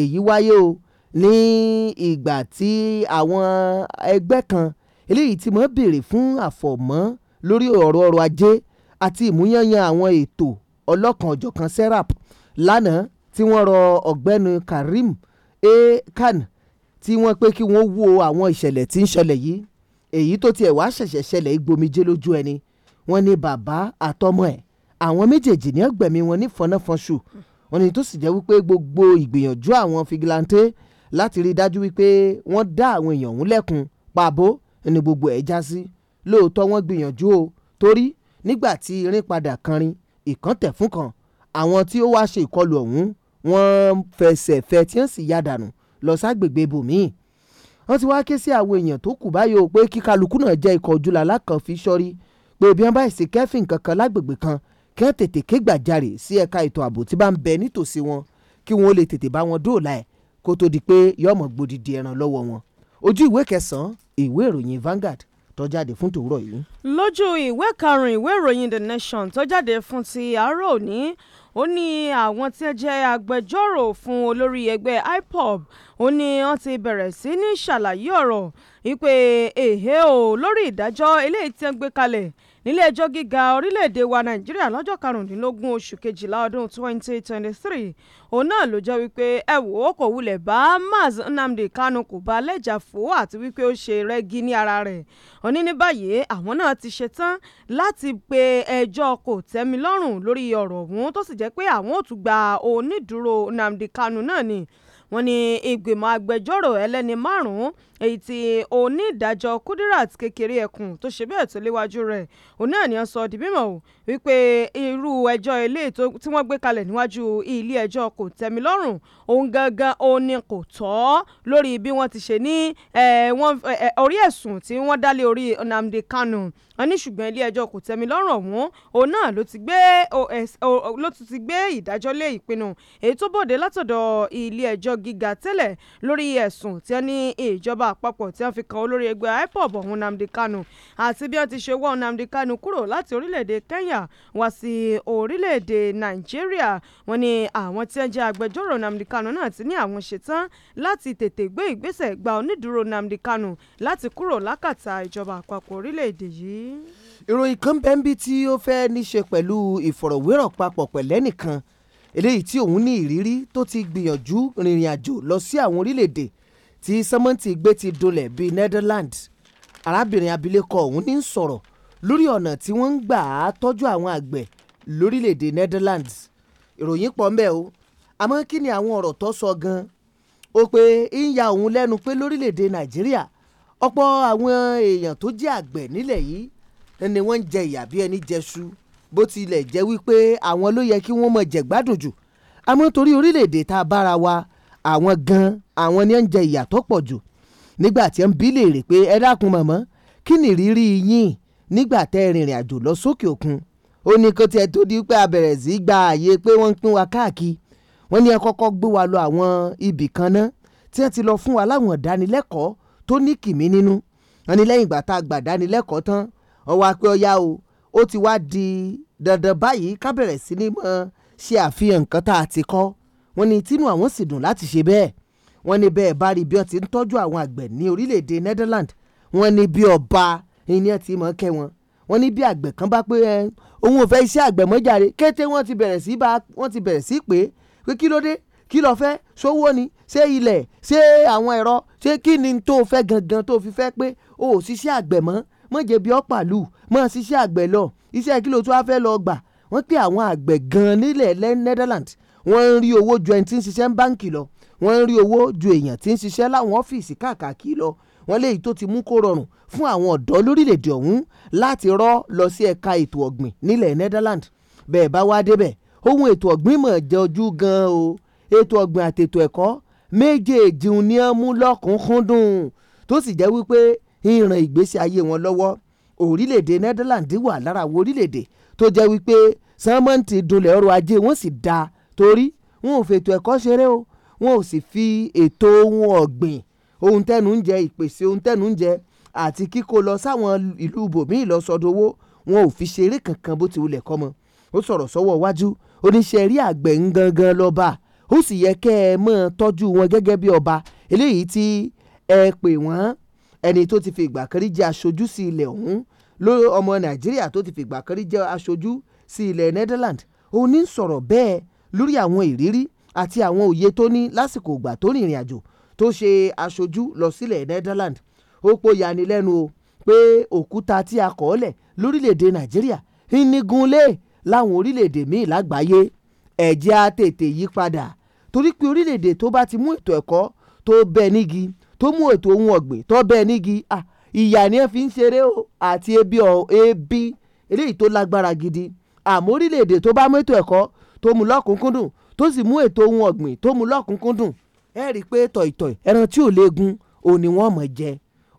èyí wáyé o ní ìgbà tí àwọn ẹgbẹ́ kan eléyìí tí mo béèrè fún àfọ̀mọ́ lórí ọ̀rọ̀ ọrọ̀ ajé àti ìmúyányán àwọn ètò ọlọ́kan ò serap lánàá tí wọ́n rọ ọ̀gbẹ́ni Karim A. Khan tí wọ́n pé kí wọ́n wo àwọn ìṣẹ̀lẹ̀ tí ń ṣẹlẹ̀ yìí èyí tó tiẹ̀ wá ṣẹ̀ṣẹ̀ ṣẹlẹ̀ igbomijé lójú ẹni wọ́n ní bàbá àtọmọ ẹ̀ àwọn méjèèjì ní ọgbẹ̀mí wọn ní fọnáfọnṣù wọ́n ní tó sì jẹ́ wípé gbogbo ìgbìyànjú àwọn fìgìláńtẹ́ láti rí i dájú wípé wọ́n dá àwọn èèyàn ọ̀hún lẹ́kun pàbó ni gbogbo ẹ̀ já sí lóòótọ́ wọ́n gbìyànjú o torí nígbà tí irin padà kanrin ìkàntẹ̀ fún kan àwọn tí ó wá ṣe ìkọlù ọ̀hún wọ́n fẹsẹ̀ fẹ tí wọ́n sì ya dànù lọ ságbègbè ibòmíì wọ́n ti wá ké sí àwọn èèyàn tó kù báyìí o pé kí kálukú náà jẹ́ ikọ̀ ojúlàlá kan fi sọ́rí pé bí wọ́n bá sì kẹ́fìn kankan lágbègbè kan kí wọ́n tètè ké gbàjarè sí ẹ̀ka ètò ààbò tí bá ń bẹ nítòsí wọn kí wọ́n lè tètè bá wọn dóòlà ẹ̀ kó tó di pé yọmọ gbòdìdì ẹran lọ́wọ́ wọn ojú ìwé kẹsànán ìwé ìròyìn Vanguard tó jáde fún tòwúrọ̀ yìí. lójú ìwé karùn-ún ìwé ìròyìn The Nation tó jáde fún ti àárọ̀ òní ó ní àwọn tí ẹ jẹ́ agbẹjọ́rò fún olórí ẹgbẹ́ IPOB ó ní wọ́n ti bẹ̀rẹ̀ sí ní ṣàlàyé ọ̀rọ̀ wípé èhé o lórí ìdájọ́ eléyìí tí wọ́n gbé kalẹ̀ nílé ẹjọ́ gíga orílẹ̀-èdè wa nàìjíríà lọ́jọ́ karùndínlógún oṣù kejìlá ọdún twenty twenty three òun náà ló jẹ́ wípé ẹ wò ó kò wulẹ̀ bá maz nnamdi kanu kò bá lẹ́jà fò àti wípé ó ṣe rẹ́gí ní ara rẹ̀ òní ní báyìí àwọn náà ti ṣe tán láti pe ẹjọ́ kò tẹ́mi lọ́rùn lórí ọ̀rọ̀ ọ̀hún tó sì jẹ́ pé àwọn ò tún gba onídùúró nnamdi kanu náà ni wọ́n ní ìgbìmọ̀ agbẹjọ́rò ẹlẹ́ni márùn-ún èyí tí onídàájọ́ kudirat kékeré ẹkùn tó ṣe bẹ́ẹ̀ tó léwájú rẹ̀ òun náà ni wọ́n sọ di mímọ̀ o wípé irú ẹjọ́ ilé tí wọ́n gbé kalẹ̀ níwájú ilé ẹjọ́ kò tẹ́milọ́rùn òun gangan òun ni kò tọ́ lórí bí wọ́n ti ṣe ní orí ẹ̀sùn tí wọ́n dálé orí Nnamdi Kanu wọ́n ní ṣùgbọ́n ilé ẹjọ́ kò tẹ́mi lọ́rùn ọ̀hún òun náà ló ti gbé ló ti gbé ìdájọ́ lé ìpinnu èyí tó bòde látọ̀dọ̀ ilé ẹjọ́ gíga tẹ́lẹ̀ lórí ẹ̀sùn tí wọ́n ní ìjọba àpapọ̀ tí wọ́n fi kan olórí ẹgbẹ́ IPOB ọ̀hún Nnamdi Kanu àti bí wọ́n ti ṣe wọ́ Nnamdi Kanu kúrò láti orílẹ̀-èdè Kenya wá sí orílẹ̀-èdè Nàìjíríà wọ́n ní àwọn tí wọ́n jẹ́ agbẹjọ́rò Nnamdi Kanu Kanu náà ti ní àwọn ṣetán láti tètè gbé ìgbésẹ̀ gba onídùúró Nnamdi Kanu láti kúrò lákàtà ìjọba àpapọ̀ orílẹ̀-èdè yìí. ìròyìn kan bẹ́ẹ̀ ń bí tí ó fẹ́ ní ṣe pẹ̀lú ìfọ̀rọ̀wérọ̀ papọ̀ pẹ̀lẹ́nìkan eléyìí tí òun ní ìrírí tó ti gbìyànjú rìnrìn àjò lọ sí àwọn orílẹ̀-èdè tí sẹ́mọ́ǹtì gbé ti dolẹ̀ bíi Netherlands arábìnrin abilékọ ọ̀hún ní ń sọ̀rọ̀ lórí ọ̀nà tí wọ́n ń gbà á tọ́jú àwọn àgbẹ̀ lórílẹ̀‐èdè Netherlands ìròyìn pọ̀ mbẹ́ o àmọ́ kí ni àwọn ọ̀rọ̀ tó sọ gan-an ó pé ń ya òun lẹ́nu pé lórílẹ̀‐èdè nàìjíríà ọ̀pọ̀ àwọn èèyàn tó jẹ́ àgbẹ̀ nílẹ̀ yìí ni wọ́n ń jẹ ìyà bí ẹni jẹṣu bó tilẹ̀ jẹ́ wípé àwọn ló yẹ kí wọ́n mọ̀ jẹ̀gbádùn jù àmọ́ torí orílẹ̀‐èdè tá bára wa àwọn gan-an àwọn ni ń jẹ ìyà tó pọ̀ jù nígbà tí ń bí léèrè pé ẹ dákun mọ̀mọ́ kí ni ìrírí yín nígbà tẹ́ ìrìnrìn àjò lọ sókè òkun ó ní kó tiẹ̀ tó di pé a sí gba àyè pé wọ́n ń pín wa káàkiri wọ́n ní ẹ kọ́kọ́ gbé wa lọ àwọn ibì kan ná tí wọ́n ti lọ fún wa láwọn ìdánilẹ́kọ̀ọ́ tó ní kìmí nínú wọ́n ní lẹ́yìn ìgbà tá a gbà dánilẹ́kọ̀ọ́ tán ọwọ́ apẹ́ ọ̀yá o ó ti wá di dandan báyìí ká bẹ̀rẹ̀ sí ní mọ ṣe àfihàn nǹkan tá a ti kọ́ wọ́n ní tínú àwọn sì dùn láti ṣe bẹ́ẹ̀ wọ́n ní bẹ́ẹ̀ bá rí bí ó ti ń tọ́jú àwọn àgbẹ̀ ní orílẹ̀-èdè Netherlands wọ́n ní bí ọba ẹni ẹ̀ ti mọ̀ kẹ́ wọn wọ́n ní bí àgbẹ̀ kan bá pé ẹ pé kí ló dé kí ló fẹ́ sówó ni ṣé ilẹ̀ ṣé àwọn ẹ̀rọ ṣé kí ni tó fẹ́ gangan tó fi fẹ́ pé o ò ṣiṣẹ́ àgbẹ̀ mọ́ mọ́ jẹ̀bi ọ̀pàlù mọ́ ṣiṣẹ́ àgbẹ̀ lọ iṣẹ́ kí ló tún wá fẹ́ lọ gbà wọ́n pé àwọn àgbẹ̀ gan nílẹ̀ Netherlands wọ́n ń rí owó ju ẹni tí ń ṣiṣẹ́ ń báǹkì lọ wọ́n ń rí owó ju èèyàn tí ń ṣiṣẹ́ láwọn ọ́fíìsì káàkiri lọ wọ́n léyìí tó ti mú kó rọrùn fún àwọn ọ̀dọ́ lórílẹ̀‐èdè ọ̀hún láti rọ́ lọ sí ẹ̀ka ètò ọ̀gbìn nílẹ̀ Netherlands bẹ́ẹ̀ bá wá débẹ̀ ohun ètò ọ̀gbìn mọ̀ jẹ́ ojú gan o ètò ọ̀gbìn àtètò ẹ̀kọ́ méjèèjì ni wọ́n mú lọ́kùnkúndùn tó sì jẹ́ wípé ìran ìgbésí ayé wọn lọ́wọ́ orílẹ̀-èdè Netherlands wà lára àwọn orílẹ̀-èdè tó jẹ́ wípé sánmọ́ǹtì dunlẹ̀ ọrọ̀ ajé wọn sì da torí wọn ò fètò ẹ̀kọ́ ṣeré o wọn ò sì fi ètò ohun ọ̀gbìn ohun tẹ́nu ń jẹ ìpèsè ohun tẹ́nu ń jẹ àti kíkó lọ sáwọn ìlú ibòmíì lọ́sọdowó wọn ò fi ṣeré kankan bó ti wulẹ̀ kọ́ mọ́ ó sọ̀rọ̀ sọ́wọ́ wájú oníṣẹ́rí àgbẹ̀ ń gangan lọ́ba ó sì yẹ kẹ́ ẹ mọ́ tọ́jú wọn gẹ́gẹ́ bí ọba eléyìí tí ẹ pè wọ́n ẹni tó ti fi ìgbà kan rí jẹ́ aṣojú sí ilẹ̀ ọ̀hún lórí ọmọ nàìjíríà tó ti fi ìgbà kan rí jẹ́ aṣojú sí ilẹ̀ netherlands òun ní sọ̀rọ̀ bẹ́ẹ̀ lórí àwọn ìrírí àti àwọn òye tó ní lásìkò ìgbà tó rìnrìn àjò tó ṣe aṣojú lọ sílẹ̀ netherlands ó pò yanilẹ́nu o pé òkúta tí a kọ́ lẹ̀ lórílẹ̀‐èdè nàìjíríà ìnigunlé láwọn orílẹ̀-èdè míì lágbàáyé ẹ jẹ́ á tètè yí padà torí pé orílẹ̀-èdè tó bá ti mú ètò ẹ̀kọ́ tó bẹ nígi tó mú ètò ohun ọ̀gbìn tó bẹ nígi ìyà ni ẹ fi ń ṣeré o àti ebi ebi eléyìí tó lágbára gidi àmọ́ orílẹ̀-èdè tó bá mú ètò ẹ̀kọ́ tó mú lọ́kùnkúndùn tó sì mú ètò ohun ọ̀gbìn tó mú lọ́kùnkúndùn ẹ rí i pé tọ̀ìtọ̀ì ẹran tí ò léegun òun ni mọ̀ jẹ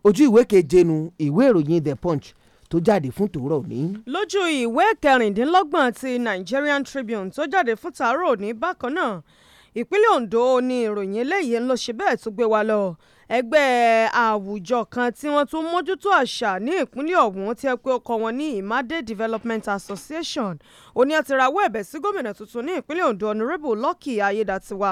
ojú ìwé keje nu ìwé ìròyìn The Punch tó jáde fún tòórọ̀ òní. lójú ìwé kẹrìndínlọ́gbọ̀n ti Nigerian Tribune tó jáde fún tàárọ̀ òní bákan náà ìpínlẹ̀ Ondo ni ìròyìn eléyìí ń lọ ṣe bẹ́ẹ̀ tó gbé wa lọ ẹgbẹ́ àwùjọ kan tí wọ́n tún mójútó àṣà ní ìpínlẹ̀ ọ̀hún tí ẹ pé ọkọ̀ wọn ní Imade Development Association òní àti rawọ́ ẹ̀bẹ̀ sí gómìnà tuntun ní ìpínlẹ̀ Ondo Honourable Lucky Ayédàtiwa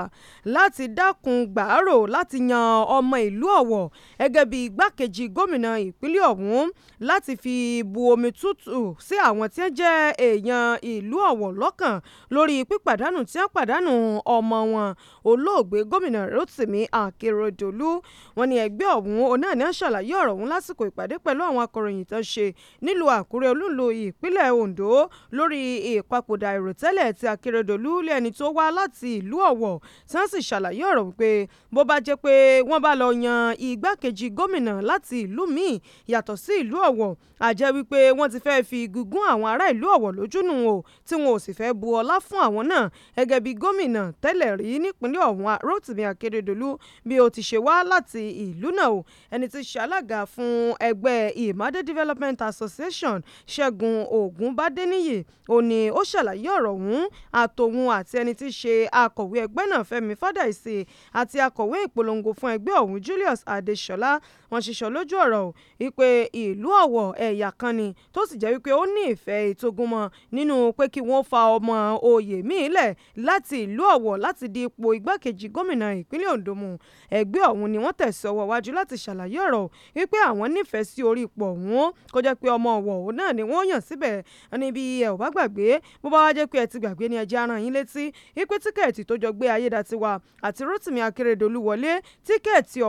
láti dákun gbàárò láti yan ọmọ ìlú Ọ̀wọ̀ gẹ́gẹ́ bí igbákejì gómìnà ìpínlẹ̀ ọ̀hún láti fi bu omi tútù sí àwọn tí ń jẹ́ èèyàn ìlú Ọ̀wọ̀ lọ́kàn lórí pípàdánù tí wọ́n pàdánù ọmọ wọn olóògbé gómìnà Rotimi Akeredolu wọn ní ẹgbẹ́ ọ̀hún òun náà ní ṣàlàyé ọ̀rọ̀ ọ̀hún lásìkò ìpàdé pẹ̀lú àwọn akọ̀ròyìn tó ṣe nílùú Àkúrẹ́ olúùlú ìpínlẹ̀ Ondo lórí ìpapòdà àìròtẹ́lẹ̀ tí Akeredolu lẹ́ni tó wá láti ìlú Ọ̀wọ̀ tí wọ́n sì ṣàlàyé ọ̀rọ̀ wípé bó bá jẹ́ pé wọ́n bá lọ yan igbákejì gómìnà láti ìlú míì yàtọ̀ sí ìlú Ọ̀wọ̀ á jẹ́ wípé wọ́n ti fẹ́ fi gígùn àwọn ará ìlú Ọ̀wọ̀ lójúnù o tí wọn ò sì fẹ́ bu ọlá fún àwọn náà gẹ́gẹ́ bí gómìnà tẹ́lẹ̀ rí nípìn ìpínlẹ̀ ọ̀hún Rótìmí Akérédolú bí ó ti ṣe wá láti ìlú náà o ẹni tí í ṣe alága fún ẹgbẹ́ Ìmàdé Development Association Ṣẹ́gun Ògúnbádéníyì ó ní ó ṣàlàyé ọ̀rọ̀ ọ̀hún àtòun àti ẹni tí í ṣe akọ̀wé ẹgbẹ́ náà Fẹ́mi Fádàìsì àti akọ̀wé ìpolongo fún ẹgbẹ́ ọ̀hún Julius Adéṣọlá wọn ṣiṣọ lójú ọ̀rọ̀ o wípé ìlú Ọ̀wọ̀ ẹ̀yà kan ni tó sì jẹ́ wípé ó ní ìfẹ́ ìtógúnmọ́ nínú pé kí wọ́n fa ọmọ oyè míì lẹ̀ láti ìlú Ọ̀wọ̀ láti di ipò igbákejì gómìnà ìpínlẹ̀ Ondo mu ẹgbẹ́ ọ̀hún ni wọ́n tẹ̀sọ́wọ́ wájú láti ṣàlàyé ọ̀rọ̀ wípé àwọn nífẹ̀ẹ́ sí orí ipò ọ̀hún kó jẹ́ pé ọmọ ọ̀wọ̀ òun náà ni wọ́n yàn síbẹ̀ níbi ẹ ò bá gbàgbé bó bá wá jẹ́ pé ẹ ti gbàgbé ni ẹjẹ́ ara yín létí wípé tíkẹ́ẹ̀tì tó jọ gbé ayédatiwa àti Rótìmí Akérédolú wọlé tíkẹ́ẹ̀tì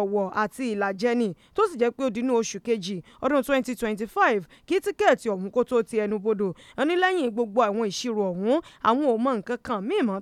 2025 kí tíkẹ́ẹ̀tì ọ̀hún kó tó ti ẹnu bodò ní lẹ́yìn gbogbo àwọn ìṣirò ọ̀hún àwọn ò mọ nǹkan kan míì mọ́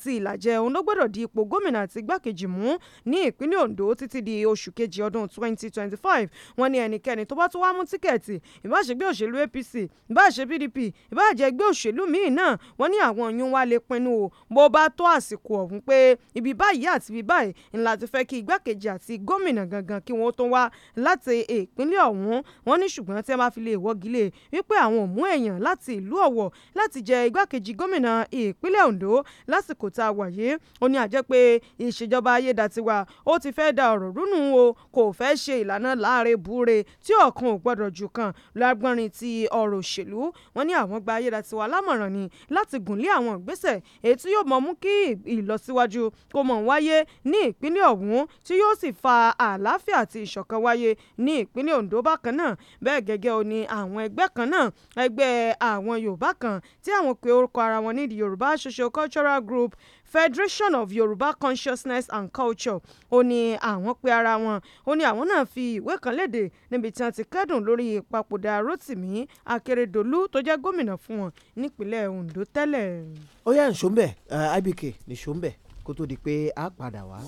àti ìlàjẹ òun ló gbọ́dọ̀ di ipò gómìnà àti igbákejì mú ní ìpínlẹ̀ Ondo títí di oṣù kejì ọdún 2025 wọ́n ní ẹnikẹ́ni tó bá tún wá mú tíkẹ́ẹ̀tì ìbáṣegbé òṣèlú APC ìbáṣe PDP ìbáṣe ẹgbẹ́ òṣèlú míì náà wọ́n ní àwọn yún wá lè pinnu o bó bá tó àsìkò ọ̀hún pé ibi báyìí àti ibi báyìí ńlá ti fẹ́ kí igbákejì àti gómìnà gangan kí wọ́n tó wá láti ìpínlẹ̀ ọ̀hún wọ́n ní ṣùgbọ́n tí a máa fi lè wọ́gilé wípé àwọn ò mú èèyàn láti ìlú Ọ̀wọ̀ láti jẹ igbákejì gómìnà ìpínlẹ̀ Ondo lásìkò tá a wà yìí ó ní àjẹ́ pé ìṣèjọba ayédàtiwa ó ti fẹ́ da ọ̀rọ̀ rúnú o kò fẹ́ ṣe ìlànà láàrin búre tí ọ̀kan ò gbọ́dọ̀ jù kan lágbọ́nrin ti ọ̀rọ̀ òṣèlú wọn ní àwọn gba ayédàtiwa lámọ̀ràn ni láti gùnlé àwọn ìgbésẹ̀ èyí tí yóò mọ mú kí ìlọsíwájú kó mọ̀ wáyé ní ìpínlẹ̀ ọ̀hún tí yóò sì fa àlàáfíà àti ìṣọ̀kan wáyé ní ìpínlẹ̀ Ondo bákan náà bẹ́ẹ̀ gẹ́gẹ́ o ní àwọn ẹgbẹ́ kan náà ẹgbẹ́ àwọn Yorùbá kan tí àwọn pe orúkọ ara wọn ní the Yorùbá Social Cultural Group Federation of Yoruba Consciousness and Culture ó ní àwọn pe ara wọn ó ní àwọn náà fi ìwé kan léde níbi tí wọ́n ti kẹ́dùn lórí ìpapòdà Rotimi Akeredolu tó jẹ́ gómìnà fún wọn nípínlẹ̀ Ondo tẹ́lẹ̀. ó yá ń bẹ̀ eh, IBK nìṣó ń kó tó di pé a padà wá.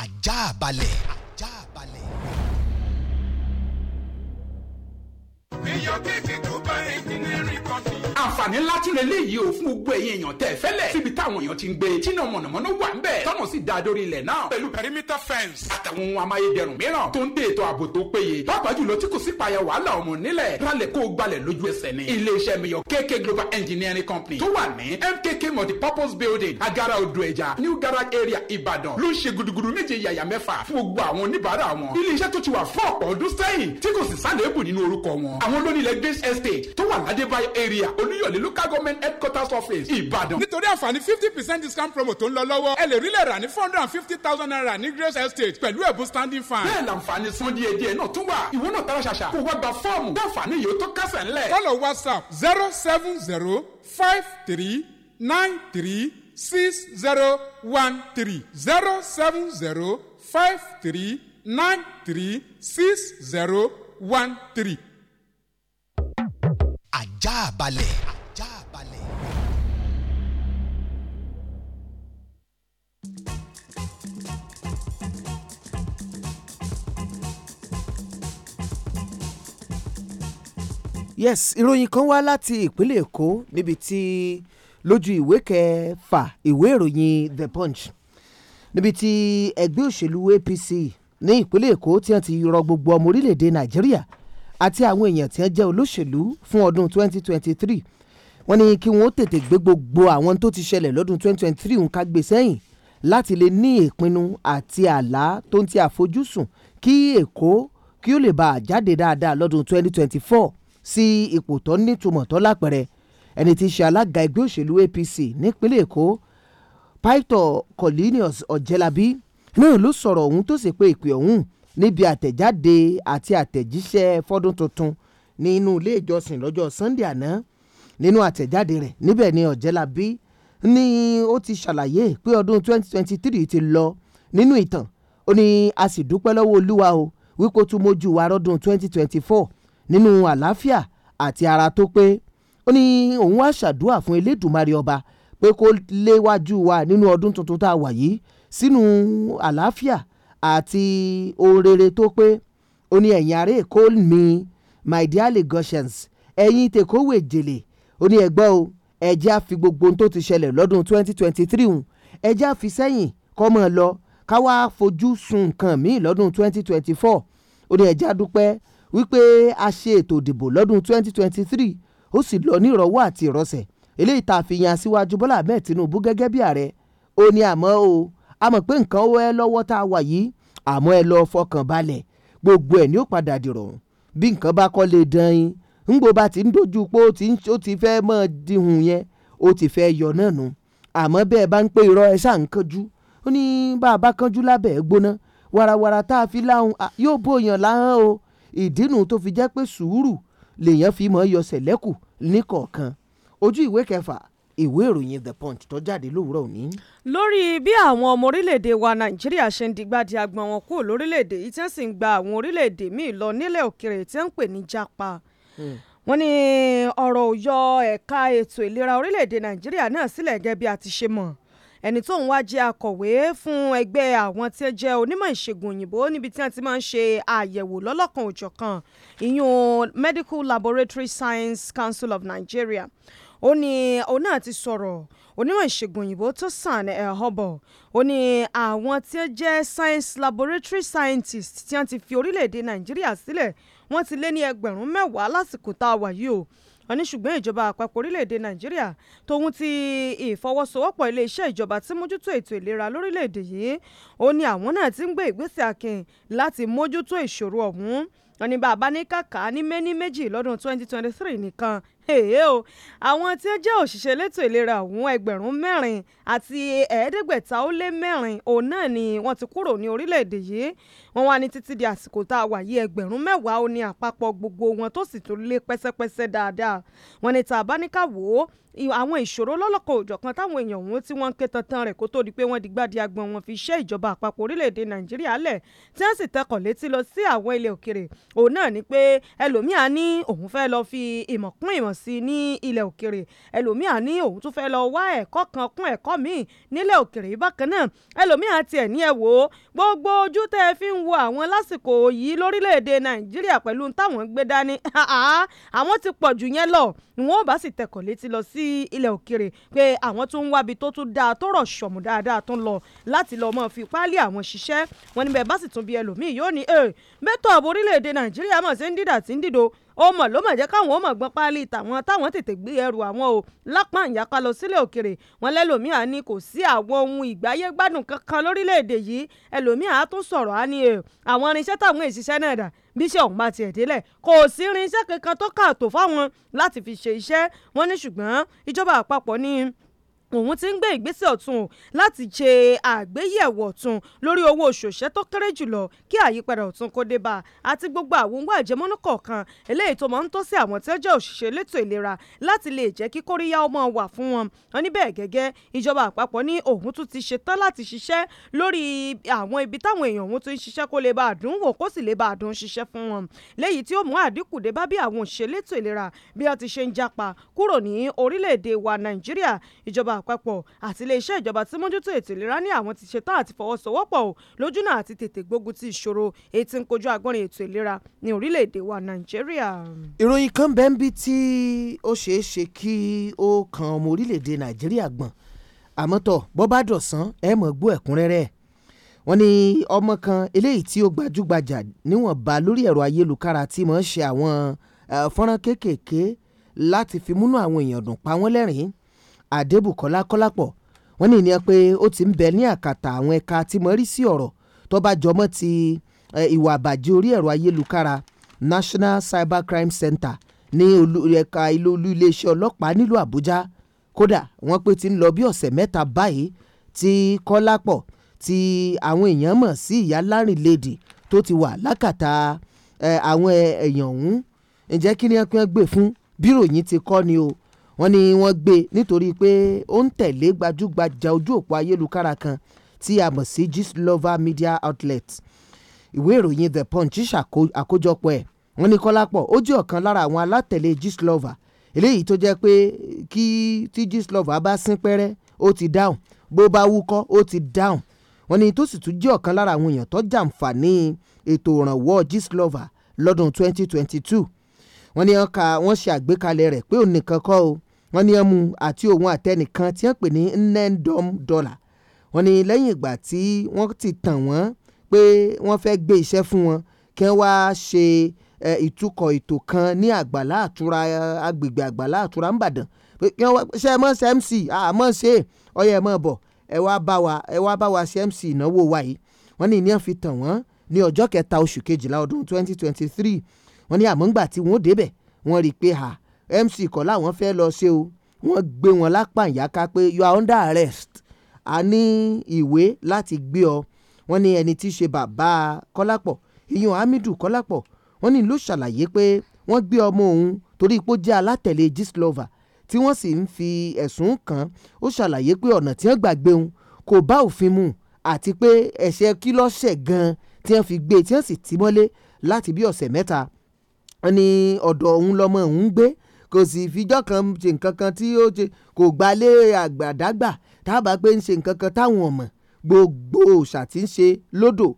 ajá balẹ̀. ajá balẹ̀. iyọ̀ kékeré tó bá engineering company àǹfààní ńlá tí lélẹ́yìí ò fún gbogbo ẹ̀yin èèyàn tẹ̀ fẹ́lẹ̀ síbi táwọn èèyàn ti ń gbé tí náà mọ̀nàmọ́ná wà ń bẹ̀ tọ́nà sì da dórí ilẹ̀ náà pẹ̀lú perimeter fence àtàwọn ohun amáyédẹrùn mìíràn tó ń dé ètò ààbò tó péye pàápàá jùlọ tí kò sí payà wàhálà ọmọ nílẹ̀ rálẹ̀ kó gbalẹ̀ lójú ẹsẹ̀ ni iléeṣẹ́ miyàn KK Global Engineering Company tó wà ní MKK multi purpose building agara odò ẹja new garage area Ìbàdàn ló ń ṣe gudugudu méje yàyà mẹ́fà fún gbogbo àwọn oníbàárà wọn iléeṣẹ́ tó ti wà fún ọ̀pọ̀ ọdún sẹ́yìn tí kò sì sálẹ̀ èbù nínú orúkọ wọn àwọn lónìí lẹ́gbẹ̀ẹ́ estate tó wà ládébáyọ̀ area olú olúyọ̀lé local government headquarters office ìbàdàn. nítorí àǹfààní fifty percent discount promo tó ń lọ lọ́wọ́ ẹ lè rí lẹ̀ rà ní four hundred and fifty thousand naira ní grace estate pẹ̀lú ẹ̀bùn standing fan. bẹ́ẹ̀ làǹfààní san díẹ̀ díẹ̀ náà tún wà ìwọ náà tara ṣàṣà kó wá gba fọ́ọ̀mù dáǹfààní yìí ó tó kásẹ̀ ńlẹ̀. kọ́lọ̀ whatsapp zero seven zero five three nine three six zero one three zero seven zero five three nine three six zero one three. ajá balẹ̀. yes ìròyìn kan wá láti ìpínlẹ̀ èkó níbi tí lójú ìwé kẹfà ìwé ìròyìn the punch níbi tí ẹgbẹ́ òṣèlú apc ní ìpínlẹ̀ èkó tí wọ́n ti rọ gbogbo ọmọ orílẹ̀‐èdè nàìjíríà àti àwọn èèyàn tí wọ́n jẹ́ olóṣèlú fún ọdún 2023 wọ́n ní kí wọ́n tètè gbé gbogbo àwọn tó ti ṣẹlẹ̀ lọ́dún 2023 ń ká gbé sẹ́yìn láti lè ní ìpinnu àti àlá tó ń ti àfojúsùn kí èkó kí ó lè bá a jáde dáadáa lọ́dún 2024 sí ipò tó nítumọ̀ tó lápẹ̀rẹ̀ ẹni tí í ṣe alága ẹgbẹ́ òṣèlú APC nípínlẹ̀ Èkó Victor Collinius Ọ̀jẹ̀lábí náà ló sọ̀rọ̀ ọ̀hún tó sì pé ìpè ọ̀hún níbi àtẹ̀jáde àti àtẹ̀jíṣẹ́ fọ́dún tuntun nínú ilé ìjọsìn lọ́jọ́ Sunday àná nínú àtẹ̀jáde rẹ̀ níbẹ̀ ni Ọ̀jẹ̀lábí ni ó ti ṣàlàyé pé ọdún 2023 ti lọ nínú ìtàn ó ní a sì dúpẹ́ lọ́wọ́ Olúwa o wípé ó tún mójú wa rọ́dún 2024 nínú àlàáfíà àti ara tó pé ó ní òun wá ṣàdúrà fún elédùmarè ọba pé kó léwájú wa nínú ọdún tuntun tá a wà yìí sínú àlàáfíà àti orere tó pé ó ní ẹ̀yin ará èkó mi my dearly Goshen's ẹ̀yin tèkówó èjèlè ó ní ẹ̀gbọ́n o ẹ̀jẹ̀ á fi gbogbo tó ti ṣẹlẹ̀ lọ́dún 2023 hùn ẹ̀jẹ̀ á fi sẹ́yìn kọ́ mọ́ ọ lọ ká wá fojú sun nǹkan míì lọ́dún 2024 ó ní ẹ̀jẹ̀ á wípé a ṣe ètò ìdìbò lọ́dún 2023 ó sì lọ ní ìrọ̀wọ́ àti ìrọ̀sẹ̀ eléyìí tá a fi yan síwájú Bọ́lá Ahmed Tinubu gẹ́gẹ́ bí ààrẹ ó ní àmọ́ o a mọ̀ pé nǹkan ó ẹ lọ́wọ́ tá a wà yìí àmọ́ ẹ lọ fọkàn balẹ̀ gbogbo ẹ̀ ni ó padà dìrọ̀ bí nǹkan bá kọ́ lè dán in ńgbò bá ti ń dojú pé ó ti fẹ́ mọ́ dihun yẹn ó ti fẹ́ yọ náà nu àmọ́ bẹ́ẹ̀ bá ń pé irọ́ ẹ ṣáà ń kánjú ó ní bá a bá kánjú lábẹ́ ẹ gbóná warawara tá a fi láhùn yóò bóyàn láhán o ìdínú tó fi jẹ́ pé sùúrù lèèyàn fi mọ̀ yọ sẹ̀lẹ́kù níkọ̀ọ̀kan ojú ìwé kẹfà ìwé ìròyìn the punch tó jáde lówùúrọ̀ òní. lórí bí àwọn ọmọ orílẹ̀-èdè wa nàìjíríà ṣe ń digbádì agbọ̀n wọn kúrò lórílẹ̀-èdè yìí tí wọ́n sì ń gba àwọn orílẹ̀-èdè míì lọ nílẹ̀ òkèrè tí wọ́n ń pè ní japa. Hmm. wọ́n ní ọ̀rọ̀ òyọ ẹ̀ka ètò ìlera orílẹ̀-èdè nàìjíríà náà sílẹ̀ gẹ́gẹ́ bí a ti ṣe mọ̀ ẹni tó ń wá jẹ́ akọ̀wé fún ẹgbẹ́ àwọn tí ó jẹ́ onímọ̀ ìṣègùn òyìnbó níbi tí wọ́n ti máa ń ṣe àyẹ̀wò lọ́lọ́kan òjọ̀kan ìyún Medical Laboratory Science Council of Nigeria ó ní òun náà ti sọ̀rọ̀ onímọ̀ ìṣègùn òyìnbó tó sàn ẹ̀ ọ̀bọ̀ ó ní àwọn tí ó jẹ́ science laboratory scientist tí wọ́n ti fi orílẹ̀-èdè Nàìjíríà sílẹ̀ wọ́n ti lé ní ẹgbẹ̀rún mẹ́wàá lásìkò tá a wà yìí o wọ́n ní ṣùgbọ́n ìjọba àpapọ̀ orílẹ̀-èdè nàìjíríà tòun ti ìfọwọ́sowọ́pọ̀ iléeṣẹ́ ìjọba tí mójútó ètò ìlera lórílẹ̀-èdè yìí ó ní àwọn náà ti ń gbé ìgbésẹ̀ akin láti mójútó ìṣòro ọ̀hún wọ́n ní bàbá ní kàkà ní méní méjì lọ́dún 2023 nìkan èyí o àwọn tí ó jẹ́ òṣìṣẹ́ elétò ìlera ọ̀hún ẹgbẹ̀rún mẹ́rin àti ẹ̀ẹ́dẹ́gbẹ̀ta ó lé mẹ́rin òun náà ni wọ́n ti kúrò ní orílẹ̀-èdè yìí wọ́n wá ní títí di àsìkò tá a wà yí ẹgbẹ̀rún mẹ́wàá ó ní àpapọ̀ gbogbo wọn tó sì tún lé pẹ́sẹ́pẹ́sẹ́ dáadáa wọ́n ní tá wò ó àwọn ìṣòro lọ́lọ́kọ̀ òjọ̀kan táwọn èèyàn wọn tí wọ́n ń ké tantan rẹ̀ kó tó di pé wọ́n di gbádìí agbọ̀n wọn fi ṣẹ́ ìjọba àpapọ̀ orílẹ̀-èdè nàìjíríà lẹ̀ tí wọ́n sì tẹkọ̀ létí lọ sí àwọn ilẹ̀ òkèrè òun náà ni pé ẹlòmíà ní òun fẹ́ lọ fi ìmọ̀ kún ìmọ̀ sí i ní ilẹ̀ òkèrè ẹlòmíà ní òun tún fẹ́ lọ wá ẹ̀kọ́ kan kún ẹ̀kọ́ míì nílẹ̀ òkèrè yìí sí ilẹ̀ òkèrè pé àwọn tó ń wábi tó tún dáa tó rọ̀ ṣọ̀mù dáadáa tó ń lọ láti lọ́ọ́ mọ́ fi páálí àwọn ṣiṣẹ́ wọn níbẹ̀ bá sì tún bí ẹlòmíì yóò ní ẹ mẹ́tọ̀ orílẹ̀-èdè nàìjíríà mọ̀ sí ń dídà sí ń dìdò ó mọ̀ ló mọ̀ jẹ́ káwọn ó mọ̀ gbọ́n páálí tàwọn táwọn tètè gbé ẹrù àwọn o lápá ìyapa lọ sílẹ̀ òkèrè wọn lẹ́lòmíà ní kò sí àwọn ohun ìgbáyé gbádùn kankan lórílẹ̀‐èdè yìí ẹlòmíà á tún sọ̀rọ̀ á ní ẹ̀ àwọn irinṣẹ́ táwọn èṣiṣẹ́ náà dà bíṣẹ́ ọ̀hún bá tiẹ̀ délẹ̀ kò sí irinṣẹ́ kankan tó kàtó fáwọn láti fi ṣe iṣẹ́ wọn ní ṣùgbọ́n ìjọba àpapọ̀ ní òun ti ń gbé ìgbésẹ̀ ọ̀tun láti ṣe àgbéyẹ̀wò ọ̀tun lórí owó oṣù òṣẹ́ tó kéré jùlọ kí àyípadà ọ̀tun kó dé bá a àti gbogbo àwọn ohun àjẹmọ́nú kọ̀ọ̀kan eléyìí tó máa ń tọ́ sí àwọn tí ó jẹ́ òṣìṣẹ́ elétò ìlera láti lè jẹ́ kí kóríyá ọmọ wà fún wọn wọn níbẹ̀ gẹ́gẹ́ ìjọba àpapọ̀ ní òun tún ti ṣetán láti ṣiṣẹ́ lórí àwọn ibi táwọn èèyàn òun tún wa Nàìjíríà ìjọba àpapọ̀ àti iléeṣẹ́ ìjọba tí mójútó ètò ìlera ní àwọn ti ṣetán àti fọwọ́sowọ́pọ̀ o lójúnà àti tètè gbógun ti ìṣòro èyí tí ń kojú agbọ́nrin ètò ìlera ní orílẹ̀-èdè wa nàìjíríà. ìròyìn kan bẹ́ẹ̀ ń bí tí ó ṣeé ṣe kí ó kan ọmọ orílẹ̀-èdè nàìjíríà gbọ̀n àmọ́tọ̀ bọ́ bá dọ̀sán ẹ mọ̀ gbọ́ ẹ̀kúnrẹ́rẹ́ wọ́n ní ọmọ kan eléyìí tí ó gbajúgbajà níwọ̀nba lórí ẹ̀rọ ayélukára tí mọ̀ ń ṣe àwọn fọ́nrán kéékèèké láti fi múnú àwọn èèyàn dùn pa wọ́n lẹ́rìn-ín adébùkọ́lá kọ́lápọ̀ wọ́n ní ìyẹn pé ó ti ń bẹ ní àkàtà àwọn ẹ̀ka tí mo rí sí ọ̀rọ̀ tó bá jọmọ́ ti ìwà àbàjẹ́ orí ẹ̀rọ ayélujára National Cyber Crime Center ní ẹ̀ka ìlú iléeṣẹ́ ọlọ́pàá nílùú àbújá kódà wọ́n pé ti ń lọ bí ọ̀sẹ̀ mẹ́ta báyìí tí kọ́lápọ̀ tí àwọn èèyàn mọ̀ sí ìyá lárìnlédì tó ti wà lákàtà àwọn èèyàn ọ̀hún ǹjẹ́ kí ni ẹ pín gbè fún bíròyìn ti kọ́ ni o wọ́n ní wọ́n gbé e nítorí pé ó ń tẹ̀lé gbajúgbajà ojú òpó ayélujára kan tí a mọ̀ sí Gistlover media outlet ìwé ìròyìn The Punch ṣàkójọpọ̀ ẹ̀ wọ́n ní Kọ́lápọ̀ ó jẹ́ ọ̀kan lára àwọn alátẹ̀lé Gistlover eléyìí tó jẹ́ pé kí tí Gistlover bá sín pẹ́rẹ́ ó ti dáhùn bó bá wúkọ́ ó ti dáhùn wọ́n ní tó sì tún jẹ́ ọ̀kan lára àwọn èèyàn tó jàǹfààní ètò ìrànwọ́ Gistlover lọ́dún 2022 wọ́n ní wọ́n ṣe àgbékalẹ̀ rẹ̀ pé òun nìkan kọ́ o wọ́n ní ẹmu àti òun àtẹnìkan tí wọ́n pè ní nendom dollar wọ́n ní lẹ́yìn ìgbà tí wọ́n ti tàn wọ́n pé wọ́n fẹ́ gbé iṣẹ́ fún wọn kí wọ́n wá ṣe ìtukọ̀ ètò kan ní àgbàlá àtura agbègbè àgbàlá àtura ńbàdàn pé kí wọ́n wá ṣe ẹ mọ́ ṣe mc àmọ́ ṣe ọyẹ ẹ mọ́ bọ̀ ẹ wá bá wa ẹ wá bá wa ṣe mc ìnáwó wa yìí wọ́n ní ìníyàn fi tàn wọ́n ní ọjọ́ kẹta oṣù kejìlá ọdún 2023 wọ́n ní àmọ́ ńgbà tí wọ́n débẹ̀ wọ́n rí i pé ha MC kọ́ làwọn fẹ́ lọ ṣe o wọ́n gbé wọn lápá ìyáká pé you are under arrest a ní ìwé láti gbé ọ wọ́n ní ẹni tí í ṣe bàbá Kọ́lápọ̀ ìyún Hamidu Kọ́lápọ̀ wọ́n ní ló ṣàlàyé pé wọ́n gbé ọmọ òun torí pé ó jẹ́ alátẹ̀lé Gistlover tí wọ́n sì ń fi ẹ̀sùn kàn ó ṣàlàyé pé ọ̀nà tí wọ́n gbàgbé òun kò bá òfin mu àti pé ẹ̀ṣẹ̀ kí ló ṣẹ̀ gan-an tí wọ́n fi gbé e tí wọ́n sì tì mọ́lé láti bí ọ̀sẹ̀ mẹ́ta wọ́n ní ọ̀dọ̀ òun lọ́mọ òun gbé kò sì fijọ́ kan ṣe nǹkan kan tí ó ṣe kò gbalé àgbàdàgbà tábà pé ń ṣe nǹkan kan táwọn ọmọ gbogbo òòṣà tí ń ṣe lódò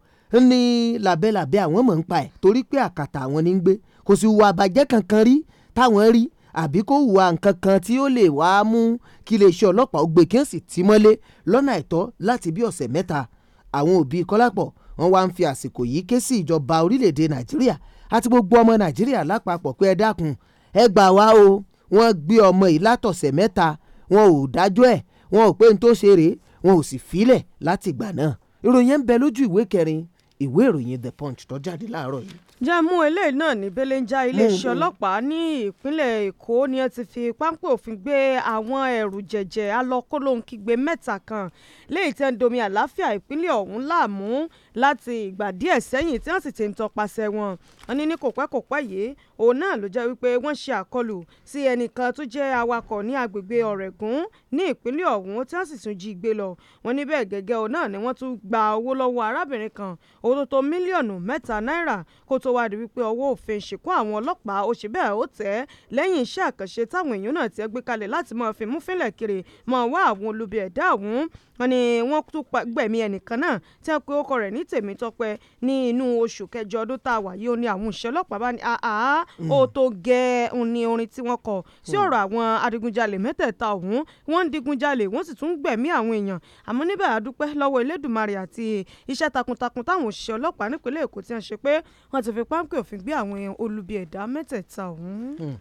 ní làbẹ́làbẹ́ àwọn mọ̀ ń pa ẹ̀ torí pé àkàtà àwọn ní ń gbé kò sì hùwà àbàjẹ́ kankan rí táwọn rí àbí kó hùwà nǹkan kan tí ó lè wàá mú kí iléeṣẹ́ ọlọ́pàá ó gbé kí wọ́n sì ti mọ́lé lọ́nà àìtọ́ láti bí ọ̀sẹ̀ mẹ́ta àwọn òbí Kọ́lápọ̀ wọ́n wá ń fi àsìkò yìí ké sí ìjọba orílẹ̀-èdè Nàìjíríà àti gbogbo ọmọ Nàìjíríà lápapọ̀ pé ẹ dákun ẹ gbà wá o wọ́n gbé ọmọ yìí látọ̀sẹ̀ mẹ́ta wọn ò dájọ́ ẹ̀ wọn ò pé n tó ṣe rèé wọn ò sì filẹ̀ láti ìgbà náà ìròyìn ń bẹ lójú ìwé kẹrin ìwé ìròyìn the punch tó jáde láàárọ̀ yìí. jẹ́ mú eléyìí náà ní belenja iléeṣẹ́ hmm, hmm. ọlọ́pàá ní ìpínlẹ̀ èkó ni ẹ ti fi páńpẹ́ òfin gbé àwọn ẹ̀rù jẹ̀jẹ̀ alọ́kólóhunkígbe mẹ́ta kan léyìí tẹ́ ń domi àlàáfíà ìpínlẹ̀ ọ̀hún láàmú láti ìgbà díẹ̀ sẹ́yìn tí wọ́n sì ti ń tọpasẹ̀ wọn wọn ní ní kò pẹ́ kò pẹ́ yìí òun náà ló jẹ́ wípé wọ́n ṣe àkọlù sí ẹnìkan tó jẹ́ awakọ̀ ní agbègbè ọ̀rẹ́gùn ní ìpínlẹ̀ ọ̀hún tí wọ́n sì tún jí gbé lọ wọn ní gẹ́gẹ́ òun náà ni wọ́n tún gba owó lọ́wọ́ arábìnrin kan owó tó tó mílíọ̀nù mẹ́ta náírà kó tó wá di wípé ọwọ́ òfin ṣìkún àwọn ọlọ́pàá ó ṣe bẹ́ẹ̀ ó tẹ̀ lẹ́yìn iṣẹ́ àkànṣe táwọn èèyàn náà ti gbé kalẹ̀ láti máa fi mú fínlẹ̀ kiri máa wá àwọn olubi ẹ̀dá ọ̀hún wọ́n ní wọ́n tún gbẹ̀mí ẹnìkan náà tí wọ́n pe orúkọ rẹ̀ ní Tèmítọ́pẹ́ ní inú oṣù kẹjọ ọdún tá a wà yìí ó ní àwọn òṣìṣẹ́ ọlọ́pàá bá ní àá ó hmm. tó gẹ́ ẹ̀ ní orin tí wọ́n kọ sí hmm. ọ̀rọ̀ àwọn adigunjalè mẹ́tẹ̀ẹ̀ta ọ̀hún wọ́n ń digunjalè wọ́n sì tún gbẹ̀mí àwọn èèyàn àmọ́ níbẹ̀ àdúpẹ́ lọ́wọ́ Elédùmarè àti iṣẹ́ takuntakun táwọn òṣìṣẹ́ ọlọ́pàá nípínlẹ̀ Èkó ti hàn ṣe pé wọ́n ti fi páńpẹ́ òfin gbé àwọn olubi ẹ̀dá mẹ́tẹ̀ẹ̀ta ọ̀hún. Hmm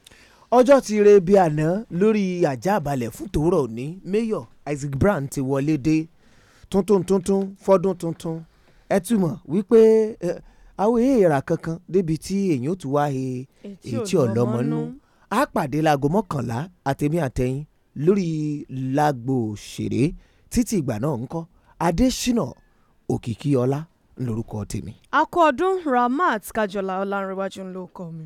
ọjọ́ ti re bí àná lórí àjà àbálẹ̀ fún tòórọ̀ òní mayor Isaac Brand ti wọlé dé tuntun tuntun fọdún tuntun ẹ túmọ̀ wípé àwọn èèrà kankan débi tí èyàn ò tún wá he èyí tí ọlọ́mọnú á pàdé láago mọ́kànlá àtẹ̀mí àtẹ̀yìn lórí lágbo òṣèré títí ìgbà náà ń kọ́ Adésínà Òkìkíọlá lórúkọ tèmi. akọ ọdún Ramat Kájọlá Ọlánrewájú ló kọ mi.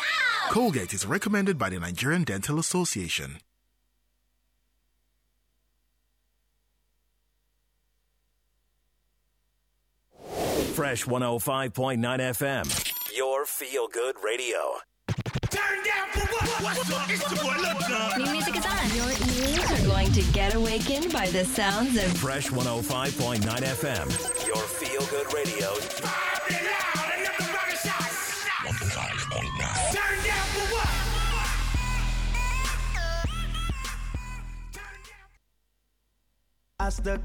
Colgate is recommended by the Nigerian Dental Association. Fresh 105.9 FM, your feel good radio. Turn down for what? What's up? It's your boy Lil New music is on. Your ears are going to get awakened by the sounds of Fresh 105.9 FM, your feel good radio. as the